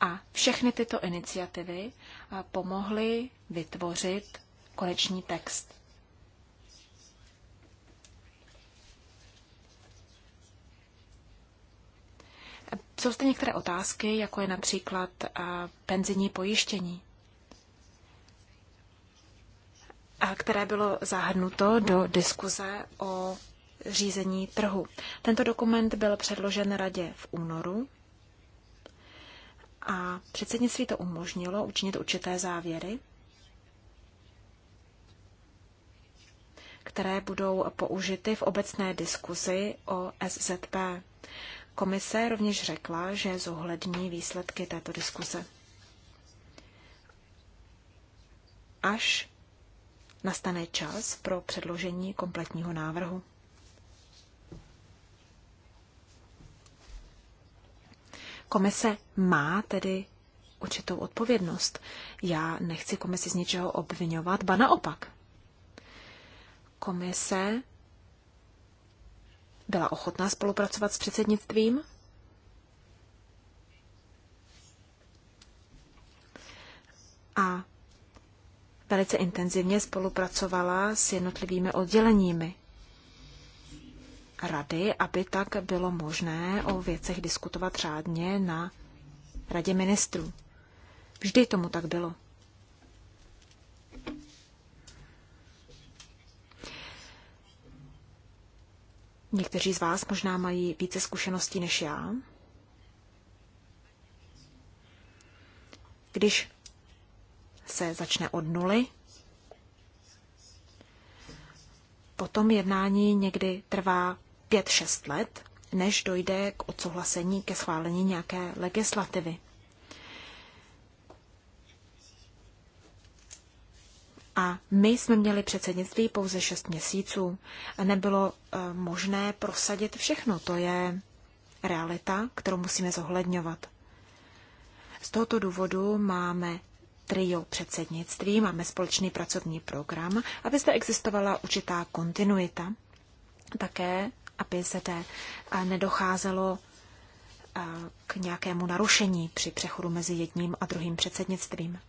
A všechny tyto iniciativy eh, pomohly vytvořit konečný text. Jsou zde některé otázky, jako je například eh, penzijní pojištění, a které bylo zahrnuto do diskuze o řízení trhu. Tento dokument byl předložen radě v únoru a předsednictví to umožnilo učinit určité závěry, které budou použity v obecné diskuzi o SZP. Komise rovněž řekla, že zohlední výsledky této diskuze. Až nastane čas pro předložení kompletního návrhu. Komise má tedy určitou odpovědnost. Já nechci komisi z něčeho obvinovat, ba naopak. Komise byla ochotná spolupracovat s předsednictvím? A velice intenzivně spolupracovala s jednotlivými odděleními rady, aby tak bylo možné o věcech diskutovat řádně na radě ministrů. Vždy tomu tak bylo. Někteří z vás možná mají více zkušeností než já. Když se začne od nuly, potom jednání někdy trvá 5-6 let, než dojde k odsouhlasení, ke schválení nějaké legislativy. A my jsme měli předsednictví pouze 6 měsíců. Nebylo eh, možné prosadit všechno. To je realita, kterou musíme zohledňovat. Z tohoto důvodu máme trio předsednictví, máme společný pracovní program, aby zde existovala určitá kontinuita. Také aby zde eh, nedocházelo eh, k nějakému narušení při přechodu mezi jedním a druhým předsednictvím.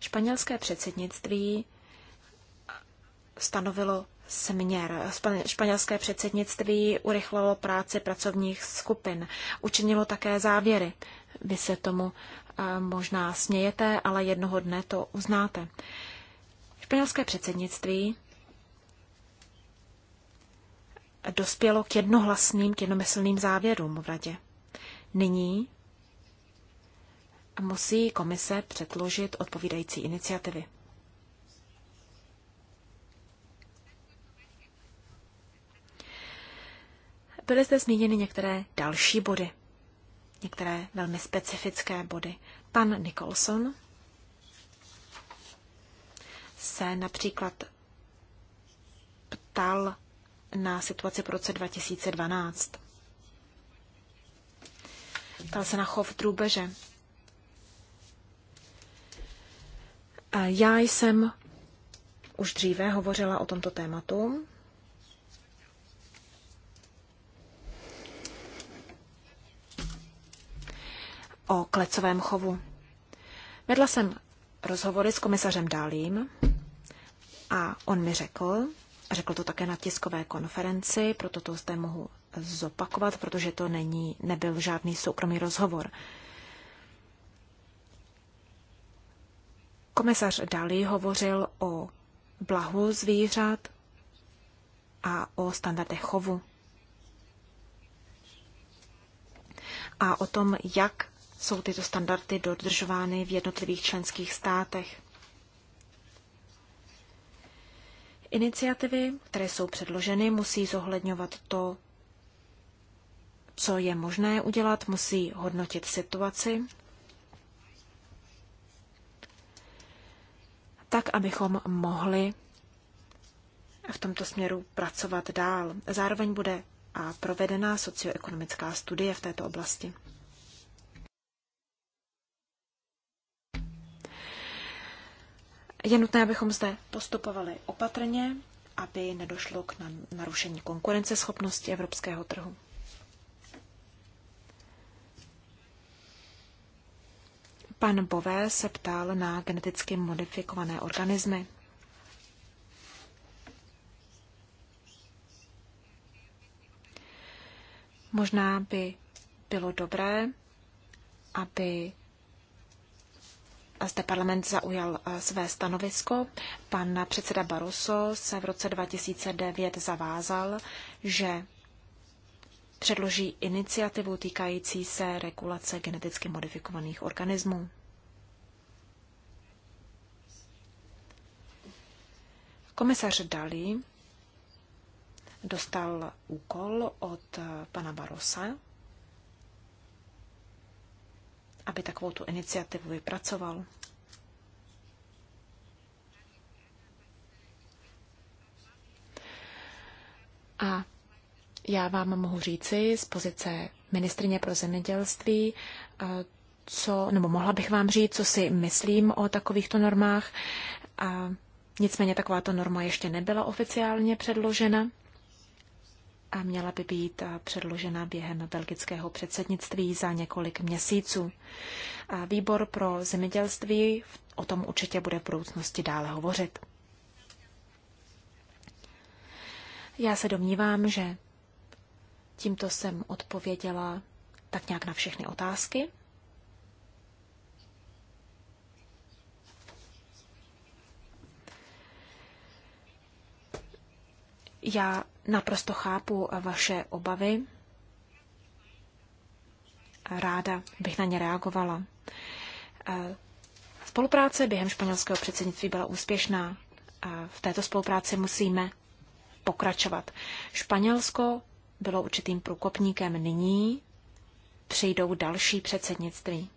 Španělské předsednictví eh, stanovilo směr. Španělské předsednictví urychlilo práci pracovních skupin, učinilo také závěry. Vy se tomu možná smějete, ale jednoho dne to uznáte. Španělské předsednictví dospělo k jednohlasným, k jednomyslným závěrům v radě. Nyní musí komise předložit odpovídající iniciativy. Byly zde zmíněny některé další body, některé velmi specifické body. Pan Nicholson se například ptal na situaci v roce 2012. Ptal se na chov drůbeže. Já jsem už dříve hovořila o tomto tématu. O klecovém chovu. Vedla jsem rozhovory s komisařem Dálím a on mi řekl, Řekl to také na tiskové konferenci, proto to zde mohu zopakovat, protože to není, nebyl žádný soukromý rozhovor. Komisař Dali hovořil o blahu zvířat a o standardech chovu. A o tom, jak jsou tyto standardy dodržovány v jednotlivých členských státech. Iniciativy, které jsou předloženy, musí zohledňovat to, co je možné udělat, musí hodnotit situaci, tak, abychom mohli v tomto směru pracovat dál. Zároveň bude a provedená socioekonomická studie v této oblasti. Je nutné, abychom zde postupovali opatrně, aby nedošlo k narušení konkurenceschopnosti evropského trhu. Pan Bové se ptal na geneticky modifikované organismy. Možná by bylo dobré, aby zde parlament zaujal eh, své stanovisko. Pan předseda Barroso se v roce 2009 zavázal, že předloží iniciativu týkající se regulace geneticky modifikovaných organismů. Komisař Dali dostal úkol od eh, pana Barosa, aby takovou tu iniciativu vypracoval. A já vám mohu říci z pozice ministrině pro zemědělství, eh, co, nebo mohla bych vám říct, co si myslím o takovýchto normách. A nicméně takováto norma ještě nebyla oficiálně předložena a měla by být eh, předložena během belgického předsednictví za několik měsíců. A výbor pro zemědělství o tom určitě bude v budoucnosti dále hovořit. Já se domnívám, že tímto jsem odpověděla tak nějak na všechny otázky. Já naprosto chápu vaše obavy. Ráda bych na ně reagovala. Eh, spolupráce během španělského předsednictví byla úspěšná. Eh, v této spolupráci musíme pokračovat. Španělsko bylo určitým průkopníkem nyní, přijdou další předsednictví.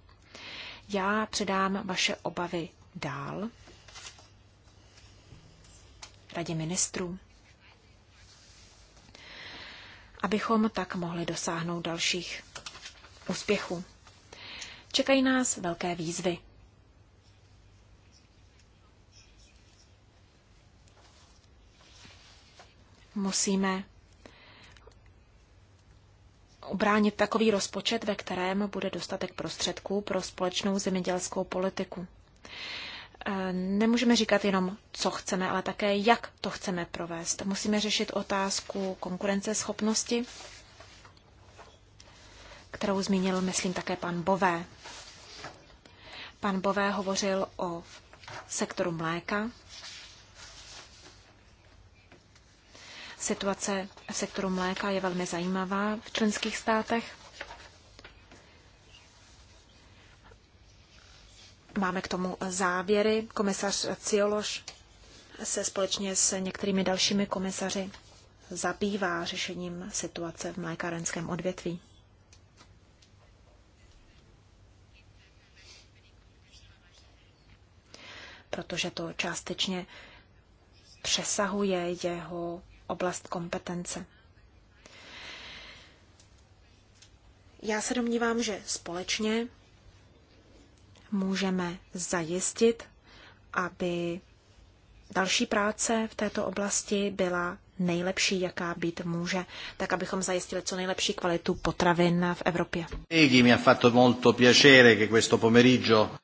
Já předám vaše obavy dál Radě ministrů abychom tak mohli dosáhnout dalších úspěchů. Čekají nás velké výzvy. Musíme obránit takový rozpočet, ve kterém bude dostatek prostředků pro společnou zemědělskou politiku. Eh, nemůžeme říkat jenom, co chceme, ale také, jak to chceme provést. Musíme řešit otázku konkurenceschopnosti, kterou zmínil, myslím, také pan Bové. Pan Bové hovořil o sektoru mléka. Situace v sektoru mléka je velmi zajímavá v členských státech. Máme k tomu závěry. Komisař Ciološ se společně s některými dalšími komisaři zabývá řešením situace v mlékárenském odvětví. Protože to částečně přesahuje jeho oblast kompetence. Já se domnívám, že společně můžeme zajistit, aby další práce v této oblasti byla nejlepší, jaká být může, tak abychom zajistili co nejlepší kvalitu potravin v Evropě.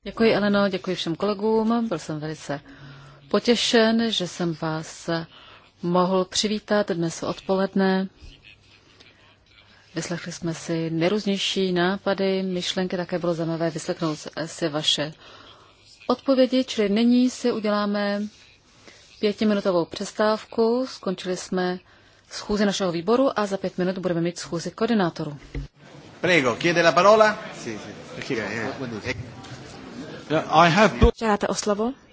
Děkuji, Eleno, děkuji všem kolegům. Byl jsem velice potěšen, že jsem vás mohl přivítat dnes odpoledne Vyslechli jsme si nejrůznější nápady, myšlenky, také bylo zajímavé vyslechnout si vaše odpovědi, čili nyní si uděláme pětiminutovou přestávku. Skončili jsme schůzi našeho výboru a za pět minut budeme mít schůzi koordinátoru. Prego, chiede la parola? Eh. Eh, Žádáte o slovo?